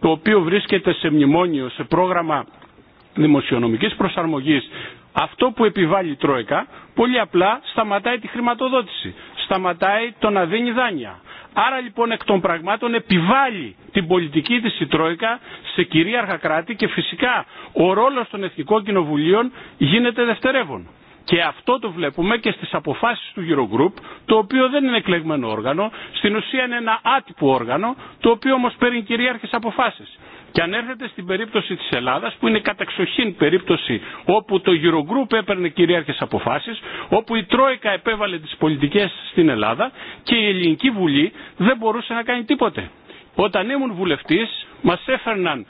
το οποίο βρίσκεται σε μνημόνιο, σε πρόγραμμα δημοσιονομικής προσαρμογής, αυτό που επιβάλλει η Τρόικα, πολύ απλά σταματάει τη χρηματοδότηση, σταματάει το να δίνει δάνεια Άρα λοιπόν εκ των πραγμάτων επιβάλλει την πολιτική της η Τρόικα σε κυρίαρχα κράτη και φυσικά ο ρόλος των εθνικών κοινοβουλίων γίνεται δευτερεύον. Και αυτό το βλέπουμε και στις αποφάσεις του Eurogroup, το οποίο δεν είναι εκλεγμένο όργανο, στην ουσία είναι ένα άτυπο όργανο, το οποίο όμως παίρνει κυρίαρχες αποφάσεις. Και αν έρθετε στην περίπτωση της Ελλάδας που είναι καταξοχήν περίπτωση όπου το Eurogroup έπαιρνε κυρίαρχες αποφάσεις, όπου η Τρόικα επέβαλε τις πολιτικές στην Ελλάδα και η Ελληνική Βουλή δεν μπορούσε να κάνει τίποτε. Όταν ήμουν βουλευτής μας έφερναν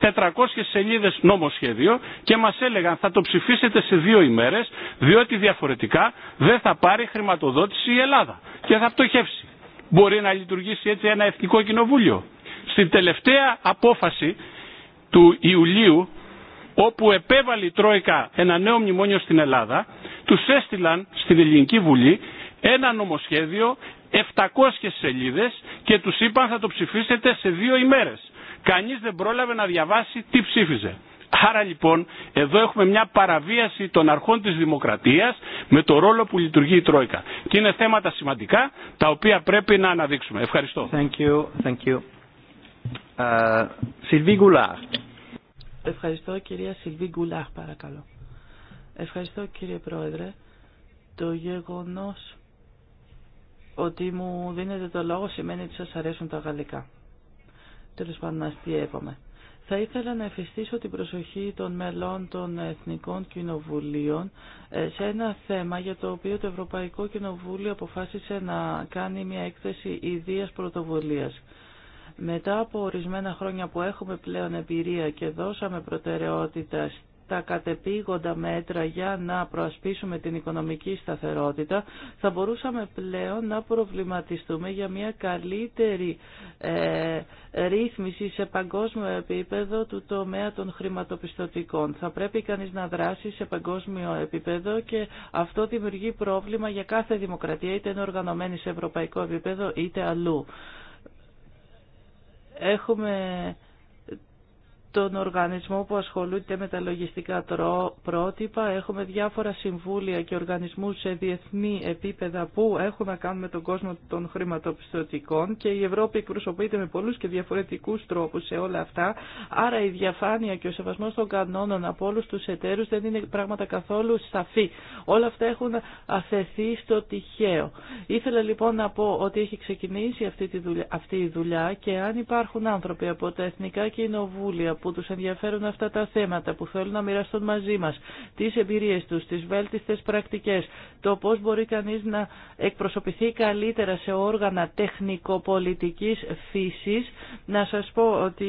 300-400 σελίδες νομοσχέδιο και μας έλεγαν θα το ψηφίσετε σε δύο ημέρες διότι διαφορετικά δεν θα πάρει χρηματοδότηση η Ελλάδα και θα πτωχεύσει. Μπορεί να λειτουργήσει έτσι ένα εθνικό κοινοβούλιο στην τελευταία απόφαση του Ιουλίου όπου επέβαλε η Τρόικα ένα νέο μνημόνιο στην Ελλάδα, τους έστειλαν στην Ελληνική Βουλή ένα νομοσχέδιο 700 σελίδες και τους είπαν θα το ψηφίσετε σε δύο ημέρες. Κανείς δεν πρόλαβε να διαβάσει τι ψήφιζε. Άρα λοιπόν εδώ έχουμε μια παραβίαση των αρχών της δημοκρατίας με το ρόλο που λειτουργεί η Τρόικα. Και είναι θέματα σημαντικά τα οποία πρέπει να αναδείξουμε. Ευχαριστώ. Thank you. Thank you. Σιλβί ε, Ευχαριστώ κυρία Σιλβί Γκουλάχ παρακαλώ. Ευχαριστώ κύριε Πρόεδρε. Το γεγονός ότι μου δίνετε το λόγο σημαίνει ότι σας αρέσουν τα γαλλικά. Τέλος πάντων, έπαμε. Θα ήθελα να εφιστήσω την προσοχή των μελών των Εθνικών Κοινοβουλίων ε, σε ένα θέμα για το οποίο το Ευρωπαϊκό Κοινοβούλιο αποφάσισε να κάνει μια έκθεση ιδίας πρωτοβουλίας. Μετά από ορισμένα χρόνια που έχουμε πλέον εμπειρία και δώσαμε προτεραιότητα τα κατεπήγοντα μέτρα για να προασπίσουμε την οικονομική σταθερότητα, θα μπορούσαμε πλέον να προβληματιστούμε για μια καλύτερη ε, ρύθμιση σε παγκόσμιο επίπεδο του τομέα των χρηματοπιστωτικών. Θα πρέπει κανείς να δράσει σε παγκόσμιο επίπεδο και αυτό δημιουργεί πρόβλημα για κάθε δημοκρατία, είτε είναι οργανωμένη σε ευρωπαϊκό επίπεδο είτε αλλού έχουμε τον οργανισμό που ασχολούνται με τα λογιστικά πρότυπα. Έχουμε διάφορα συμβούλια και οργανισμούς σε διεθνή επίπεδα που έχουν να κάνουν με τον κόσμο των χρηματοπιστωτικών και η Ευρώπη εκπροσωπείται με πολλούς και διαφορετικούς τρόπους σε όλα αυτά. Άρα η διαφάνεια και ο σεβασμός των κανόνων από όλους τους εταίρους δεν είναι πράγματα καθόλου σαφή. Όλα αυτά έχουν αφαιθεί στο τυχαίο. Ήθελα λοιπόν να πω ότι έχει ξεκινήσει αυτή, αυτή η δουλειά και αν υπάρχουν άνθρωποι από τα εθνικά κοινοβούλια που τους ενδιαφέρουν αυτά τα θέματα, που θέλουν να μοιραστούν μαζί μας τις εμπειρίες τους, τις βέλτιστες πρακτικές, το πώς μπορεί κανείς να εκπροσωπηθεί καλύτερα σε όργανα τεχνικοπολιτικής φύσης. Να σας πω ότι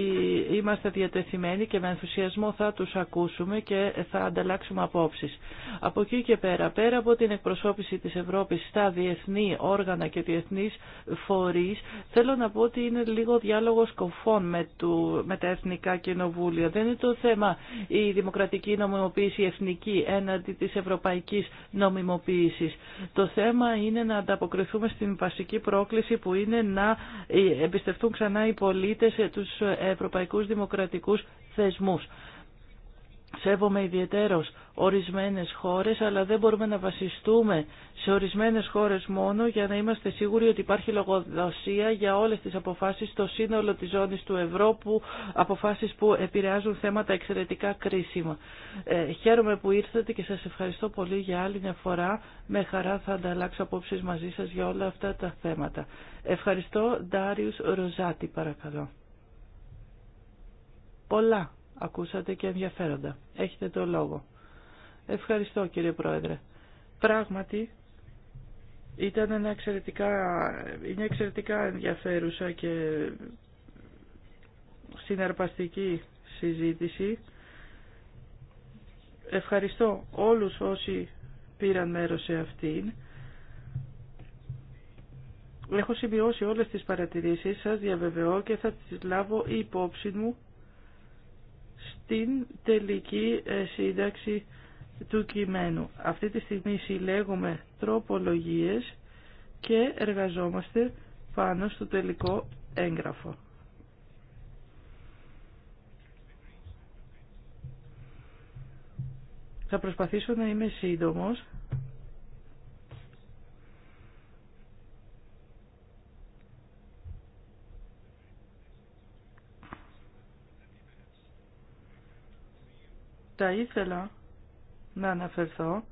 είμαστε διατεθειμένοι και με ενθουσιασμό θα τους ακούσουμε και θα ανταλλάξουμε απόψεις. Από εκεί και πέρα, πέρα από την εκπροσώπηση της Ευρώπης στα διεθνή όργανα και διεθνείς φορείς, θέλω να πω ότι είναι λίγο διάλογο κοφών με, με τα εθνικά κοινοβούλια δεν είναι το θέμα η δημοκρατική νομιμοποίηση η εθνική έναντι της ευρωπαϊκής νομιμοποίησης. Το θέμα είναι να ανταποκριθούμε στην βασική πρόκληση που είναι να ε, εμπιστευτούν ξανά οι πολίτες τους ευρωπαϊκούς δημοκρατικούς θεσμούς. Σέβομαι ιδιαιτέρως ορισμένες χώρες, αλλά δεν μπορούμε να βασιστούμε σε ορισμένες χώρες μόνο για να είμαστε σίγουροι ότι υπάρχει λογοδοσία για όλες τις αποφάσεις στο σύνολο της ζώνης του Ευρώπου, που, αποφάσεις που επηρεάζουν θέματα εξαιρετικά κρίσιμα. Ε, χαίρομαι που ήρθατε και σας ευχαριστώ πολύ για άλλη μια φορά. Με χαρά θα ανταλλάξω απόψεις μαζί σας για όλα αυτά τα θέματα. Ευχαριστώ. Ντάριους Ροζάτη, παρακαλώ. Πολλά Ακούσατε και ενδιαφέροντα. Έχετε το λόγο. Ευχαριστώ κύριε Πρόεδρε. Πράγματι ήταν ένα εξαιρετικά, είναι εξαιρετικά ενδιαφέρουσα και συναρπαστική συζήτηση. Ευχαριστώ όλους όσοι πήραν μέρος σε αυτήν. Έχω σημειώσει όλες τις παρατηρήσεις σας, διαβεβαιώ και θα τις λάβω υπόψη μου την τελική ε, σύνταξη του κειμένου. Αυτή τη στιγμή συλλέγουμε τροπολογίες και εργαζόμαστε πάνω στο τελικό έγγραφο. Θα προσπαθήσω να είμαι σύντομος θα ήθελα να αναφερθώ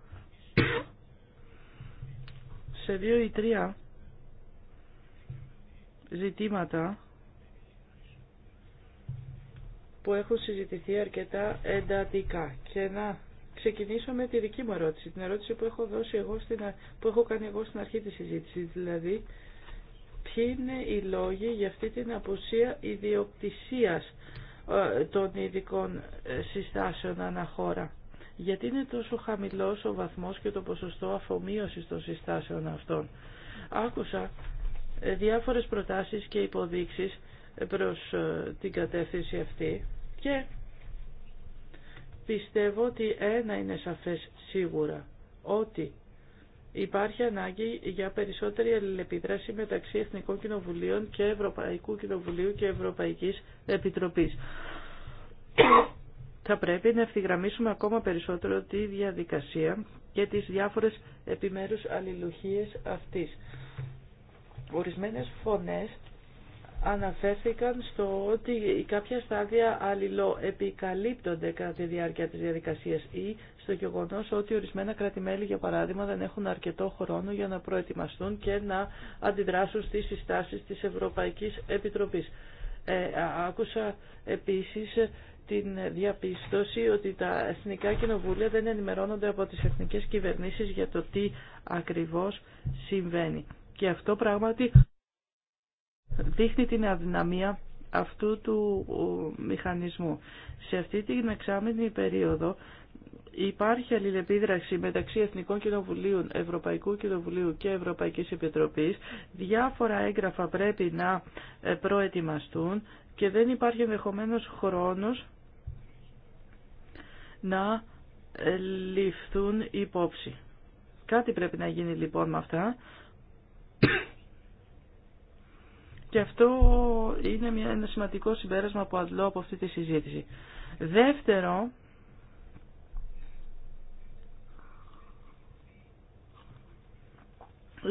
σε δύο ή τρία ζητήματα που έχουν συζητηθεί αρκετά εντατικά και να ξεκινήσω με τη δική μου ερώτηση, την ερώτηση που έχω, δώσει εγώ στην, που έχω κάνει εγώ στην αρχή της συζήτησης, δηλαδή ποιοι είναι οι λόγοι για αυτή την απουσία ιδιοκτησίας ε, των ειδικών ε, συστάσεων αναχώρα. Γιατί είναι τόσο χαμηλός ο βαθμός και το ποσοστό αφομοίωσης των συστάσεων αυτών. Άκουσα ε, διάφορες προτάσεις και υποδείξεις προς την κατεύθυνση αυτή και πιστεύω ότι ένα είναι σαφές σίγουρα, ότι Υπάρχει ανάγκη για περισσότερη αλληλεπίδραση μεταξύ Εθνικών Κοινοβουλίων και Ευρωπαϊκού Κοινοβουλίου και Ευρωπαϊκής Επιτροπής. Θα πρέπει να ευθυγραμμίσουμε ακόμα περισσότερο τη διαδικασία και τις διάφορες επιμέρους αλληλουχίες αυτής. Ορισμένες φωνές αναφέρθηκαν στο ότι κάποια στάδια αλληλοεπικαλύπτονται κατά τη διάρκεια της διαδικασίας ή στο γεγονός ότι ορισμένα για παράδειγμα, δεν έχουν αρκετό χρόνο για να προετοιμαστούν και να αντιδράσουν στις συστάσεις της Ευρωπαϊκής Επιτροπής. Ε, άκουσα επίσης ε, την διαπίστωση ότι τα εθνικά κοινοβούλια δεν ενημερώνονται από τις εθνικές κυβερνήσεις για το τι ακριβώς συμβαίνει. Και αυτό πράγματι δείχνει την αδυναμία αυτού του μηχανισμού. Σε αυτή την εξάμεινη περίοδο υπάρχει αλληλεπίδραξη μεταξύ Εθνικών Κοινοβουλίων, Ευρωπαϊκού Κοινοβουλίου και Ευρωπαϊκής Επιτροπής. Διάφορα έγγραφα πρέπει να ε, προετοιμαστούν και δεν υπάρχει ενδεχομένω χρόνος να ε, ληφθούν υπόψη. Κάτι πρέπει να γίνει λοιπόν με αυτά και αυτό είναι μια, ένα σημαντικό συμπέρασμα που αντλώ από αυτή τη συζήτηση. Δεύτερο,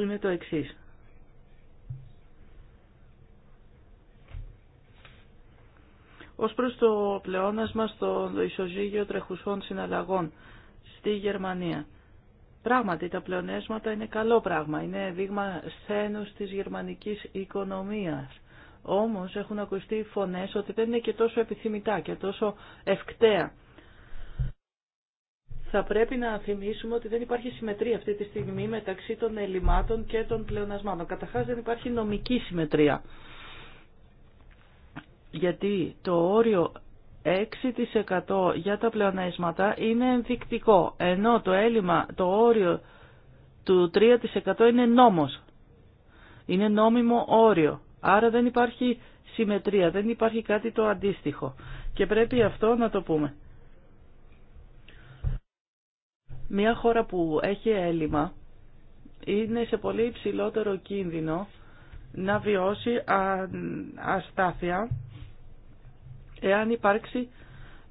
είναι το εξής. Ως προς το πλεόνασμα στο ισοζύγιο τρεχουσών συναλλαγών στη Γερμανία. Πράγματι, τα πλεονέσματα είναι καλό πράγμα. Είναι δείγμα σθένους της γερμανικής οικονομίας. Όμως έχουν ακουστεί φωνές ότι δεν είναι και τόσο επιθυμητά και τόσο ευκταία. Θα πρέπει να θυμίσουμε ότι δεν υπάρχει συμμετρία αυτή τη στιγμή μεταξύ των ελλημάτων και των πλεονασμάτων. Καταρχάς δεν υπάρχει νομική συμμετρία. Γιατί το όριο 6% για τα πλεονέσματα είναι ενδεικτικό, ενώ το έλλειμμα, το όριο του 3% είναι νόμος. Είναι νόμιμο όριο. Άρα δεν υπάρχει συμμετρία, δεν υπάρχει κάτι το αντίστοιχο. Και πρέπει αυτό να το πούμε. Μια χώρα που έχει έλλειμμα είναι σε πολύ υψηλότερο κίνδυνο να βιώσει αστάθεια εάν υπάρξει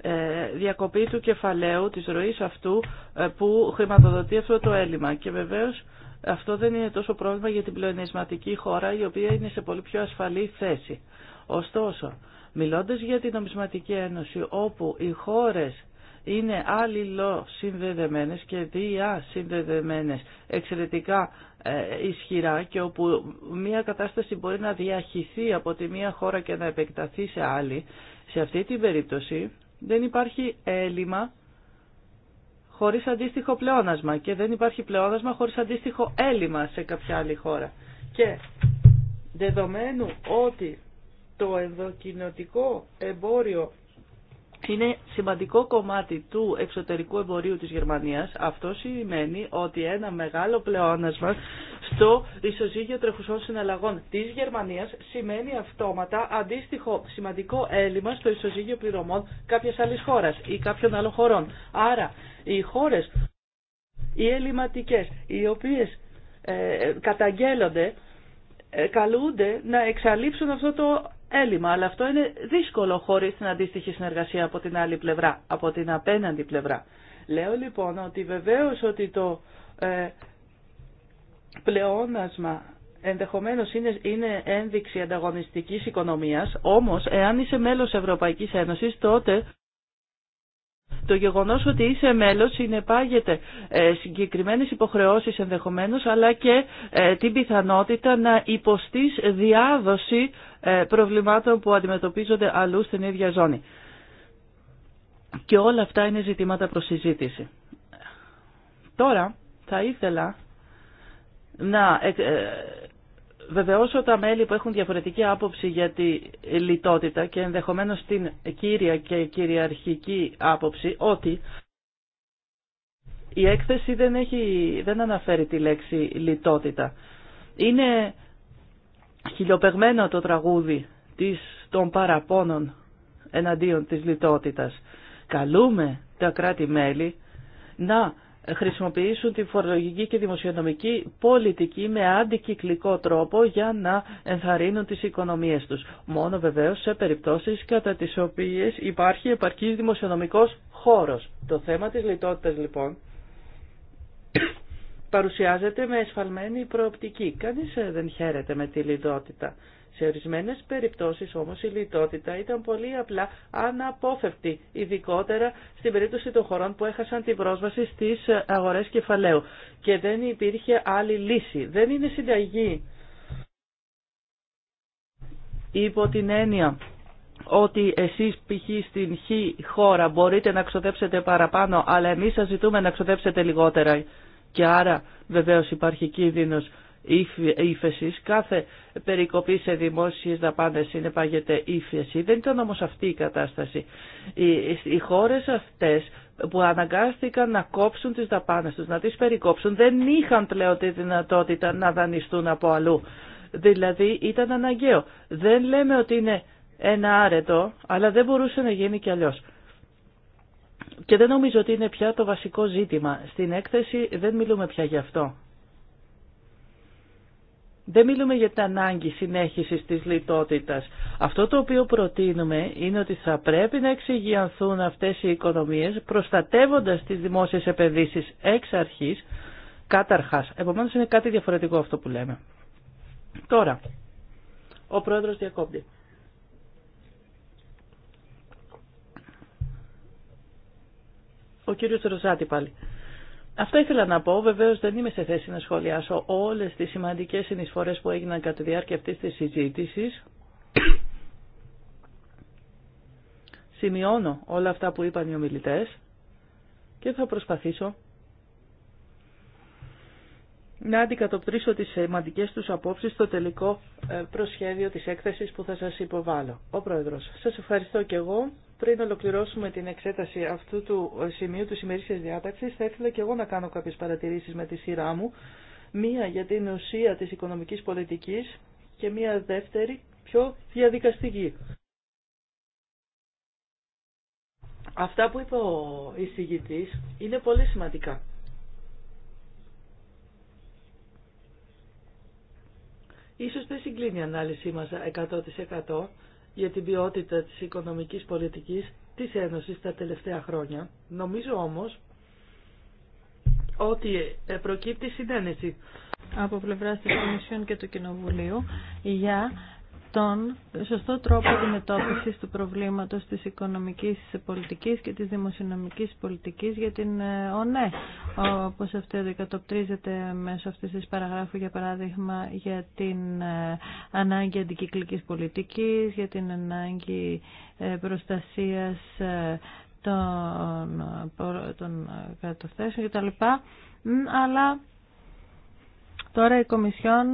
ε, διακοπή του κεφαλαίου, της ροής αυτού ε, που χρηματοδοτεί αυτό το έλλειμμα. Και βεβαίως αυτό δεν είναι τόσο πρόβλημα για την πλεονισματική χώρα η οποία είναι σε πολύ πιο ασφαλή θέση. Ωστόσο, μιλώντας για την νομισματική ένωση όπου οι χώρες είναι άλληλο συνδεδεμένες και δία συνδεδεμένες εξαιρετικά ε, ισχυρά και όπου μία κατάσταση μπορεί να διαχυθεί από τη μία χώρα και να επεκταθεί σε άλλη σε αυτή την περίπτωση δεν υπάρχει έλλειμμα χωρίς αντίστοιχο πλεόνασμα και δεν υπάρχει πλεόνασμα χωρίς αντίστοιχο έλλειμμα σε κάποια άλλη χώρα. Και δεδομένου ότι το ενδοκοινωτικό εμπόριο είναι σημαντικό κομμάτι του εξωτερικού εμπορίου της Γερμανίας. Αυτό σημαίνει ότι ένα μεγάλο πλεόνασμα το ισοζύγιο τρεχουσών συναλλαγών της Γερμανίας σημαίνει αυτόματα αντίστοιχο σημαντικό έλλειμμα στο ισοζύγιο πληρωμών κάποιας άλλη χώρα ή κάποιων άλλων χωρών. Άρα οι χώρες, οι ελληματικέ, οι οποίες ε, καταγγέλλονται, ε, καλούνται να εξαλείψουν αυτό το έλλειμμα, αλλά αυτό είναι δύσκολο χωρί την αντίστοιχη συνεργασία από την άλλη πλευρά, από την απέναντι πλευρά. Λέω λοιπόν ότι βεβαίω ότι το ε, πλεόνασμα ενδεχομένως είναι, είναι ένδειξη ανταγωνιστικής οικονομίας, όμως εάν είσαι μέλος Ευρωπαϊκής Ένωσης τότε το γεγονός ότι είσαι μέλος συνεπάγεται ε, συγκεκριμένες υποχρεώσεις ενδεχομένως αλλά και ε, την πιθανότητα να υποστείς διάδοση ε, προβλημάτων που αντιμετωπίζονται αλλού στην ίδια ζώνη. Και όλα αυτά είναι ζητήματα προς συζήτηση. Τώρα θα ήθελα να ε, ε, βεβαιώσω τα μέλη που έχουν διαφορετική άποψη για τη λιτότητα και ενδεχομένως την κύρια και κυριαρχική άποψη ότι η έκθεση δεν, έχει, δεν αναφέρει τη λέξη λιτότητα. Είναι χιλιοπεγμένο το τραγούδι της, των παραπώνων εναντίον της λιτότητας. Καλούμε τα κράτη-μέλη να χρησιμοποιήσουν τη φορολογική και δημοσιονομική πολιτική με αντικυκλικό τρόπο για να ενθαρρύνουν τις οικονομίες τους. Μόνο βεβαίως σε περιπτώσεις κατά τις οποίες υπάρχει επαρκής δημοσιονομικός χώρος. Το θέμα της λιτότητας λοιπόν παρουσιάζεται με εσφαλμένη προοπτική. Κανείς ε, δεν χαίρεται με τη λιτότητα. Σε ορισμένες περιπτώσεις όμως η λιτότητα ήταν πολύ απλά αναπόφευκτη, ειδικότερα στην περίπτωση των χωρών που έχασαν την πρόσβαση στις αγορές κεφαλαίου και δεν υπήρχε άλλη λύση. Δεν είναι συνταγή υπό την έννοια ότι εσείς π.χ. στην χ χώρα μπορείτε να ξοδέψετε παραπάνω αλλά εμείς σας ζητούμε να ξοδέψετε λιγότερα και άρα βεβαίως υπάρχει κίνδυνος ύφεση, κάθε περικοπή σε δημόσιε δαπάνε είναι πάγεται ύφεση. Δεν ήταν όμω αυτή η κατάσταση. Οι, οι χώρες αυτές που αναγκάστηκαν να κόψουν τι δαπάνε του, να τις περικόψουν, δεν είχαν πλέον τη δυνατότητα να δανειστούν από αλλού. Δηλαδή ήταν αναγκαίο. Δεν λέμε ότι είναι ένα άρετο, αλλά δεν μπορούσε να γίνει κι αλλιώ. Και δεν νομίζω ότι είναι πια το βασικό ζήτημα. Στην έκθεση δεν μιλούμε πια γι' αυτό. Δεν μιλούμε για την ανάγκη συνέχισης της λιτότητας. Αυτό το οποίο προτείνουμε είναι ότι θα πρέπει να εξηγιανθούν αυτές οι οικονομίες προστατεύοντας τις δημόσιες επενδύσεις εξ αρχής, κάταρχας. Επομένως είναι κάτι διαφορετικό αυτό που λέμε. Τώρα, ο πρόεδρος διακόπτη. Ο κύριος Ροζάτη πάλι. Αυτό ήθελα να πω. βεβαίω δεν είμαι σε θέση να σχολιάσω όλες τις σημαντικές συνεισφορέ που έγιναν κατά τη διάρκεια αυτή τη συζήτηση. Σημειώνω όλα αυτά που είπαν οι ομιλητές και θα προσπαθήσω να αντικατοπτρίσω τις σημαντικές τους απόψεις στο τελικό ε, προσχέδιο της έκθεσης που θα σας υποβάλω. Ο Πρόεδρος, σας ευχαριστώ και εγώ. Πριν ολοκληρώσουμε την εξέταση αυτού του σημείου του ημερήσιας διάταξη θα ήθελα και εγώ να κάνω κάποιε παρατηρήσεις με τη σειρά μου. Μία για την ουσία της οικονομικής πολιτικής και μία δεύτερη πιο διαδικαστική. Αυτά που είπε ο εισηγητή είναι πολύ σημαντικά. Ίσως δεν συγκλίνει η ανάλυση μας 100% για την ποιότητα της οικονομικής πολιτικής της Ένωσης τα τελευταία χρόνια. Νομίζω όμως ότι προκύπτει συνένεση από πλευράς της Κομισιόν και του Κοινοβουλίου για τον σωστό τρόπο αντιμετώπισης του προβλήματος της οικονομικής πολιτικής και της δημοσιονομικής πολιτικής για την ε, ΟΝΕ, όπως αυτή αντικατοπτρίζεται μέσω αυτής της παραγράφου, για παράδειγμα, για την ε, ανάγκη αντικυκλικής πολιτικής, για την ανάγκη ε, προστασίας των, των καταθέσεων κτλ. Αλλά τώρα η Κομισιόν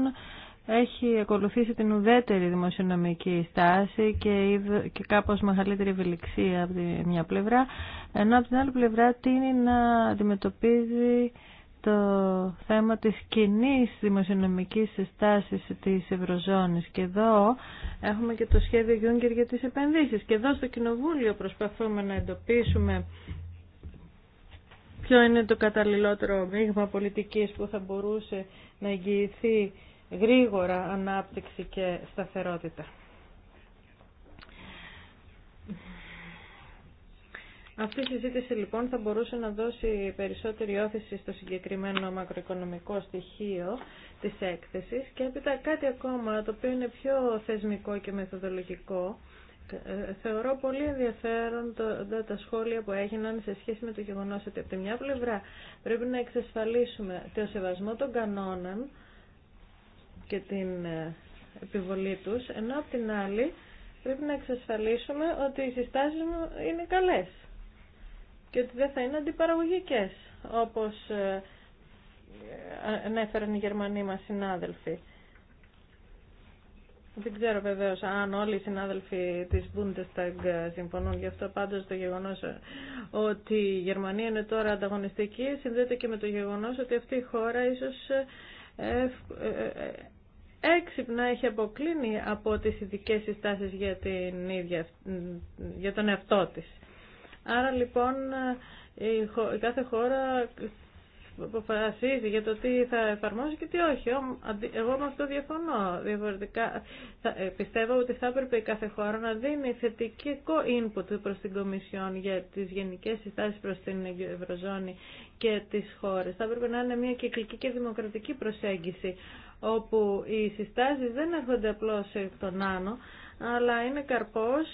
έχει ακολουθήσει την ουδέτερη δημοσιονομική στάση και, και κάπως μεγαλύτερη ευελιξία από τη μια πλευρά, ενώ από την άλλη πλευρά τίνει να αντιμετωπίζει το θέμα της κοινή δημοσιονομικής στάσης της Ευρωζώνης και εδώ έχουμε και το σχέδιο Γιούγκερ για τις επενδύσεις και εδώ στο Κοινοβούλιο προσπαθούμε να εντοπίσουμε ποιο είναι το καταλληλότερο μείγμα πολιτικής που θα μπορούσε να εγγυηθεί γρήγορα ανάπτυξη και σταθερότητα. Αυτή η συζήτηση λοιπόν θα μπορούσε να δώσει περισσότερη όθηση στο συγκεκριμένο μακροοικονομικό στοιχείο της έκθεσης και έπειτα κάτι ακόμα το οποίο είναι πιο θεσμικό και μεθοδολογικό. Θεωρώ πολύ ενδιαφέρον τα σχόλια που έγιναν σε σχέση με το γεγονός ότι από τη μια πλευρά πρέπει να εξασφαλίσουμε το σεβασμό των κανόνων και την ε, επιβολή τους, ενώ απ' την άλλη πρέπει να εξασφαλίσουμε ότι οι συστάσεις είναι καλές και ότι δεν θα είναι αντιπαραγωγικές, όπως ε, ε, ανέφεραν οι Γερμανοί μας συνάδελφοι. Δεν ξέρω βεβαίω αν όλοι οι συνάδελφοι τη Bundestag συμφωνούν γι' αυτό. Πάντω το γεγονό ότι η Γερμανία είναι τώρα ανταγωνιστική συνδέεται και με το γεγονό ότι αυτή η χώρα ίσω έξυπνα έχει αποκλίνει από τις ειδικέ συστάσεις για, την ίδια, για τον εαυτό της. Άρα λοιπόν η κάθε χώρα αποφασίζει για το τι θα εφαρμόσει και τι όχι. Εγώ με αυτό διαφωνώ. Διαφορετικά ε, πιστεύω ότι θα έπρεπε η κάθε χώρα να δίνει θετικό input προς την Κομισιόν για τις γενικές συστάσεις προς την Ευρωζώνη και τις χώρες. Θα έπρεπε να είναι μια κυκλική και δημοκρατική προσέγγιση όπου οι συστάσεις δεν έρχονται απλώς εκ των άνω, αλλά είναι καρπός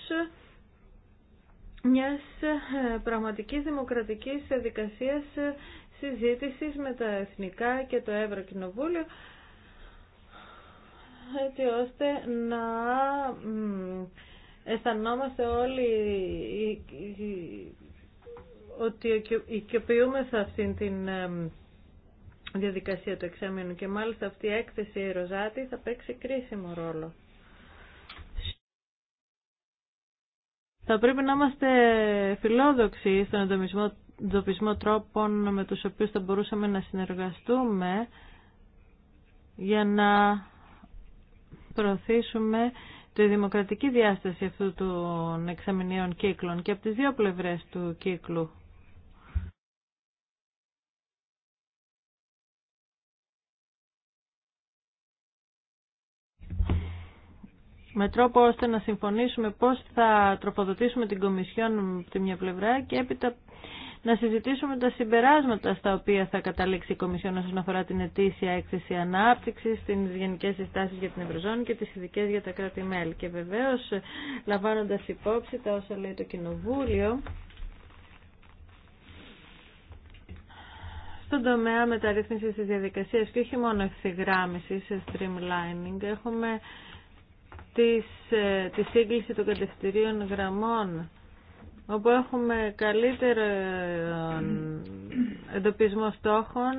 μιας ε, πραγματικής δημοκρατικής διαδικασίας συζήτησης με τα Εθνικά και το Ευρωκοινοβούλιο, έτσι ώστε να αισθανόμαστε όλοι ότι οικειοποιούμεθα αυτήν την ε, διαδικασία του εξάμεινου και μάλιστα αυτή η έκθεση η Ροζάτη θα παίξει κρίσιμο ρόλο. Θα πρέπει να είμαστε φιλόδοξοι στον εντοπισμό, τρόπων με τους οποίους θα μπορούσαμε να συνεργαστούμε για να προωθήσουμε τη δημοκρατική διάσταση αυτού των εξαμηνίων κύκλων και από τις δύο πλευρές του κύκλου. με τρόπο ώστε να συμφωνήσουμε πώς θα τροφοδοτήσουμε την Κομισιόν από τη μια πλευρά και έπειτα να συζητήσουμε τα συμπεράσματα στα οποία θα καταλήξει η Κομισιόν όσον αφορά την ετήσια έκθεση ανάπτυξη, τι γενικέ συστάσει για την Ευρωζώνη και τι ειδικέ για τα κράτη-μέλη. Και βεβαίω, λαμβάνοντα υπόψη τα όσα λέει το Κοινοβούλιο, στον τομέα μεταρρύθμιση τη διαδικασία και όχι μόνο ευθυγράμμιση, streamlining, έχουμε της, ε, τη σύγκληση των κατευθυντηρίων γραμμών όπου έχουμε καλύτερο ε, εντοπισμό στόχων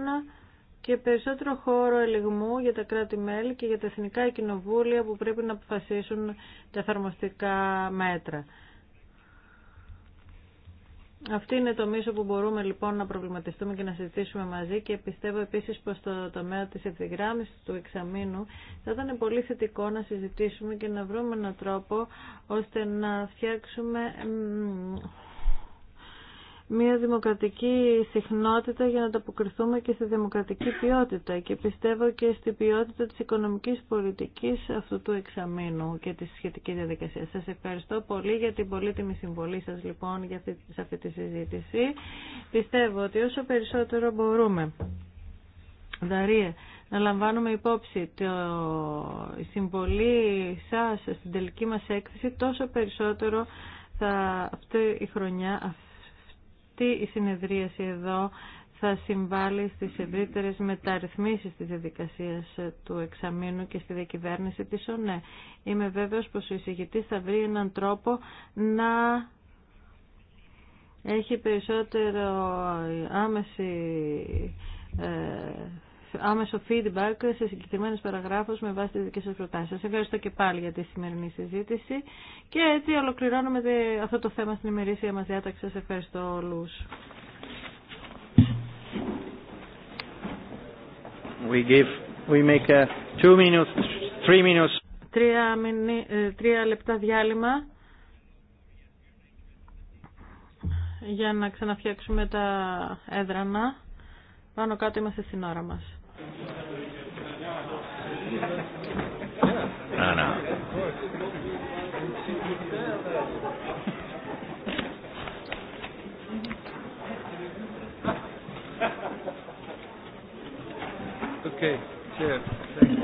και περισσότερο χώρο ελιγμού για τα κράτη-μέλη και για τα εθνικά κοινοβούλια που πρέπει να αποφασίσουν τα εφαρμοστικά μέτρα. Αυτή είναι το μίσο που μπορούμε λοιπόν να προβληματιστούμε και να συζητήσουμε μαζί και πιστεύω επίσης πως το τομέα της ευθυγράμμισης του εξαμήνου θα ήταν πολύ θετικό να συζητήσουμε και να βρούμε έναν τρόπο ώστε να φτιάξουμε μια δημοκρατική συχνότητα για να ανταποκριθούμε και στη δημοκρατική ποιότητα και πιστεύω και στη ποιότητα της οικονομικής πολιτικής αυτού του εξαμήνου και της σχετικής διαδικασίας. Σας ευχαριστώ πολύ για την πολύτιμη συμβολή σας λοιπόν για αυτή, σε αυτή τη συζήτηση. Πιστεύω ότι όσο περισσότερο μπορούμε. Δαρία, να λαμβάνουμε υπόψη το η συμβολή σας στην τελική μας έκθεση τόσο περισσότερο θα αυτή η χρονιά αυτή αυτή η συνεδρίαση εδώ θα συμβάλλει στις ευρύτερε μεταρρυθμίσεις της διαδικασία του εξαμήνου και στη διακυβέρνηση της ΟΝΕ. Είμαι βέβαιος πως ο εισηγητής θα βρει έναν τρόπο να έχει περισσότερο άμεση ε, άμεσο feedback σε συγκεκριμένε παραγράφου με βάση τις δικές σας προτάσεις. Σας ευχαριστώ και πάλι για τη σημερινή συζήτηση και έτσι ολοκληρώνουμε αυτό το θέμα στην ημερήσια μας διάταξη. Σας ευχαριστώ όλους. Τρία, λεπτά διάλειμμα για να ξαναφτιάξουμε τα έδρανα. Πάνω κάτω είμαστε στην ώρα μας. No, no. Okay, cheers. Thank you.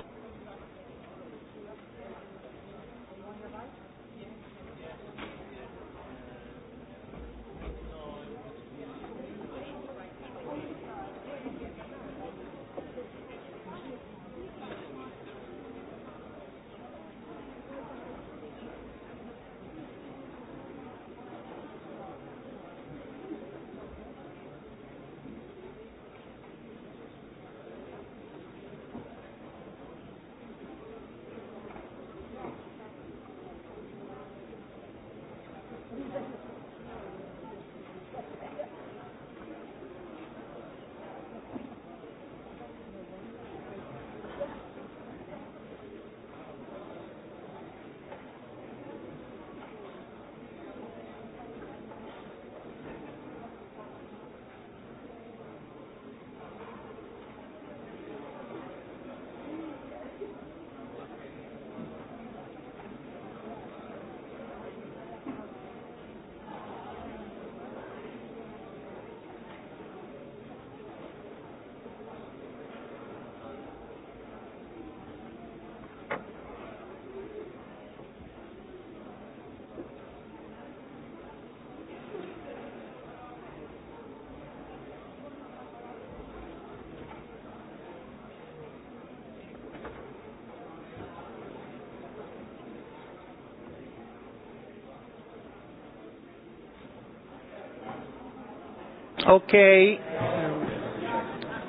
Okay.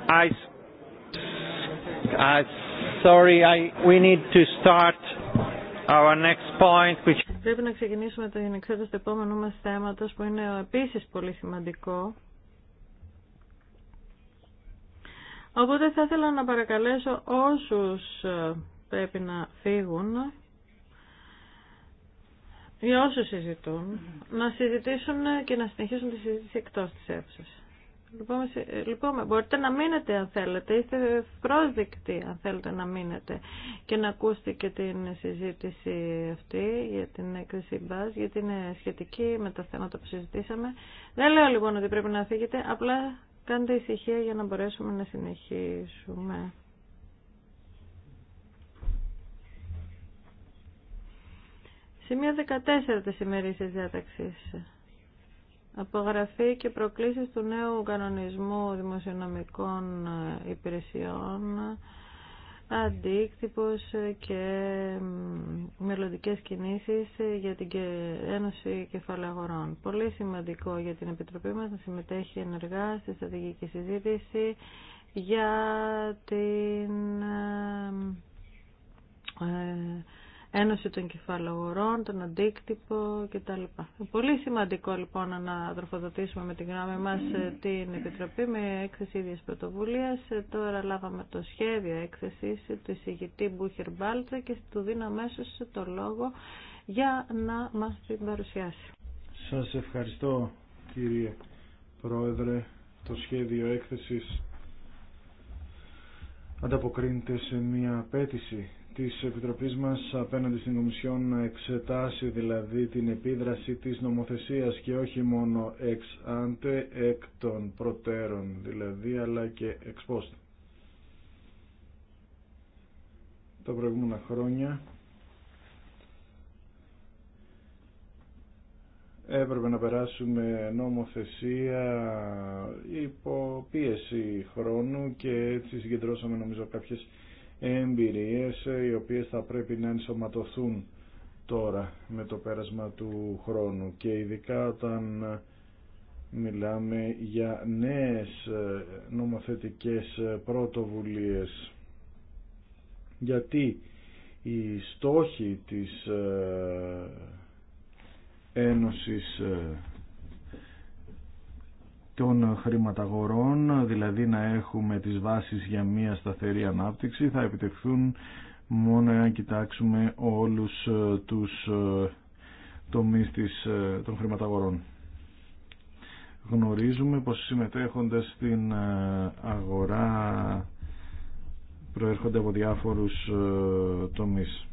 I, I sorry, I, we need to start our next point, which... Πρέπει να ξεκινήσουμε το εξέταση του επόμενου μας θέματος που είναι επίσης πολύ σημαντικό. Οπότε θα ήθελα να παρακαλέσω όσους ε, πρέπει να φύγουν για όσους συζητούν, να συζητήσουν και να συνεχίσουν τη συζήτηση εκτός της αίθουσας. Λοιπόν, λοιπόν, μπορείτε να μείνετε αν θέλετε, είστε πρόσδεκτοι αν θέλετε να μείνετε και να ακούσετε και την συζήτηση αυτή για την έκθεση μπας, γιατί είναι σχετική με τα θέματα που συζητήσαμε. Δεν λέω λοιπόν ότι πρέπει να φύγετε, απλά κάντε ησυχία για να μπορέσουμε να συνεχίσουμε. μία 14 της ημερήσιας διάταξης. Απογραφή και προκλήσεις του νέου κανονισμού δημοσιονομικών ε, υπηρεσιών, αντίκτυπος και μελλοντικές κινήσεις για την Ένωση Κεφαλαγορών. Πολύ σημαντικό για την Επιτροπή μας να συμμετέχει ενεργά στη στρατηγική συζήτηση για την ε, ένωση των κεφαλογορών, τον αντίκτυπο κτλ. Πολύ σημαντικό λοιπόν να τροφοδοτήσουμε με την γνώμη μας ε, την Επιτροπή με έκθεση ίδια πρωτοβουλία. Ε, τώρα λάβαμε το σχέδιο έκθεσης του εισηγητή Μπούχερ Μπάλτσα και του δίνω αμέσω το λόγο για να μας την παρουσιάσει. Σας ευχαριστώ κύριε Πρόεδρε. Το σχέδιο έκθεσης ανταποκρίνεται σε μια απέτηση της Επιτροπής μας απέναντι στην Κομισιόν να εξετάσει δηλαδή την επίδραση της νομοθεσίας και όχι μόνο εξάντε άντε, εκ των προτέρων δηλαδή, αλλά και εξ Τα προηγούμενα χρόνια έπρεπε να περάσουμε νομοθεσία υπό πίεση χρόνου και έτσι συγκεντρώσαμε νομίζω κάποιες εμπειρίες ε, οι οποίες θα πρέπει να ενσωματωθούν τώρα με το πέρασμα του χρόνου και ειδικά όταν ε, μιλάμε για νέες ε, νομοθετικές πρωτοβουλίες γιατί οι στόχοι της Ένωσης των χρηματαγορών, δηλαδή να έχουμε τις βάσεις για μια σταθερή ανάπτυξη, θα επιτευχθούν μόνο εάν κοιτάξουμε όλους ε, τους ε, τομείς της, ε, των χρηματαγορών. Γνωρίζουμε πως συμμετέχοντας στην αγορά προέρχονται από διάφορους τομείς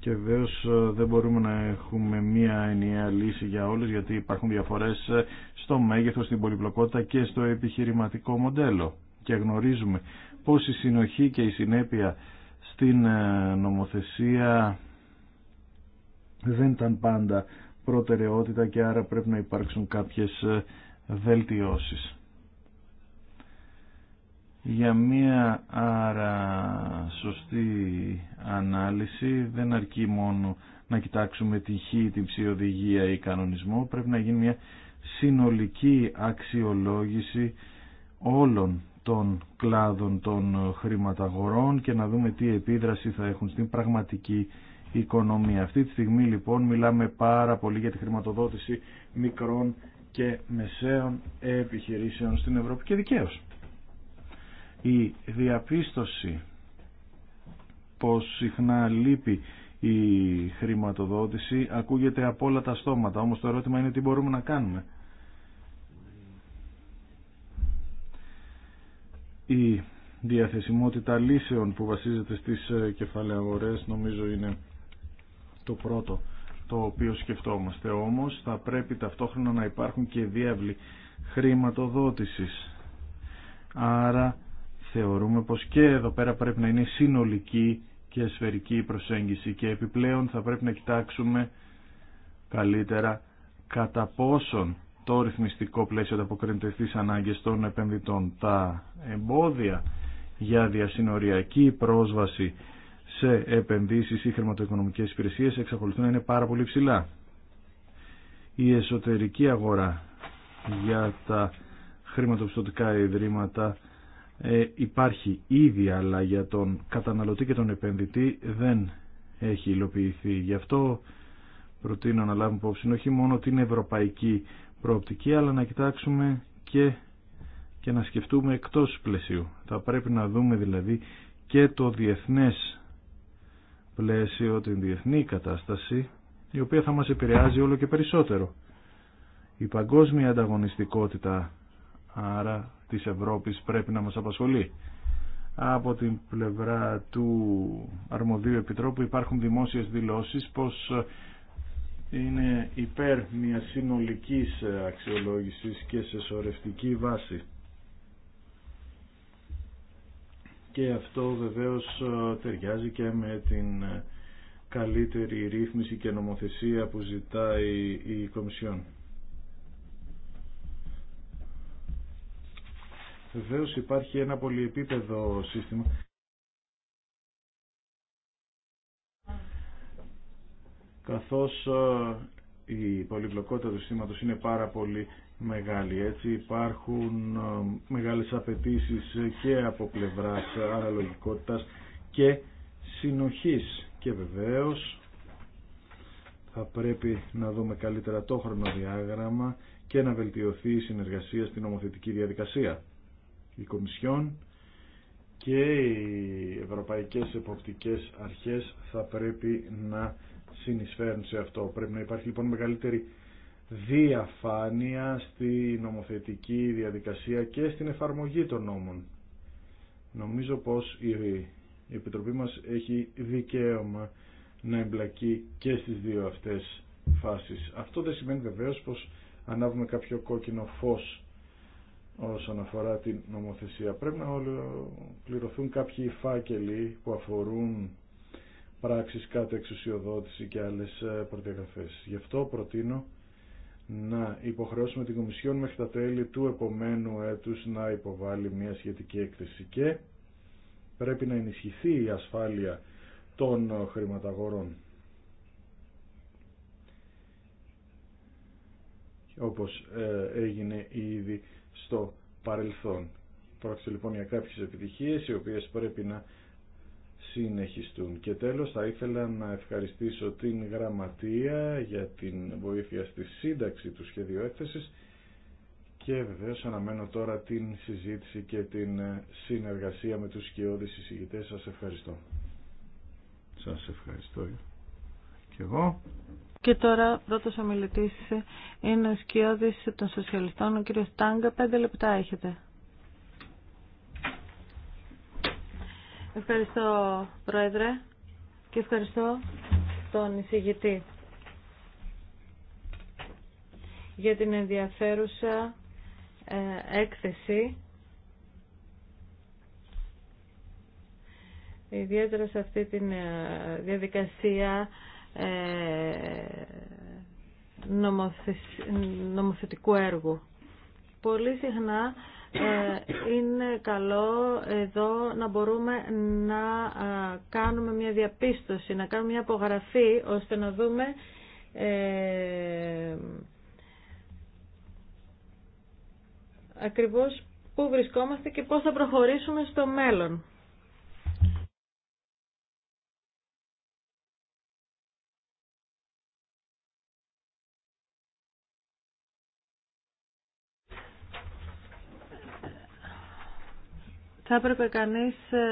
και βεβαίω ε, δεν μπορούμε να έχουμε μία ενιαία λύση για όλους γιατί υπάρχουν διαφορές ε, στο μέγεθο, στην πολυπλοκότητα και στο επιχειρηματικό μοντέλο και γνωρίζουμε πως η συνοχή και η συνέπεια στην ε, νομοθεσία δεν ήταν πάντα προτεραιότητα και άρα πρέπει να υπάρξουν κάποιες βελτιώσεις για μία άρα σωστή ανάλυση δεν αρκεί μόνο να κοιτάξουμε τη χή, την ψηοδηγία ή κανονισμό, πρέπει να γίνει μια συνολική κοιταξουμε τη χη την ψιοδηγία η κανονισμο όλων των κλάδων των χρηματαγορών και να δούμε τι επίδραση θα έχουν στην πραγματική οικονομία. Αυτή τη στιγμή λοιπόν μιλάμε πάρα πολύ για τη χρηματοδότηση μικρών και μεσαίων επιχειρήσεων στην Ευρώπη και δικαίως η διαπίστωση πως συχνά λείπει η χρηματοδότηση ακούγεται από όλα τα στόματα όμως το ερώτημα είναι τι μπορούμε να κάνουμε η διαθεσιμότητα λύσεων που βασίζεται στις ε, κεφαλαιαγορές νομίζω είναι το πρώτο το οποίο σκεφτόμαστε όμως θα πρέπει ταυτόχρονα να υπάρχουν και διάβλη χρηματοδότησης άρα θεωρούμε πως και εδώ πέρα πρέπει να είναι συνολική και σφαιρική προσέγγιση και επιπλέον θα πρέπει να κοιτάξουμε καλύτερα κατά πόσον το ρυθμιστικό πλαίσιο ανταποκρίνεται στις ανάγκε των επενδυτών. Τα εμπόδια για διασυνοριακή πρόσβαση σε επενδύσεις ή χρηματοοικονομικές υπηρεσίες εξακολουθούν να είναι πάρα πολύ ψηλά. Η εσωτερική αγορά για τα χρηματοπιστωτικά ιδρύματα ε, υπάρχει ήδη αλλά για τον καταναλωτή και τον επενδυτή δεν έχει υλοποιηθεί. Γι' αυτό προτείνω να λάβουμε υπόψη όχι μόνο την ευρωπαϊκή προοπτική αλλά να κοιτάξουμε και, και να σκεφτούμε εκτός πλαισίου. Θα πρέπει να δούμε δηλαδή και το διεθνές πλαίσιο, την διεθνή κατάσταση η οποία θα μας επηρεάζει όλο και περισσότερο. Η παγκόσμια ανταγωνιστικότητα άρα της Ευρώπης πρέπει να μας απασχολεί. Από την πλευρά του Αρμοδίου Επιτρόπου υπάρχουν δημόσιες δηλώσεις πως είναι υπέρ μια συνολικής αξιολόγησης και σε σωρευτική βάση. Και αυτό βεβαίως ε, ταιριάζει και με την καλύτερη ρύθμιση και νομοθεσία που ζητάει η Κομισιόν. Βεβαίω υπάρχει ένα πολυεπίπεδο σύστημα. Καθώς ε, η πολυπλοκότητα του συστήματος είναι πάρα πολύ μεγάλη. Έτσι υπάρχουν ε, μεγάλες απαιτήσεις και από πλευράς αναλογικότητας και συνοχής. Και βεβαίως θα πρέπει να δούμε καλύτερα το χρονοδιάγραμμα και να βελτιωθεί η συνεργασία στην ομοθετική διαδικασία η Κομισιόν και οι ευρωπαϊκές εποπτικές αρχές θα πρέπει να συνεισφέρουν σε αυτό. Πρέπει να υπάρχει λοιπόν μεγαλύτερη διαφάνεια στη νομοθετική διαδικασία και στην εφαρμογή των νόμων. Νομίζω πως η Επιτροπή μας έχει δικαίωμα να εμπλακεί και στις δύο αυτές φάσεις. Αυτό δεν σημαίνει βεβαίως πως ανάβουμε κάποιο κόκκινο φως όσον αφορά την νομοθεσία. Πρέπει να πληρωθούν κάποιοι φάκελοι που αφορούν πράξεις κάτω εξουσιοδότηση και άλλες ε, προδιαγραφές. Γι' αυτό προτείνω να υποχρεώσουμε την Κομισιόν μέχρι τα τέλη του επομένου έτους να υποβάλει μια σχετική έκθεση και πρέπει να ενισχυθεί η ασφάλεια των χρηματαγορών. Όπως ε, έγινε ήδη στο παρελθόν. Πρόκειται λοιπόν για κάποιε επιτυχίε οι οποίες πρέπει να συνεχιστούν. Και τέλο θα ήθελα να ευχαριστήσω την Γραμματεία για την βοήθεια στη σύνταξη του σχεδίου έκθεση και βεβαίω αναμένω τώρα την συζήτηση και την συνεργασία με τους σκιώδει συζητητέ. Σα ευχαριστώ. Σας ευχαριστώ και εγώ. Και τώρα πρώτος ομιλητής είναι ο σκιώδης των σοσιαλιστών, ο κύριος Τάγκα. Πέντε λεπτά έχετε. Ευχαριστώ Πρόεδρε και ευχαριστώ τον εισηγητή για την ενδιαφέρουσα ε, έκθεση ιδιαίτερα σε αυτή τη ε, διαδικασία ε, νομοθετικού έργου. Πολύ συχνά ε, είναι καλό εδώ να μπορούμε να ε, κάνουμε μια διαπίστωση, να κάνουμε μια απογραφή, ώστε να δούμε ε, ακριβώς πού βρισκόμαστε και πώς θα προχωρήσουμε στο μέλλον. θα έπρεπε κανείς ε,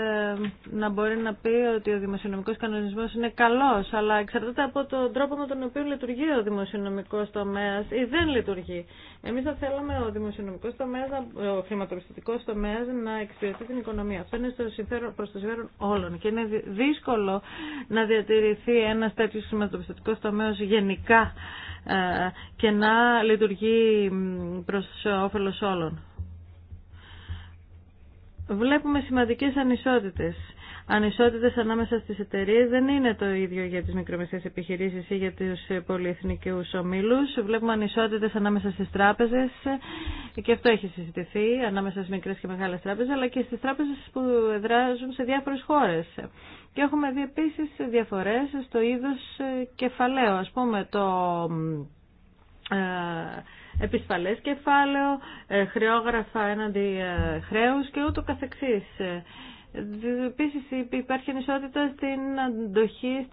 να μπορεί να πει ότι ο δημοσιονομικός κανονισμός είναι καλός, αλλά εξαρτάται από τον τρόπο με τον οποίο λειτουργεί ο δημοσιονομικός τομέας ή δεν λειτουργεί. Εμείς θα θέλαμε ο δημοσιονομικός τομέας, ο χρηματοπιστωτικός τομέας να εξυπηρετεί την οικονομία. Αυτό είναι στο συμφέρον, προς το συμφέρον όλων και είναι δύσκολο να διατηρηθεί ένας τέτοιος χρηματοπιστωτικός τομέας γενικά ε, και να λειτουργεί προς όφελος όλων βλέπουμε σημαντικές ανισότητες. Ανισότητες ανάμεσα στις εταιρείε δεν είναι το ίδιο για τις μικρομεσαίες επιχειρήσεις ή για τους πολυεθνικούς ομίλους. Βλέπουμε ανισότητες ανάμεσα στις τράπεζες και αυτό έχει συζητηθεί ανάμεσα στις μικρές και μεγάλες τράπεζες αλλά και στις τράπεζες που εδράζουν σε διάφορες χώρες. Και έχουμε δει επίσης διαφορές στο είδος κεφαλαίου. Ας πούμε το ε, επισφαλές κεφάλαιο, ε, χρεόγραφα έναντι ε, χρέους και ούτω καθεξής. Ε, Επίση υπάρχει ανισότητα στην αντοχή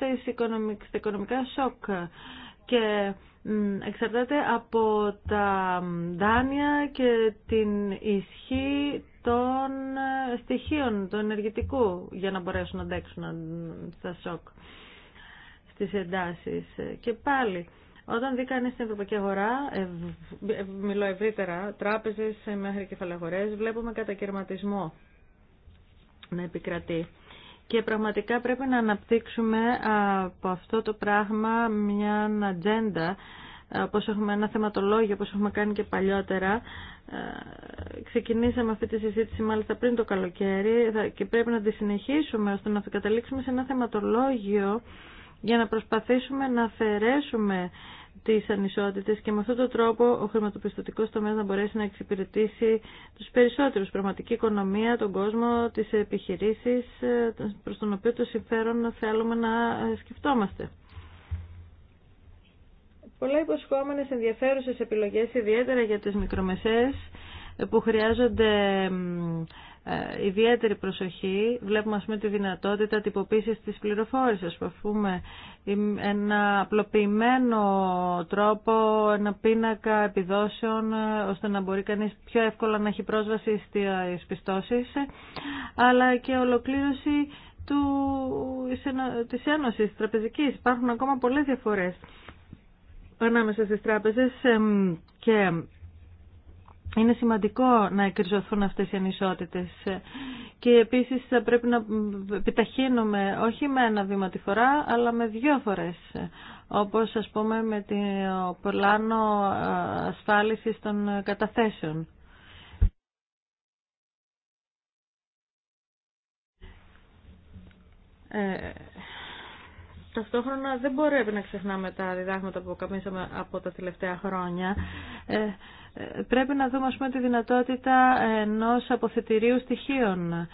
στα οικονομικά σοκ και εξαρτάται από τα δάνεια και την ισχύ των στοιχείων, του ενεργητικού για να μπορέσουν να αντέξουν στα σοκ, στις εντάσεις. Και πάλι, όταν δει κανεί την ευρωπαϊκή αγορά, ε, μιλώ ευρύτερα, τράπεζε ε, μέχρι κεφαλαγορέ, βλέπουμε κατακαιρματισμό να επικρατεί. Και πραγματικά πρέπει να αναπτύξουμε από αυτό το πράγμα μια ατζέντα, όπως έχουμε ένα θεματολόγιο, όπως έχουμε κάνει και παλιότερα. Ε, ξεκινήσαμε αυτή τη συζήτηση μάλιστα πριν το καλοκαίρι και πρέπει να τη συνεχίσουμε ώστε να καταλήξουμε σε ένα θεματολόγιο για να προσπαθήσουμε να αφαιρέσουμε τις ανισότητες και με αυτόν τον τρόπο ο χρηματοπιστωτικός τομέας να μπορέσει να εξυπηρετήσει τους περισσότερους, πραγματική οικονομία, τον κόσμο, τις επιχειρήσεις ε, προς τον οποίο το συμφέρον θέλουμε να ε, σκεφτόμαστε. Πολλά υποσχόμενες ενδιαφέρουσες επιλογές, ιδιαίτερα για τις μικρομεσαίες, ε, που χρειάζονται ε, ιδιαίτερη προσοχή. Βλέπουμε, ας πούμε, τη δυνατότητα τυποποίησης της πληροφόρησης. Ας πούμε, ένα απλοποιημένο τρόπο, ένα πίνακα επιδόσεων, ε, ώστε να μπορεί κανείς πιο εύκολα να έχει πρόσβαση στις πιστώσεις, ε, αλλά και ολοκλήρωση του, της Ένωσης της Τραπεζικής. Υπάρχουν ακόμα πολλές διαφορές ανάμεσα στις τράπεζες και είναι σημαντικό να εκριζωθούν αυτές οι ανισότητες και επίσης θα πρέπει να επιταχύνουμε όχι με ένα βήμα τη φορά αλλά με δύο φορές όπως ας πούμε με το πλάνο ε, ασφάλισης των καταθέσεων. Ε, ταυτόχρονα δεν μπορεί να ξεχνάμε τα διδάγματα που καμίσαμε από τα τελευταία χρόνια. Ε, ε, πρέπει να δούμε, τη δυνατότητα ενός αποθετηρίου στοιχείων ε,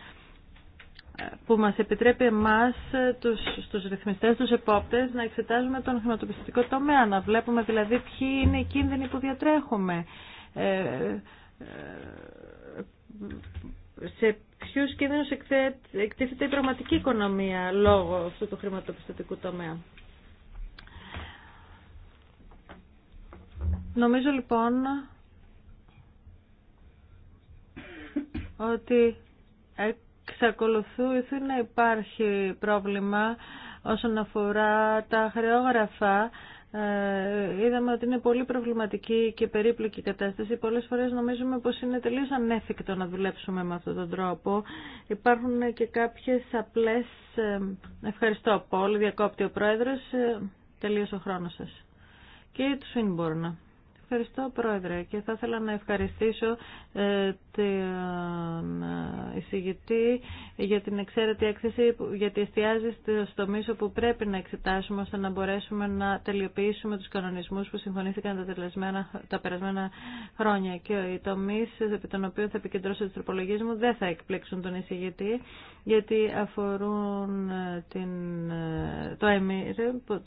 που μας επιτρέπει εμάς τους, στους ρυθμιστές, τους επόπτες να εξετάζουμε τον χρηματοπιστικό τομέα, να βλέπουμε δηλαδή ποιοι είναι οι κίνδυνοι που διατρέχουμε, σε ποιου κινδύνου εκτίθεται η πραγματική οικονομία λόγω αυτού του χρηματοπιστωτικού τομέα. Νομίζω λοιπόν ότι εξακολουθούν να υπάρχει πρόβλημα όσον αφορά τα χρεόγραφα ε, είδαμε ότι είναι πολύ προβληματική και περίπλοκη η κατάσταση. Πολλές φορές νομίζουμε πως είναι τελείως ανέφικτο να δουλέψουμε με αυτόν τον τρόπο. Υπάρχουν και κάποιες απλές... Ε, ευχαριστώ πολύ. Διακόπτει ο Πρόεδρος. Ε, τελείωσε ο χρόνος σας. Και του Σουίνμπορνα. Ευχαριστώ Πρόεδρε και θα ήθελα να ευχαριστήσω ε, την ε, εισηγητή για την εξαίρετη έκθεση γιατί εστιάζει στο μίσο που πρέπει να εξετάσουμε ώστε να μπορέσουμε να τελειοποιήσουμε τους κανονισμούς που συμφωνήθηκαν τα, τα περασμένα χρόνια και οι τομεί επί των οποίων θα επικεντρώσω τις τροπολογίες μου δεν θα εκπλέξουν τον εισηγητή γιατί αφορούν ε, την, το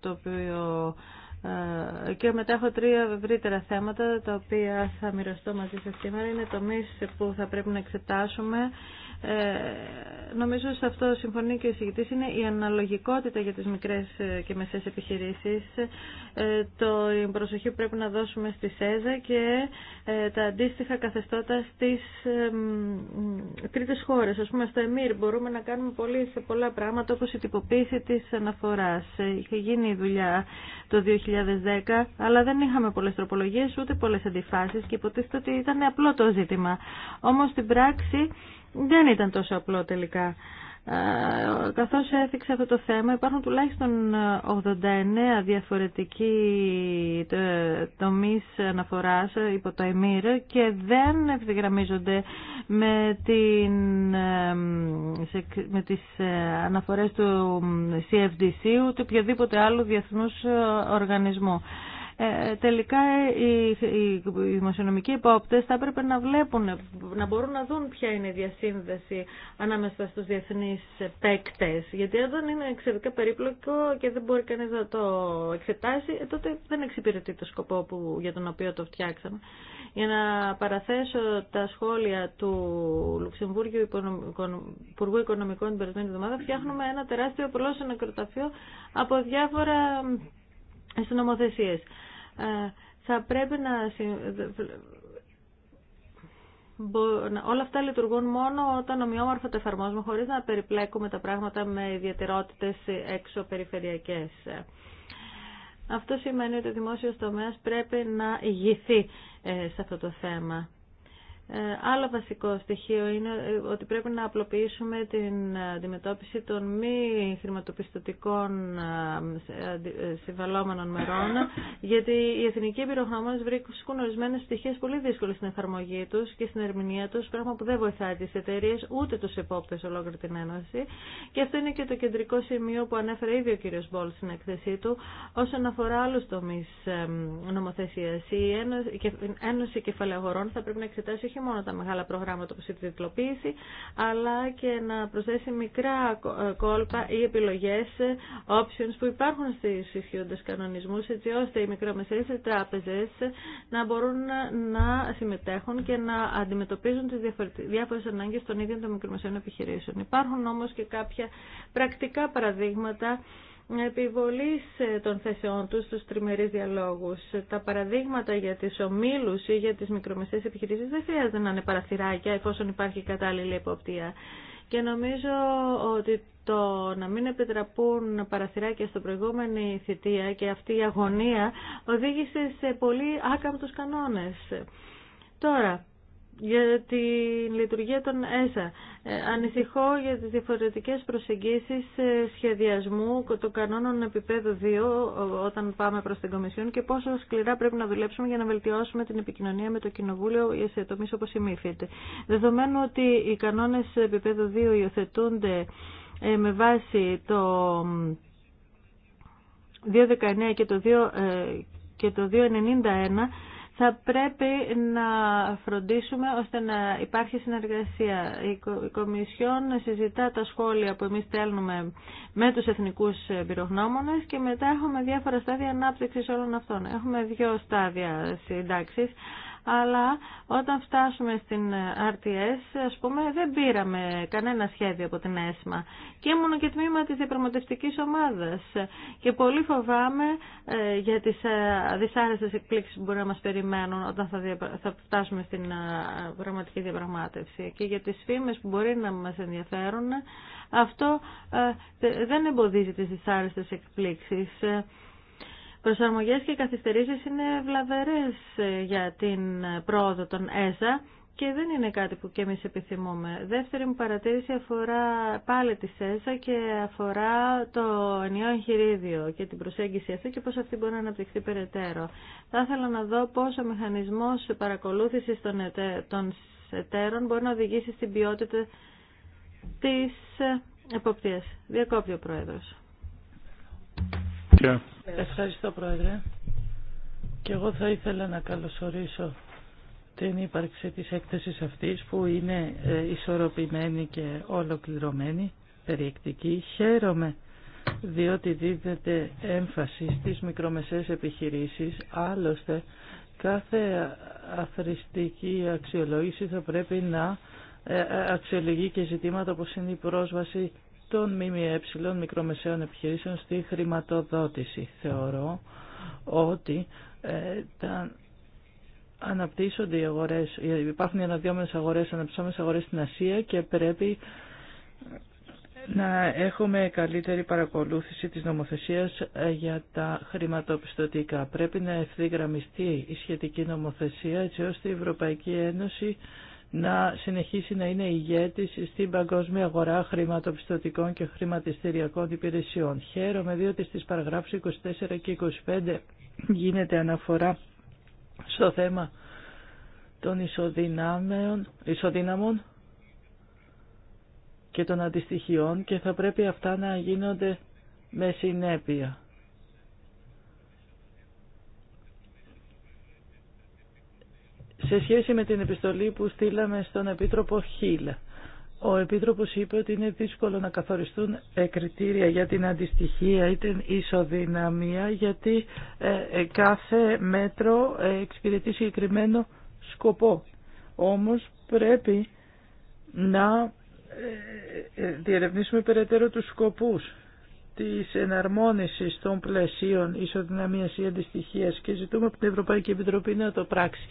το οποίο ε, και μετά έχω τρία ευρύτερα θέματα τα οποία θα μοιραστώ μαζί σας σήμερα. Είναι τομεί που θα πρέπει να εξετάσουμε. Ε, νομίζω σε αυτό συμφωνεί και ο εισηγητής. Είναι η αναλογικότητα για τις μικρές και μεσές επιχειρήσεις. Ε, το η προσοχή που πρέπει να δώσουμε στη ΣΕΖΑ και ε, τα αντίστοιχα καθεστώτα στις ε, ε, τρίτες χώρες. Ας πούμε στο ΕΜΙΡ μπορούμε να κάνουμε πολύ, σε πολλά πράγματα όπως η τυποποίηση της αναφοράς. Είχε γίνει η δουλειά το 2000 2010, αλλά δεν είχαμε πολλέ τροπολογίε ούτε πολλέ αντιφάσεις και υποτίθεται ότι ήταν απλό το ζήτημα. Όμως στην πράξη δεν ήταν τόσο απλό τελικά. Ε, καθώς έθιξε αυτό το θέμα υπάρχουν τουλάχιστον 89 ε, διαφορετικοί ε, τομείς αναφοράς υπό το ΕΜΗΡ και δεν ευθυγραμμίζονται με, την, με τις αναφορές του CFDC ούτε οποιοδήποτε άλλου διεθνούς οργανισμού. Ε, τελικά οι δημοσιονομικοί υπόπτες θα έπρεπε να βλέπουν, να μπορούν να δουν ποια είναι η διασύνδεση ανάμεσα στους διεθνείς παίκτες. Γιατί όταν είναι εξαιρετικά περίπλοκο και δεν μπορεί κανείς να το εξετάσει, ε, τότε δεν εξυπηρετεί το σκοπό που, για τον οποίο το φτιάξαμε. Για να παραθέσω τα σχόλια του Λουξεμβούργιου Υπουργού Οικονομικών την περασμένη εβδομάδα, φτιάχνουμε ένα τεράστιο πολλό νεκροταφείο από διάφορα στις νομοθεσίες. Ε, θα πρέπει να όλα αυτά λειτουργούν μόνο όταν ομοιόμορφα το εφαρμόζουμε χωρίς να περιπλέκουμε τα πράγματα με ιδιαιτερότητες εξωπεριφερειακές. Αυτό σημαίνει ότι ο δημόσιος τομέας πρέπει να ηγηθεί ε, σε αυτό το θέμα. Ε, άλλο βασικό στοιχείο είναι ε, ότι πρέπει να απλοποιήσουμε την αντιμετώπιση των μη χρηματοπιστωτικών ε, συμβαλόμενων μερών, γιατί οι εθνικοί εμπειρογνώμονε βρίσκουν ορισμένε στοιχείε πολύ δύσκολε στην εφαρμογή του και στην ερμηνεία του, πράγμα που δεν βοηθάει τι εταιρείε ούτε του επόπτε ολόκληρη την Ένωση. Και αυτό είναι και το κεντρικό σημείο που ανέφερε ήδη ο κ. Μπόλ στην εκθεσή του όσον αφορά άλλου τομεί νομοθεσία. Η Ένωση Κεφαλαγορών θα πρέπει να εξετάσει μόνο τα μεγάλα προγράμματα όπως η τιτλοποίηση, αλλά και να προσθέσει μικρά ε, κόλπα ή επιλογές, ε, options που υπάρχουν στις ισχύοντες κανονισμούς, έτσι ώστε οι μικρομεσαίες τράπεζες ε, να μπορούν να συμμετέχουν και να αντιμετωπίζουν τις διάφορες ανάγκες των ίδιων των μικρομεσαίων επιχειρήσεων. Υπάρχουν όμως και κάποια πρακτικά παραδείγματα επιβολής ε, των θέσεών τους στους τριμερείς διαλόγους. Τα παραδείγματα για τις ομίλους ή για τις μικρομεσαίες επιχειρήσεις δεν χρειάζεται να είναι παραθυράκια εφόσον υπάρχει κατάλληλη εποπτεία. Και νομίζω ότι το να μην επιτραπούν παραθυράκια στο προηγούμενη θητεία και αυτή η αγωνία οδήγησε σε πολύ άκαμπτους κανόνες. Τώρα, για την λειτουργία των ΕΣΑ. Ε, ανησυχώ για τις διαφορετικές προσεγγίσεις ε, σχεδιασμού των κανόνων επίπεδου 2 όταν πάμε προς την Κομισιόν και πόσο σκληρά πρέπει να δουλέψουμε για να βελτιώσουμε την επικοινωνία με το Κοινοβούλιο σε τομείς όπως η Δεδομένου ότι οι κανόνες επίπεδου 2 υιοθετούνται ε, με βάση το 2.19 και το και το 2.91 θα πρέπει να φροντίσουμε ώστε να υπάρχει συνεργασία. Η Κομισιόν συζητά τα σχόλια που εμείς στέλνουμε με τους εθνικούς πυρογνώμονες και μετά έχουμε διάφορα στάδια ανάπτυξης όλων αυτών. Έχουμε δύο στάδια συντάξεις αλλά όταν φτάσουμε στην RTS, ας πούμε, δεν πήραμε κανένα σχέδιο από την ΕΣΜΑ. Και μόνο και τμήμα της διαπραγματευτικής ομάδας. Και πολύ φοβάμαι ε, για τις ε, δυσάρεστες εκπλήξεις που μπορεί να μας περιμένουν όταν θα φτάσουμε στην ε, πραγματική διαπραγμάτευση. Και για τις φήμες που μπορεί να μας ενδιαφέρουν, αυτό δεν εμποδίζει τις δυσάρεστες εκπλήξεις. Προσαρμογές και καθυστερήσεις είναι βλαβερές ε, για την πρόοδο των ΕΣΑ και δεν είναι κάτι που και εμείς επιθυμούμε. Δεύτερη μου παρατήρηση αφορά πάλι τη ΕΣΑ και αφορά το ενιαίο εγχειρίδιο και την προσέγγιση αυτή και πώς αυτή μπορεί να αναπτυχθεί περαιτέρω. Θα ήθελα να δω πώς ο μηχανισμός παρακολούθησης των, ετε, των εταίρων μπορεί να οδηγήσει στην ποιότητα της εποπτείας. Διακόπτει ο Ευχαριστώ, Πρόεδρε. Και εγώ θα ήθελα να καλωσορίσω την ύπαρξη της έκθεσης αυτής που είναι ε, ισορροπημένη και ολοκληρωμένη, περιεκτική. Χαίρομαι διότι δίδεται έμφαση στις μικρομεσαίες επιχειρήσεις. Άλλωστε, κάθε αθρηστική αξιολόγηση θα πρέπει να ε, ε, αξιολογεί και ζητήματα όπως είναι η πρόσβαση των ΜΜΕ μικρομεσαίων επιχειρήσεων στη χρηματοδότηση. Θεωρώ ότι ε, τα αναπτύσσονται οι αγορές, υπάρχουν οι αναδυόμενες αγορές, αναπτυσσόμενες αγορές στην Ασία και πρέπει να έχουμε καλύτερη παρακολούθηση της νομοθεσίας ε, για τα χρηματοπιστωτικά. Πρέπει να ευθυγραμμιστεί η σχετική νομοθεσία έτσι ώστε η Ευρωπαϊκή Ένωση να συνεχίσει να είναι ηγέτης στην παγκόσμια αγορά χρηματοπιστωτικών και χρηματιστηριακών υπηρεσιών. Χαίρομαι διότι στις παραγράφους 24 και 25 γίνεται αναφορά στο θέμα των ισοδυνάμων και των αντιστοιχειών και θα πρέπει αυτά να γίνονται με συνέπεια. σε σχέση με την επιστολή που στείλαμε στον Επίτροπο Χίλ. Ο Επίτροπος είπε ότι είναι δύσκολο να καθοριστούν ε, κριτήρια για την αντιστοιχία ή την ισοδυναμία γιατί ε, ε, κάθε μέτρο εξυπηρετεί συγκεκριμένο σκοπό. Όμως πρέπει να διερευνήσουμε περαιτέρω τους σκοπούς της εναρμόνισης των πλαισίων ισοδυναμίας ή αντιστοιχίας και ζητούμε από την Ευρωπαϊκή Επιτροπή να το πράξει.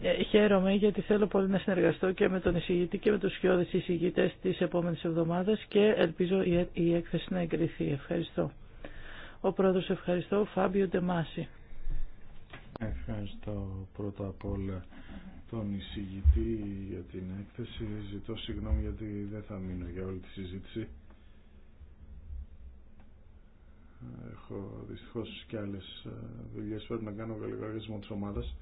Ε, χαίρομαι γιατί θέλω πολύ να συνεργαστώ και με τον εισηγητή και με τους χιώδες εισηγητές της επόμενης εβδομάδας και ελπίζω η έκθεση να εγκριθεί. Ευχαριστώ. Ο πρόεδρος ευχαριστώ, Φάμπιο Ντεμάση. Ευχαριστώ πρώτα απ' όλα τον εισηγητή για την έκθεση. Ζητώ συγγνώμη γιατί δεν θα μείνω για όλη τη συζήτηση. Έχω δυστυχώς και άλλες ε, δουλειές πρέπει να κάνω γαλλικαρισμό της ομάδας.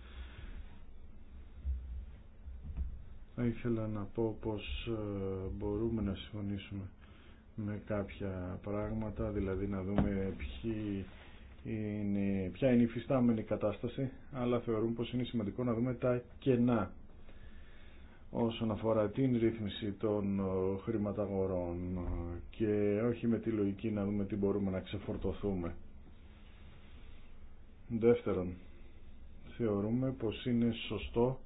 θα ήθελα να πω πως ε, μπορούμε να συμφωνήσουμε με κάποια πράγματα, δηλαδή να δούμε ποιοι είναι, ποια είναι η φυστάμενη κατάσταση, αλλά θεωρούμε πως είναι σημαντικό να δούμε τα κενά όσον αφορά την ρύθμιση των ε, χρηματαγορών και όχι με τη λογική να δούμε τι μπορούμε να ξεφορτωθούμε. Δεύτερον, θεωρούμε πως είναι σωστό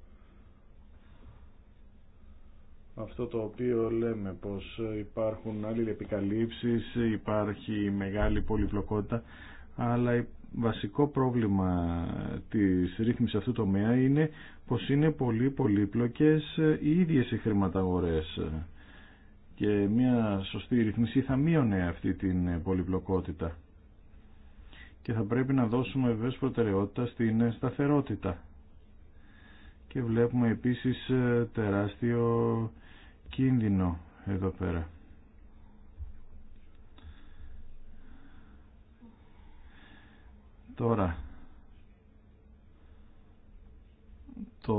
αυτό το οποίο λέμε πως υπάρχουν άλλοι επικαλύψεις, υπάρχει μεγάλη πολυπλοκότητα, αλλά βασικό πρόβλημα της ρύθμισης αυτού τομέα είναι πως είναι πολύ πολύπλοκες οι ίδιες οι χρηματαγορές και μια σωστή ρυθμισή θα μείωνε αυτή την πολυπλοκότητα και θα πρέπει να δώσουμε βέβαια προτεραιότητα στην σταθερότητα και βλέπουμε επίσης τεράστιο κίνδυνο εδώ πέρα. Τώρα, το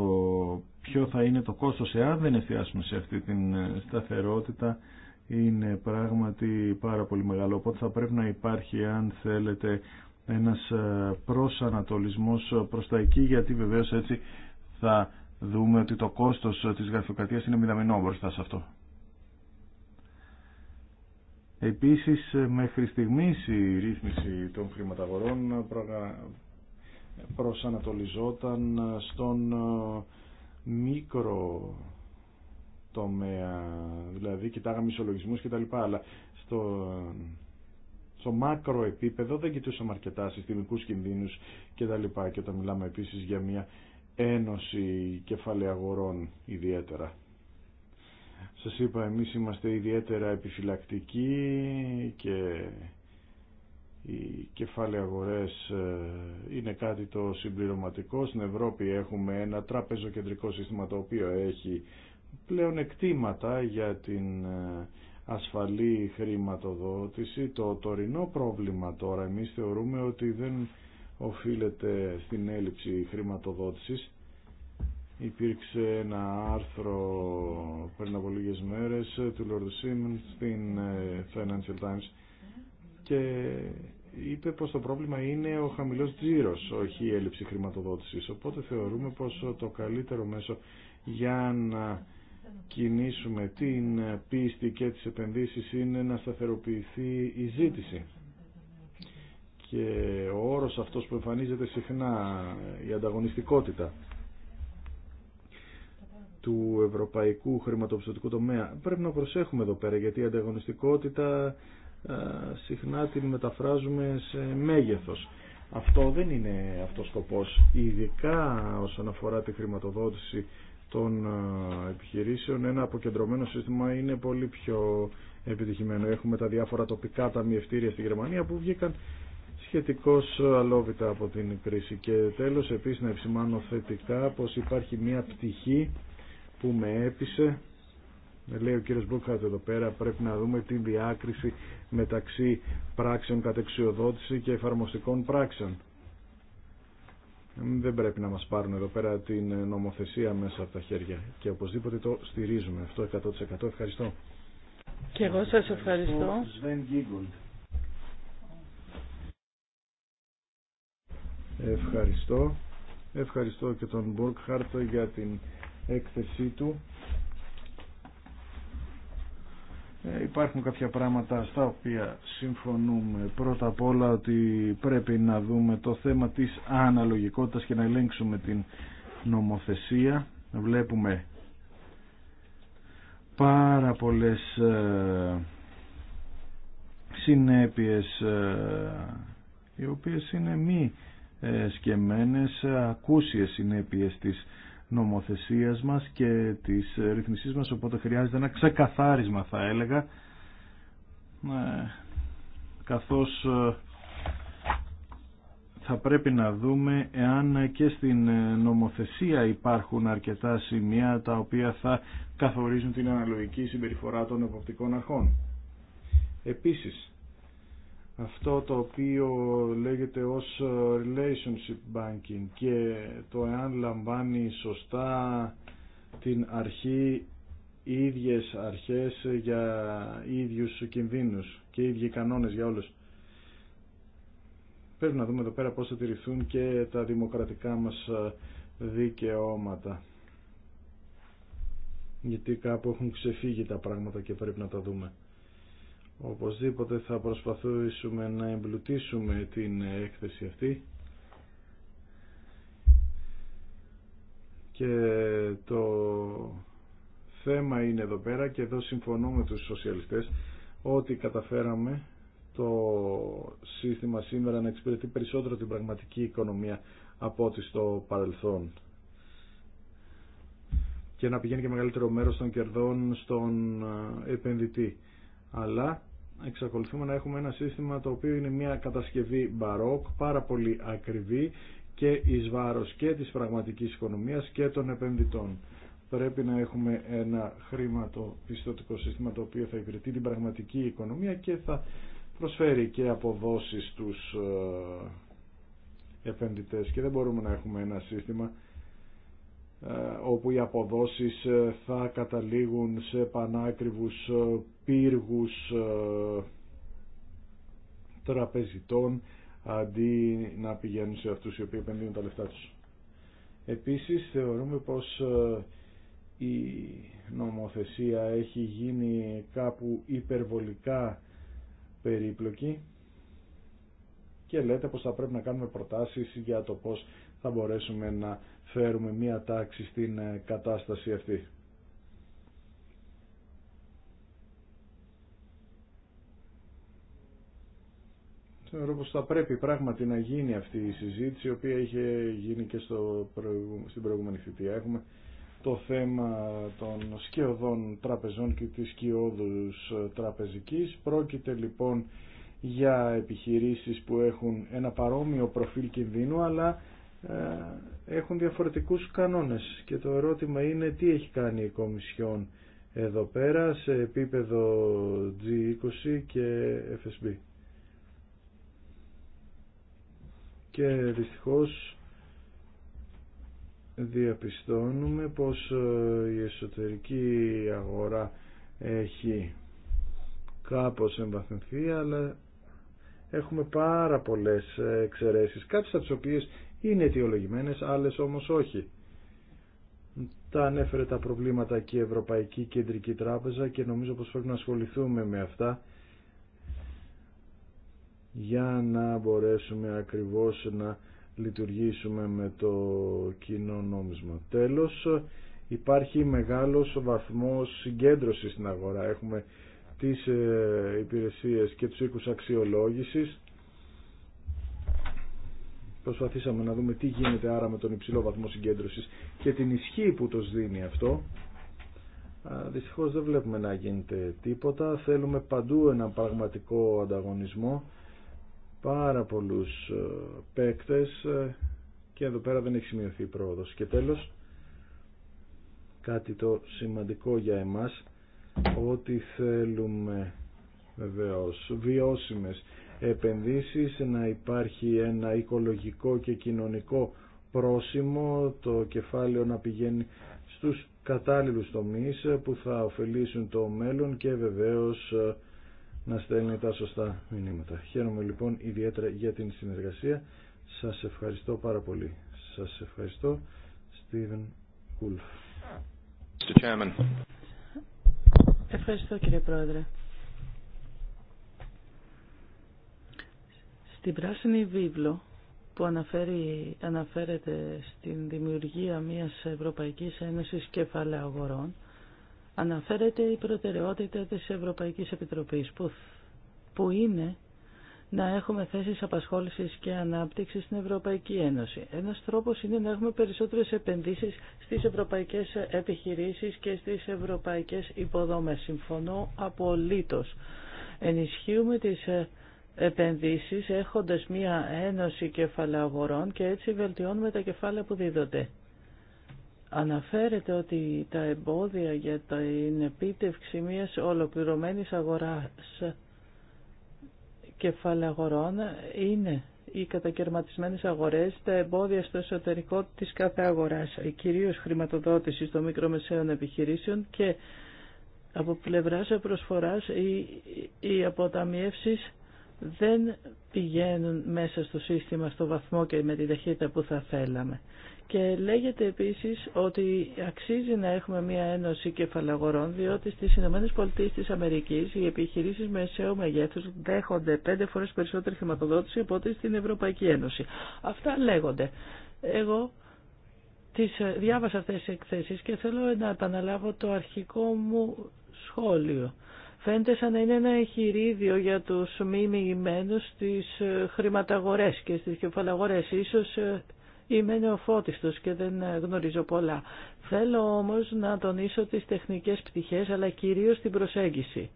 ποιο θα είναι το κόστος εάν δεν εστιάσουμε σε αυτή την ε, σταθερότητα είναι πράγματι πάρα πολύ μεγάλο. Οπότε θα πρέπει να υπάρχει, αν θέλετε, ένας ε, προσανατολισμός προς τα εκεί, γιατί βεβαίως έτσι θα δούμε ότι το κόστος της γραφειοκρατίας είναι μηδαμινό μπροστά σε αυτό. Επίσης, μέχρι στιγμής η ρύθμιση των χρηματαγορών προσανατολιζόταν στον ε, μικρο τομέα, δηλαδή κοιτάγαμε ισολογισμούς κτλ. Αλλά στο, στο μάκρο επίπεδο δεν κοιτούσαμε αρκετά συστημικούς κινδύνους Και, τα λοιπά. και όταν μιλάμε επίσης για μια Ένωση αγορών ιδιαίτερα. Σας είπα, εμείς είμαστε ιδιαίτερα επιφυλακτικοί και οι κεφαλαιαγορές ε, είναι κάτι το συμπληρωματικό. Στην Ευρώπη έχουμε ένα τραπεζοκεντρικό σύστημα το οποίο έχει πλέον εκτίματα για την ε, ασφαλή χρηματοδότηση. Το τωρινό πρόβλημα τώρα εμείς θεωρούμε ότι δεν οφείλεται στην έλλειψη χρηματοδότησης. Υπήρξε ένα άρθρο πριν από λίγες μέρες του Lord Simmons στην ε, Financial Times και είπε πως το πρόβλημα είναι ο χαμηλός τζίρος, όχι η έλλειψη χρηματοδότησης. Οπότε θεωρούμε πως το καλύτερο μέσο για να κινήσουμε την πίστη και τις επενδύσεις είναι να σταθεροποιηθεί η ζήτηση και ο όρος αυτός που εμφανίζεται συχνά, η ανταγωνιστικότητα του ευρωπαϊκού χρηματοπιστωτικού τομέα. Πρέπει να προσέχουμε εδώ πέρα γιατί η ανταγωνιστικότητα ε, συχνά την μεταφράζουμε σε μέγεθος. Αυτό δεν είναι αυτός σκοπός, ειδικά όσον αφορά τη χρηματοδότηση των ε, επιχειρήσεων. Ένα αποκεντρωμένο σύστημα είναι πολύ πιο επιτυχημένο. Έχουμε τα διάφορα τοπικά ταμιευτήρια στη Γερμανία που βγήκαν σχετικώ αλόβητα από την κρίση. Και τέλος επίσης να επισημάνω θετικά πω υπάρχει μια πτυχή που με έπεισε λέει ο κύριος Μπούκχατ εδώ πέρα πρέπει να δούμε την διάκριση μεταξύ πράξεων κατεξιοδότηση και εφαρμοστικών πράξεων δεν πρέπει να μας πάρουν εδώ πέρα την νομοθεσία μέσα από τα χέρια και οπωσδήποτε το στηρίζουμε αυτό 100% ευχαριστώ και εγώ σας ευχαριστώ Ευχαριστώ. Ευχαριστώ και τον Μπορκ για την έκθεσή του. Ε, υπάρχουν κάποια πράγματα στα οποία συμφωνούμε. Πρώτα απ' όλα ότι πρέπει να δούμε το θέμα της αναλογικότητας και να ελέγξουμε την νομοθεσία. Βλέπουμε πάρα πολλές ε, συνέπειες ε, οι οποίες είναι μη σκεμμένες ακούσιες συνέπειες της νομοθεσίας μας και της ρυθμισής μας οπότε χρειάζεται ένα ξεκαθάρισμα θα έλεγα ναι. καθώς ε, θα πρέπει να δούμε εάν και στην ε, νομοθεσία υπάρχουν αρκετά σημεία τα οποία θα καθορίζουν την αναλογική συμπεριφορά των εποπτικών αρχών. Επίσης, αυτό το οποίο λέγεται ως ε, relationship banking και το εάν λαμβάνει σωστά την αρχή ίδιες αρχές για ίδιους κινδύνους και ίδιοι κανόνες για όλους. Πρέπει να δούμε εδώ πέρα πώς θα τηρηθούν και τα δημοκρατικά μας ε, δικαιώματα. Γιατί κάπου έχουν ξεφύγει τα πράγματα και πρέπει να τα δούμε. Οπωσδήποτε θα προσπαθήσουμε να εμπλουτίσουμε την έκθεση αυτή και το θέμα είναι εδώ πέρα και εδώ συμφωνώ με τους σοσιαλιστές ότι καταφέραμε το σύστημα σήμερα να εξυπηρετεί περισσότερο την πραγματική οικονομία από ό,τι στο παρελθόν και να πηγαίνει και μεγαλύτερο μέρος των κερδών στον επενδυτή αλλά εξακολουθούμε να έχουμε ένα σύστημα το οποίο είναι μια κατασκευή μπαρόκ, πάρα πολύ ακριβή και εις βάρος και της πραγματικής οικονομίας και των επενδυτών. Πρέπει να έχουμε ένα χρηματοπιστωτικό σύστημα το οποίο θα υπηρετεί την πραγματική οικονομία και θα προσφέρει και αποδόσεις στους ε, επενδυτές και δεν μπορούμε να έχουμε ένα σύστημα ε, όπου οι αποδόσεις ε, θα καταλήγουν σε πανάκριβους ε, πύργους τραπεζιτών αντί να πηγαίνουν σε αυτούς οι οποίοι επενδύουν τα λεφτά τους. Επίσης θεωρούμε πως η νομοθεσία έχει γίνει κάπου υπερβολικά περίπλοκη και λέτε πως θα πρέπει να κάνουμε προτάσεις για το πως θα μπορέσουμε να φέρουμε μία τάξη στην ε, κατάσταση αυτή. Θεωρώ πως θα πρέπει πράγματι να γίνει αυτή η συζήτηση, η οποία είχε γίνει και στο στην προηγούμενη θητεία. Έχουμε το θέμα των σκιωδών τραπεζών και της σκιώδους ε, τραπεζικής. Πρόκειται λοιπόν για επιχειρήσεις που έχουν ένα παρόμοιο προφίλ κινδύνου, αλλά ε, έχουν διαφορετικούς κανόνες και το ερώτημα είναι τι έχει κάνει η Κομισιόν εδώ πέρα σε επίπεδο G20 και FSB. Και δυστυχώς διαπιστώνουμε πως ε, η εσωτερική αγορά έχει κάπως εμβαθυνθεί αλλά έχουμε πάρα πολλές εξαιρέσεις κάποιες από τις οποίες είναι αιτιολογημένες, άλλες όμως όχι. Τα ανέφερε τα προβλήματα και η Ευρωπαϊκή Κεντρική Τράπεζα και νομίζω πως πρέπει να ασχοληθούμε με αυτά για να μπορέσουμε ακριβώς να λειτουργήσουμε με το κοινό νόμισμα. Τέλος, υπάρχει μεγάλος βαθμός συγκέντρωσης στην αγορά. Έχουμε τις ε, υπηρεσίες και τους οίκους αξιολόγησης Προσπαθήσαμε να δούμε τι γίνεται άρα με τον υψηλό βαθμό συγκέντρωσης και την ισχύ που τους δίνει αυτό. Δυστυχώς δεν βλέπουμε να γίνεται τίποτα. Θέλουμε παντού ένα πραγματικό ανταγωνισμό. Πάρα πολλούς ε, παίκτες ε, και εδώ πέρα δεν έχει σημειωθεί η πρόοδος. Και τέλος, κάτι το σημαντικό για εμάς, ότι θέλουμε Βεβαίω, βιώσιμες επενδύσεις, να υπάρχει ένα οικολογικό και κοινωνικό πρόσημο, το κεφάλαιο να πηγαίνει στους κατάλληλους τομείς που θα ωφελήσουν το μέλλον και βεβαίως ε, να στέλνει τα σωστά μηνύματα. Χαίρομαι λοιπόν ιδιαίτερα για την συνεργασία. Σας ευχαριστώ πάρα πολύ. Σας ευχαριστώ. Στίβεν Κούλφ. Ευχαριστώ κύριε Πρόεδρε. Την πράσινη βίβλο που αναφέρει, αναφέρεται στην δημιουργία μιας Ευρωπαϊκής Ένωσης Κεφαλαίου Αγορών αναφέρεται η προτεραιότητα της Ευρωπαϊκής Επιτροπής που, που είναι να έχουμε θέσεις απασχόλησης και ανάπτυξης στην Ευρωπαϊκή Ένωση. Ένας τρόπος είναι να έχουμε περισσότερες επενδύσεις στις ευρωπαϊκές επιχειρήσεις και στις ευρωπαϊκές υποδόμες. Συμφωνώ απολύτως. Ενισχύουμε τις ε, επενδύσεις έχοντας μία ένωση κεφαλαγορών και έτσι βελτιώνουμε τα κεφάλαια που δίδονται. Αναφέρεται ότι τα εμπόδια για την επίτευξη μιας ολοκληρωμένης αγοράς κεφαλαγορών είναι οι κατακαιρματισμένες αγορές, τα εμπόδια στο εσωτερικό της κάθε αγοράς, κυρίως χρηματοδότηση των μικρομεσαίων επιχειρήσεων και από πλευράς προσφοράς οι αποταμιεύσεις δεν πηγαίνουν μέσα στο σύστημα στο βαθμό και με τη ταχύτητα που θα θέλαμε. Και λέγεται επίσης ότι αξίζει να έχουμε μια ένωση κεφαλαγορών, διότι στις Ηνωμένες Πολιτείες της Αμερικής οι επιχειρήσεις μεσαίου μεγέθους δέχονται πέντε φορές περισσότερη χρηματοδότηση από ό,τι στην Ευρωπαϊκή Ένωση. Αυτά λέγονται. Εγώ τις ε, διάβασα αυτές τις εκθέσεις και θέλω να επαναλάβω το αρχικό μου σχόλιο. Φαίνεται σαν να είναι ένα εγχειρίδιο για τους μη μοιημένους στις ε, χρηματαγορές και στις κεφαλαγορές. Ίσως ε, είμαι νεοφώτιστος και δεν ε, γνωρίζω πολλά. Θέλω όμως να τονίσω τις τεχνικές πτυχές αλλά κυρίως την προσέγγιση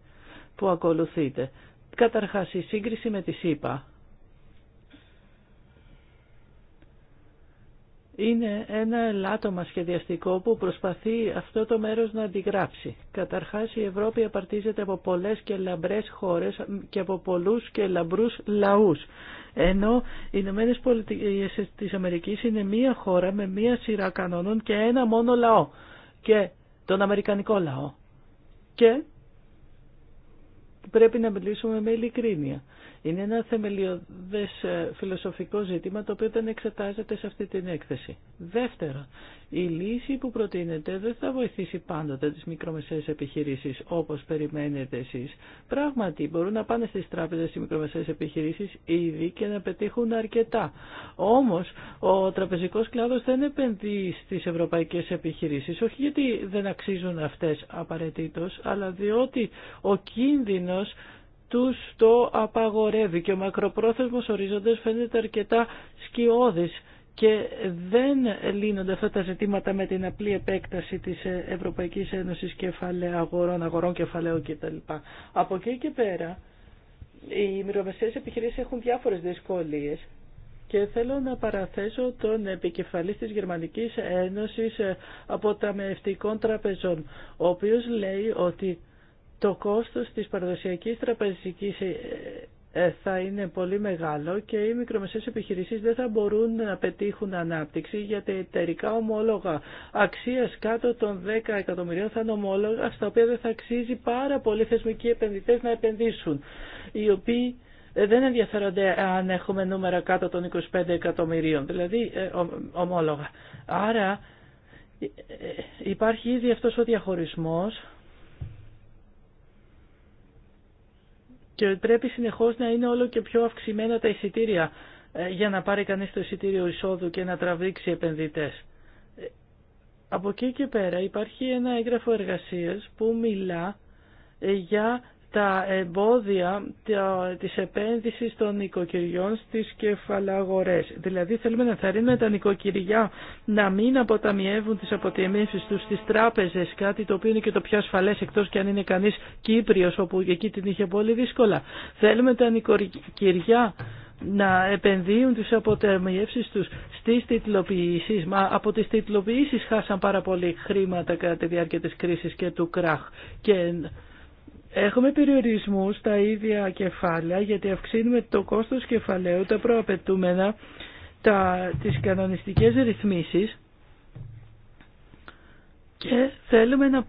που ακολουθείτε. Καταρχάς η σύγκριση με τη ΣΥΠΑ είναι ένα ελάττωμα σχεδιαστικό που προσπαθεί αυτό το μέρος να αντιγράψει. Καταρχάς η Ευρώπη απαρτίζεται από πολλές και λαμπρές χώρες και από πολλούς και λαμπρούς λαούς. Ενώ οι Ηνωμένες Πολιτείες της Αμερικής είναι μία χώρα με μία σειρά κανόνων και ένα μόνο λαό. Και τον Αμερικανικό λαό. Και πρέπει να μιλήσουμε με ειλικρίνεια. Είναι ένα θεμελιωδές ε, φιλοσοφικό ζήτημα το οποίο δεν εξετάζεται σε αυτή την έκθεση. Δεύτερον, η λύση που προτείνεται δεν θα βοηθήσει πάντοτε τις μικρομεσαίες επιχειρήσεις όπως περιμένετε εσείς. Πράγματι, μπορούν να πάνε στις τράπεζες οι μικρομεσαίες επιχειρήσεις ήδη και να πετύχουν αρκετά. Όμως, ο τραπεζικός κλάδος δεν επενδύει στις ευρωπαϊκές επιχειρήσεις, όχι γιατί δεν αξίζουν αυτές απαραίτητος, αλλά διότι ο κίνδυνος τους το απαγορεύει και ο μακροπρόθεσμος ορίζοντας φαίνεται αρκετά σκιώδης και δεν λύνονται αυτά τα ζητήματα με την απλή επέκταση της Ευρωπαϊκής Ένωσης αγορών, αγορών κεφαλαίου κτλ. Από εκεί και πέρα οι μυρομεσαίες επιχειρήσεις έχουν διάφορες δυσκολίες και θέλω να παραθέσω τον επικεφαλής της Γερμανικής Ένωσης ε, Αποταμευτικών Τραπεζών, ο οποίος λέει ότι το κόστος της παραδοσιακής τραπεζικής ε, ε, θα είναι πολύ μεγάλο και οι μικρομεσαίες επιχειρήσεις δεν θα μπορούν να πετύχουν ανάπτυξη γιατί εταιρικά ομόλογα αξίας κάτω των 10 εκατομμυρίων θα είναι ομόλογα στα οποία δεν θα αξίζει πάρα πολλοί θεσμικοί επενδυτές να επενδύσουν οι οποίοι ε, δεν ενδιαφέρονται αν έχουμε νούμερα κάτω των 25 εκατομμυρίων, δηλαδή ομόλογα. Άρα υπάρχει ήδη αυτός ο διαχωρισμός και πρέπει συνεχώς να είναι όλο και πιο αυξημένα τα εισιτήρια ε, για να πάρει κανείς το εισιτήριο εισόδου και να τραβήξει επενδυτές. Ε, από εκεί και πέρα υπάρχει ένα έγγραφο εργασίας που μιλά ε, για τα εμπόδια της επένδυσης των οικοκυριών στις κεφαλαγορές. Δηλαδή θέλουμε να θαρρύνουμε τα νοικοκυριά να μην αποταμιεύουν τις αποτιμήσεις τους στις τράπεζες, κάτι το οποίο είναι και το πιο ασφαλές εκτός και αν είναι κανείς Κύπριος όπου εκεί την είχε πολύ δύσκολα. Θέλουμε τα νοικοκυριά να επενδύουν τις αποτεμιεύσεις τους στις τιτλοποιήσεις. Μα από τις τιτλοποιήσεις χάσαν πάρα πολύ χρήματα κατά τη διάρκεια της κρίσης και του κράχ. Και Έχουμε περιορισμού στα ίδια κεφάλαια γιατί αυξήνουμε το κόστος κεφαλαίου, τα προαπαιτούμενα, τα, τις κανονιστικές ρυθμίσεις και θέλουμε να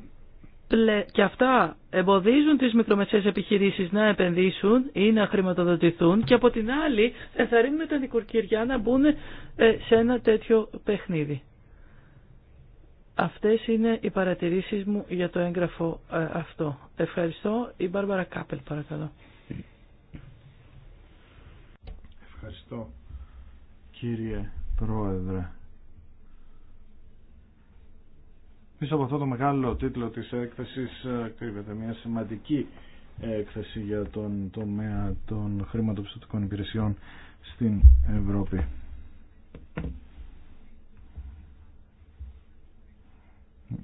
και αυτά εμποδίζουν τις μικρομεσαίες επιχειρήσεις να επενδύσουν ή να χρηματοδοτηθούν και από την άλλη ενθαρρύνουμε τα νοικοκυριά να μπουν ε, σε ένα τέτοιο παιχνίδι. Αυτές είναι οι παρατηρήσεις μου για το έγγραφο ε, αυτό. Ευχαριστώ. Η Μπάρμπαρα Κάπελ παρακαλώ. Ευχαριστώ κύριε Πρόεδρε. Πίσω από αυτό το μεγάλο τίτλο της έκθεσης ε, κρύβεται μια σημαντική έκθεση για τον τομέα των χρηματοπιστωτικών υπηρεσιών στην Ευρώπη.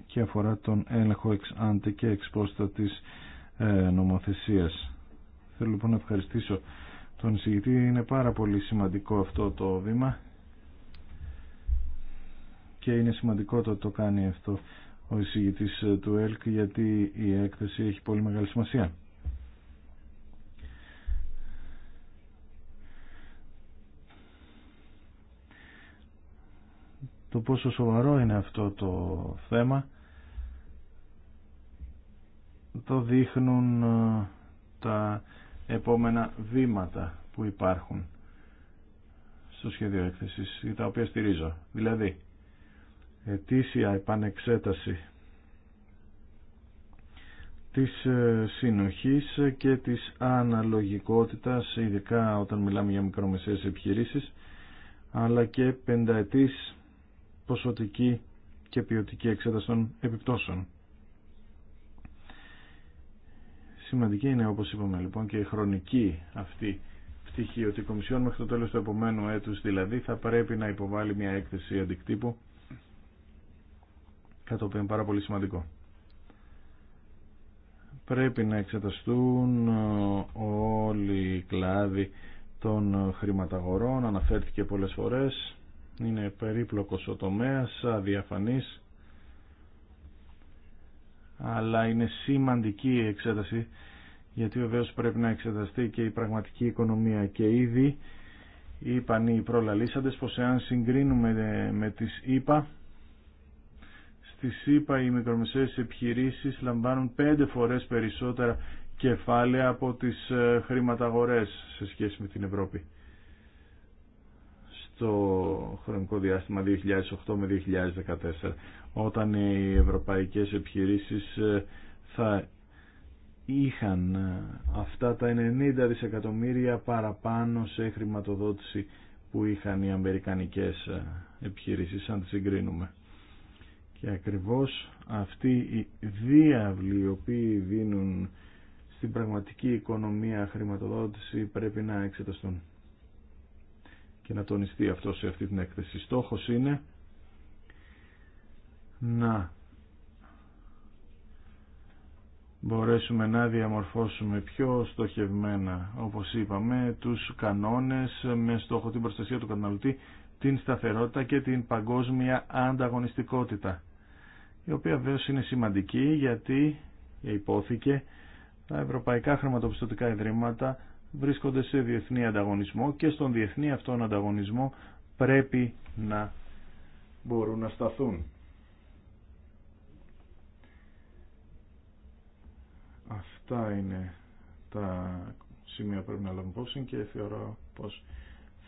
και αφορά τον έλεγχο εξ και εξ της ε, νομοθεσίας. Θέλω λοιπόν να ευχαριστήσω τον εισηγητή. Είναι πάρα πολύ σημαντικό αυτό το βήμα και είναι σημαντικό το το κάνει αυτό ο εισηγητής του ΕΛΚ γιατί η έκθεση έχει πολύ μεγάλη σημασία. το πόσο σοβαρό είναι αυτό το θέμα το δείχνουν ε, τα επόμενα βήματα που υπάρχουν στο σχέδιο έκθεσης τα οποία στηρίζω δηλαδή ετήσια επανεξέταση της ε, συνοχής και της αναλογικότητας ειδικά όταν μιλάμε για μικρομεσαίες επιχειρήσεις αλλά και πενταετής ποσοτική και ποιοτική εξέταση των επιπτώσεων. Σημαντική είναι, όπως είπαμε λοιπόν, και η χρονική αυτή πτυχή, ότι η Κομισιόν μέχρι το τέλος του επομένου έτους δηλαδή θα πρέπει να υποβάλει μια έκθεση αντικτύπου, κάτι που είναι πάρα πολύ σημαντικό. Πρέπει να εξεταστούν ε, όλοι οι κλάδοι των χρηματαγορών, αναφέρθηκε πολλές φορές, είναι περίπλοκος ο τομέας, αδιαφανής, αλλά είναι σημαντική η εξέταση, γιατί βεβαίως πρέπει να εξεταστεί και η πραγματική οικονομία και ήδη είπαν οι προλαλήσαντες πως εάν συγκρίνουμε ε, με τις ΕΠΑ, στις ΕΠΑ οι μικρομεσαίες επιχειρήσεις λαμβάνουν πέντε φορές περισσότερα κεφάλαια από τις ε, χρηματαγορές σε σχέση με την Ευρώπη στο χρονικό διάστημα 2008 με 2014 όταν οι ευρωπαϊκές επιχειρήσεις ε, θα είχαν ε, αυτά τα 90 δισεκατομμύρια παραπάνω σε χρηματοδότηση που είχαν οι αμερικανικές ε, επιχειρήσεις αν τις συγκρίνουμε. Και ακριβώς αυτοί οι διάβλοι οι οποίοι δίνουν στην πραγματική οικονομία χρηματοδότηση πρέπει να εξεταστούν και να τονιστεί αυτό σε αυτή την έκθεση. Στόχος είναι να μπορέσουμε να διαμορφώσουμε πιο στοχευμένα, όπως είπαμε, τους κανόνες με στόχο την προστασία του καταναλωτή, την σταθερότητα και την παγκόσμια ανταγωνιστικότητα, η οποία βέβαια είναι σημαντική γιατί, υπόθηκε, τα ευρωπαϊκά χρηματοπιστωτικά ιδρύματα βρίσκονται σε διεθνή ανταγωνισμό και στον διεθνή αυτόν ανταγωνισμό πρέπει να μπορούν να σταθούν. Αυτά είναι τα σημεία που πρέπει να λάβουμε υπόψη και θεωρώ πως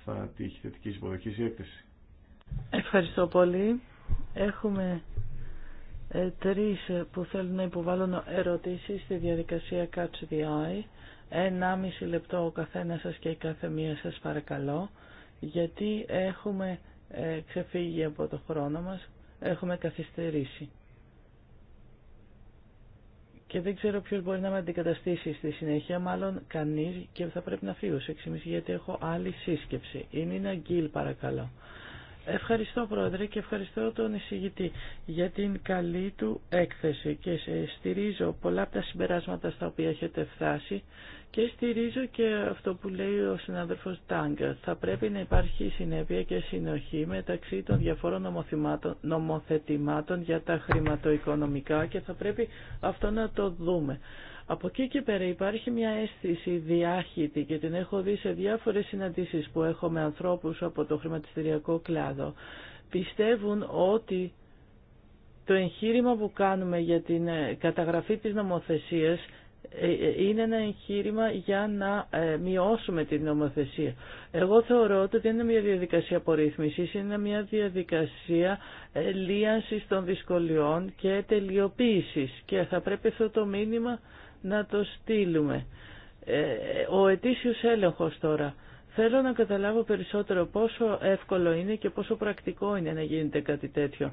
θα τύχει θετική υποδοχή η έκθεση. Ευχαριστώ πολύ. Έχουμε ε, τρεις που θέλουν να υποβάλουν ερωτήσεις στη διαδικασία Catch the Eye. Ένα μισή λεπτό ο καθένα σας και η κάθε μία σας παρακαλώ, γιατί έχουμε ε, ξεφύγει από το χρόνο μας, έχουμε καθυστερήσει. Και δεν ξέρω ποιος μπορεί να με αντικαταστήσει στη συνέχεια, μάλλον κανείς και θα πρέπει να φύγω σε 6.30 γιατί έχω άλλη σύσκεψη. Η Νίνα παρακαλώ. Ευχαριστώ Πρόεδρε και ευχαριστώ τον εισηγητή για την καλή του έκθεση και στηρίζω πολλά από τα συμπεράσματα στα οποία έχετε φτάσει και στηρίζω και αυτό που λέει ο συνάδελφος Τάγκα. Θα πρέπει να υπάρχει συνέπεια και συνοχή μεταξύ των διαφόρων νομοθετημάτων για τα χρηματοοικονομικά και θα πρέπει αυτό να το δούμε. Από εκεί και πέρα υπάρχει μια αίσθηση διάχυτη και την έχω δει σε διάφορες συναντήσεις που έχω με ανθρώπους από το χρηματιστηριακό κλάδο. Πιστεύουν ότι το εγχείρημα που κάνουμε για την ε, καταγραφή της νομοθεσίας ε, ε, είναι ένα εγχείρημα για να ε, μειώσουμε την νομοθεσία. Εγώ θεωρώ ότι δεν είναι μια διαδικασία απορρίθμισης, είναι μια διαδικασία λίανσης των δυσκολιών και τελειοποίησης και θα πρέπει αυτό το μήνυμα να το στείλουμε. Ο ετήσιος έλεγχος τώρα. Θέλω να καταλάβω περισσότερο πόσο εύκολο είναι και πόσο πρακτικό είναι να γίνεται κάτι τέτοιο.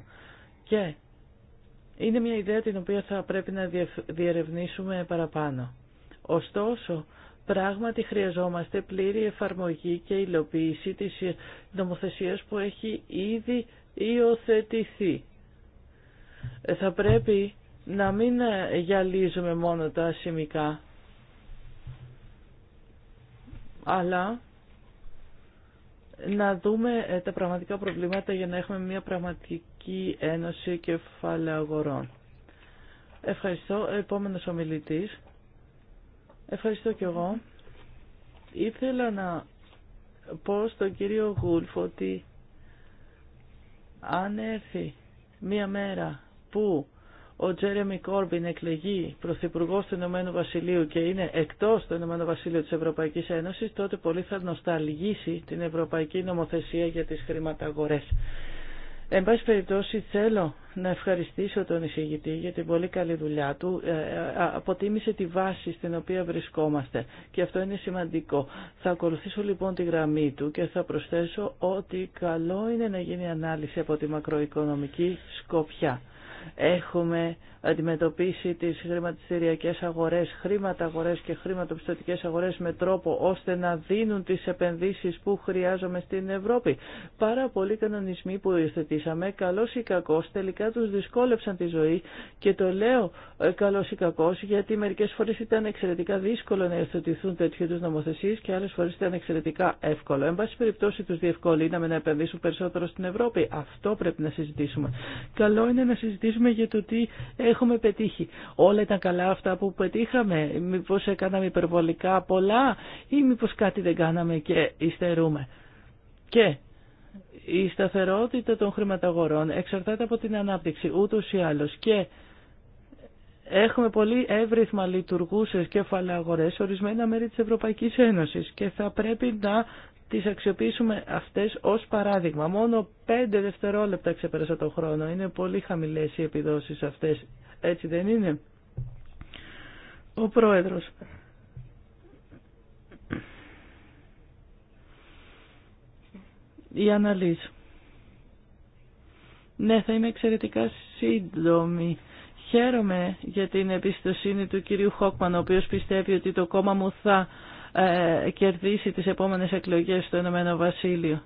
Και είναι μια ιδέα την οποία θα πρέπει να διερευνήσουμε παραπάνω. Ωστόσο, πράγματι χρειαζόμαστε πλήρη εφαρμογή και υλοποίηση της νομοθεσίας που έχει ήδη υιοθετηθεί. Ε, θα πρέπει να μην ε, γυαλίζουμε μόνο τα ασημικά, αλλά να δούμε ε, τα πραγματικά προβλήματα για να έχουμε μια πραγματική Ευρωπαϊκή Ένωση Κεφάλαια Αγορών. Ευχαριστώ. Επόμενος ομιλητής. Ευχαριστώ κι εγώ. Ήθελα να πω στον κύριο Γούλφ ότι αν έρθει μία μέρα που ο Τζέρεμι Κόρμπιν εκλεγεί Πρωθυπουργό του Ηνωμένου Βασιλείου και είναι εκτό του Ηνωμένου Βασιλείου τη Ευρωπαϊκή Ένωση, τότε πολύ θα νοσταλγήσει την Ευρωπαϊκή Νομοθεσία για τι Χρηματαγορέ. Εν πάση περιπτώσει θέλω να ευχαριστήσω τον εισηγητή για την πολύ καλή δουλειά του. Ε, ε, αποτίμησε τη βάση στην οποία βρισκόμαστε και αυτό είναι σημαντικό. Θα ακολουθήσω λοιπόν τη γραμμή του και θα προσθέσω ότι καλό είναι να γίνει ανάλυση από τη μακροοικονομική σκοπιά. Έχουμε αντιμετωπίσει τις χρηματιστηριακές αγορές, χρήματα αγορές και χρηματοπιστωτικές αγορές με τρόπο ώστε να δίνουν τις επενδύσεις που χρειάζομαι στην Ευρώπη. Πάρα πολλοί κανονισμοί που υιοθετήσαμε, καλό ή κακός, τελικά τους δυσκόλεψαν τη ζωή και το λέω ε, καλό ή κακός γιατί μερικές φορές ήταν εξαιρετικά δύσκολο να υιοθετηθούν τέτοιου είδους νομοθεσίες και άλλες φορές ήταν εξαιρετικά εύκολο. Εν πάση περιπτώσει τους διευκολύναμε να επενδύσουν περισσότερο στην Ευρώπη. Αυτό πρέπει να συζητήσουμε. Καλό είναι να συζητήσουμε για το τι έχουμε πετύχει. Όλα ήταν καλά αυτά που πετύχαμε. Μήπως έκαναμε υπερβολικά πολλά ή μήπω κάτι δεν κάναμε και υστερούμε. Και η σταθερότητα των χρηματαγορών εξαρτάται από την ανάπτυξη ούτως ή άλλως και έχουμε πολύ εύρυθμα λειτουργούσες κεφαλαγορές ορισμένα μέρη της Ευρωπαϊκής Ένωσης και θα πρέπει να τις αξιοποιήσουμε αυτές ως παράδειγμα. Μόνο 5 δευτερόλεπτα ξεπέρασα τον χρόνο. Είναι πολύ χαμηλές οι επιδόσεις αυτές έτσι δεν είναι. Ο Πρόεδρος. Η αναλύση. Ναι, θα είμαι εξαιρετικά σύντομη. Χαίρομαι για την εμπιστοσύνη του κυρίου Χόκμαν, ο οποίος πιστεύει ότι το κόμμα μου θα ε, κερδίσει τις επόμενες εκλογές στο Ηνωμένο Βασίλειο.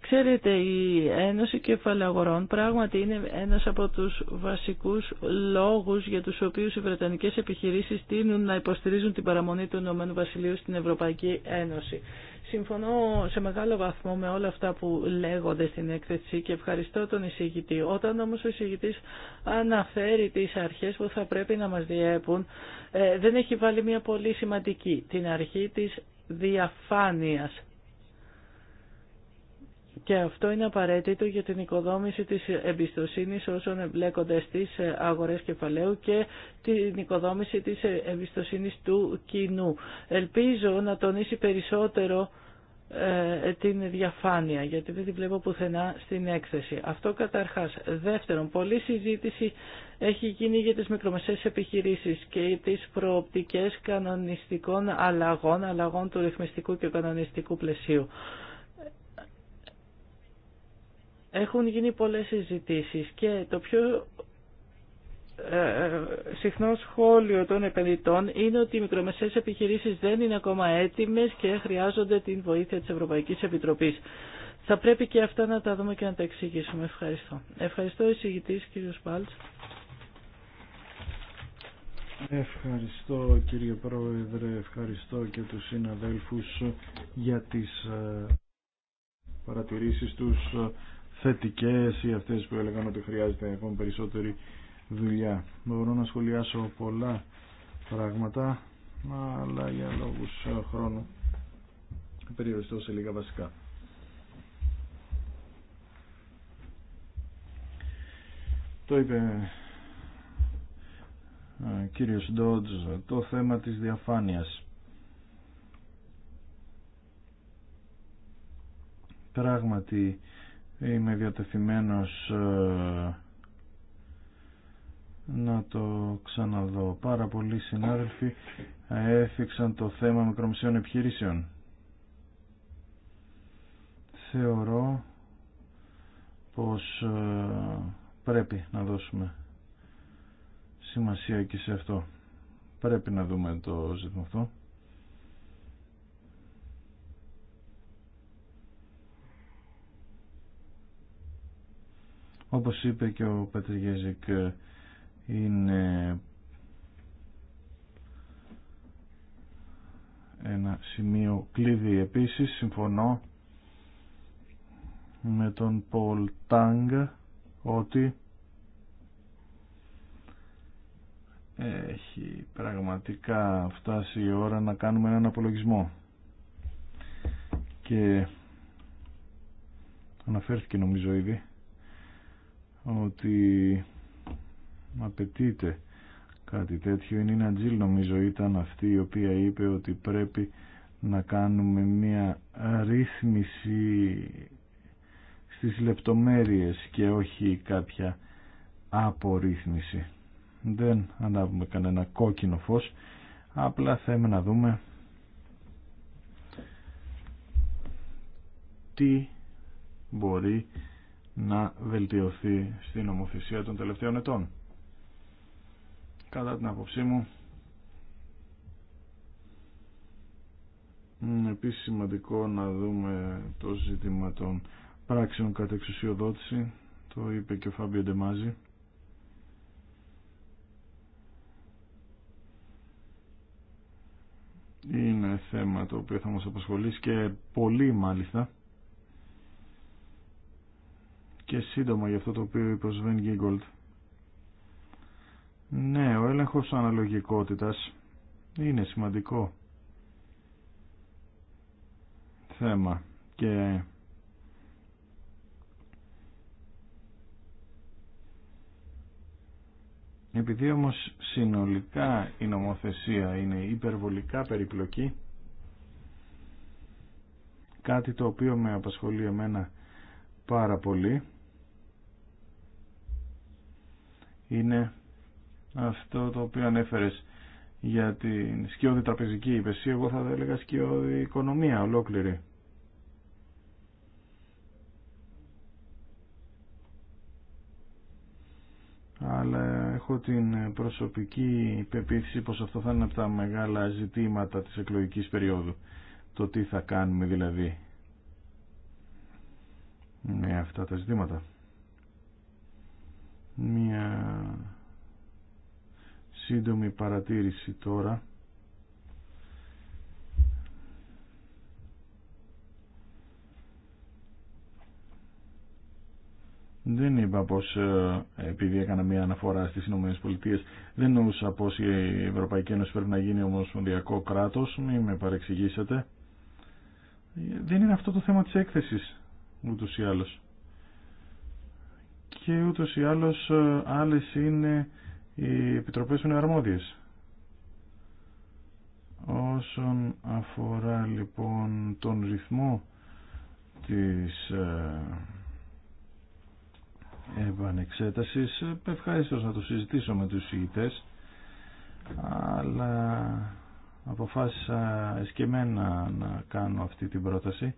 Ξέρετε, η Ένωση Κεφαλαγορών πράγματι είναι ένας από τους βασικούς λόγους για τους οποίους οι Βρετανικές επιχειρήσεις τείνουν να υποστηρίζουν την παραμονή του Ηνωμένου Βασιλείου στην Ευρωπαϊκή Ένωση. Συμφωνώ σε μεγάλο βαθμό με όλα αυτά που λέγονται στην έκθεση και ευχαριστώ τον εισηγητή. Όταν όμως ο εισηγητής αναφέρει τις αρχές που θα πρέπει να μας διέπουν, ε, δεν έχει βάλει μια πολύ σημαντική, την αρχή της διαφάνειας και αυτό είναι απαραίτητο για την οικοδόμηση της εμπιστοσύνης όσων εμπλέκονται στις αγορές κεφαλαίου και την οικοδόμηση της εμπιστοσύνης του κοινού. Ελπίζω να τονίσει περισσότερο ε, την διαφάνεια, γιατί δεν την βλέπω πουθενά στην έκθεση. Αυτό καταρχάς. Δεύτερον, πολλή συζήτηση έχει γίνει για τις μικρομεσαίες επιχειρήσεις και τις προοπτικές κανονιστικών αλλαγών, αλλαγών του ρυθμιστικού και κανονιστικού πλαισίου. Έχουν γίνει πολλές συζητήσεις και το πιο ε, ε, συχνό σχόλιο των επενδυτών είναι ότι οι μικρομεσαίες επιχειρήσεις δεν είναι ακόμα έτοιμες και χρειάζονται την βοήθεια της Ευρωπαϊκής Επιτροπής. Θα πρέπει και αυτά να τα δούμε και να τα εξηγήσουμε. Ευχαριστώ. Ευχαριστώ εισηγητής κύριος Πάλτς. Ευχαριστώ κύριε Πρόεδρε, ευχαριστώ και τους συναδέλφους για τις ε, παρατηρήσεις τους θετικές ή αυτές που έλεγαν ότι χρειάζεται ακόμη περισσότερη δουλειά. Μπορώ να σχολιάσω πολλά πράγματα, αλλά για λόγους χρόνου περιοριστώ σε λίγα βασικά. Το είπε ο κύριος Ντότζ, το θέμα της διαφάνειας. Πράγματι, Είμαι διατεθειμένος ε, να το ξαναδώ. Πάρα πολλοί συνάδελφοι έφυξαν το θέμα μικρομεσαίων επιχειρήσεων. Θεωρώ πως ε, πρέπει να δώσουμε σημασία και σε αυτό. Πρέπει να δούμε το ζήτημα αυτό. Όπως είπε και ο Πέτριγέζικ είναι ένα σημείο κλειδί. Επίσης, συμφωνώ με τον Πολ Τάγκ ότι έχει πραγματικά φτάσει η ώρα να κάνουμε έναν απολογισμό και αναφέρθηκε νομίζω ήδη ότι απαιτείται κάτι τέτοιο. Είναι η Τζιλ νομίζω ήταν αυτή η οποία είπε ότι πρέπει να κάνουμε μια ρύθμιση στις λεπτομέρειες και όχι κάποια απορρίθμιση. Δεν ανάβουμε κανένα κόκκινο φως, απλά θέλουμε να δούμε τι μπορεί να βελτιωθεί στην νομοθεσία των τελευταίων ετών. Κατά την άποψή μου, είναι επίσης σημαντικό να δούμε το ζήτημα των πράξεων κατά εξουσιοδότηση, το είπε και ο Φάμπιο Ντεμάζη. Είναι θέμα το οποίο θα μας απασχολήσει και πολύ μάλιστα και σύντομα για αυτό το οποίο είπε ο Σβέν Γίγκολτ. Ναι, ο έλεγχος αναλογικότητας είναι σημαντικό θέμα και επειδή όμως συνολικά η νομοθεσία είναι υπερβολικά περιπλοκή κάτι το οποίο με απασχολεί εμένα πάρα πολύ είναι αυτό το οποίο ανέφερες για την σκιώδη τραπεζική υπεσία, εγώ θα έλεγα σκιώδη οικονομία ολόκληρη. αλλά έχω την προσωπική πεποίθηση πως αυτό θα είναι από τα μεγάλα ζητήματα της εκλογικής περίοδου. Το τι θα κάνουμε δηλαδή με αυτά τα ζητήματα μια σύντομη παρατήρηση τώρα Δεν είπα πως ε, επειδή έκανα μια αναφορά στις ΗΠΑ δεν νοούσα πως η Ευρωπαϊκή Ένωση πρέπει να γίνει ομοσπονδιακό κράτος μην με παρεξηγήσετε ε, δεν είναι αυτό το θέμα της έκθεσης ούτως ή άλλως και ούτως ή άλλως ε, άλλες είναι οι επιτροπές που είναι αρμόδιες. Όσον αφορά λοιπόν τον ρυθμό της ε, επανεξέτασης, ε, ευχαριστώ να το συζητήσω με τους ηγητές, αλλά αποφάσισα εσκεμένα να κάνω αυτή την πρόταση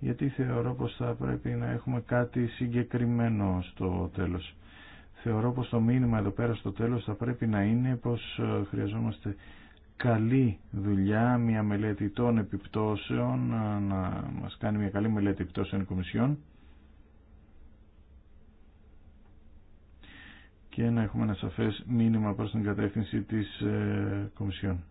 γιατί θεωρώ πως θα πρέπει να έχουμε κάτι συγκεκριμένο στο τέλος. Θεωρώ πως το μήνυμα εδώ πέρα στο τέλος θα πρέπει να είναι πως ε, χρειαζόμαστε καλή δουλειά, μια μελέτη των επιπτώσεων, ε, να μας κάνει μια καλή μελέτη επιπτώσεων κομισιών και να έχουμε ένα σαφές μήνυμα προς την κατεύθυνση της ε, κομισιών.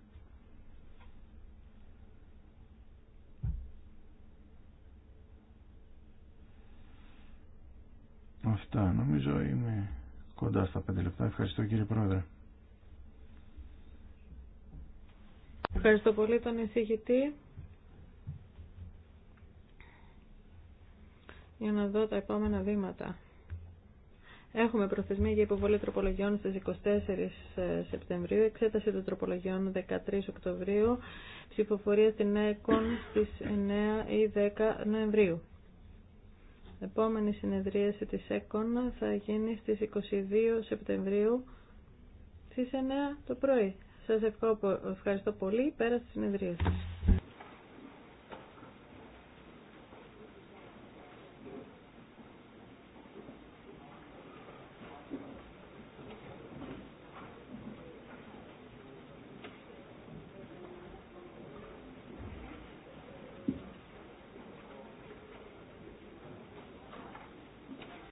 Αυτά νομίζω είμαι κοντά στα 5 λεπτά. Ευχαριστώ κύριε Πρόεδρε. Ευχαριστώ πολύ τον εισηγητή. Για να δω τα επόμενα βήματα. Έχουμε προθεσμία για υποβολή τροπολογιών στις 24 ε, Σεπτεμβρίου, εξέταση των τροπολογιών 13 Οκτωβρίου, ψηφοφορία στην ΕΚΟΝ στις 9 ή 10 Νοεμβρίου. Επόμενη συνεδρίαση της ΕΚΟΝ θα γίνει στις 22 Σεπτεμβρίου στις 9 το πρωί. Σας ευχαριστώ πολύ. Πέρα στη συνεδρίαση.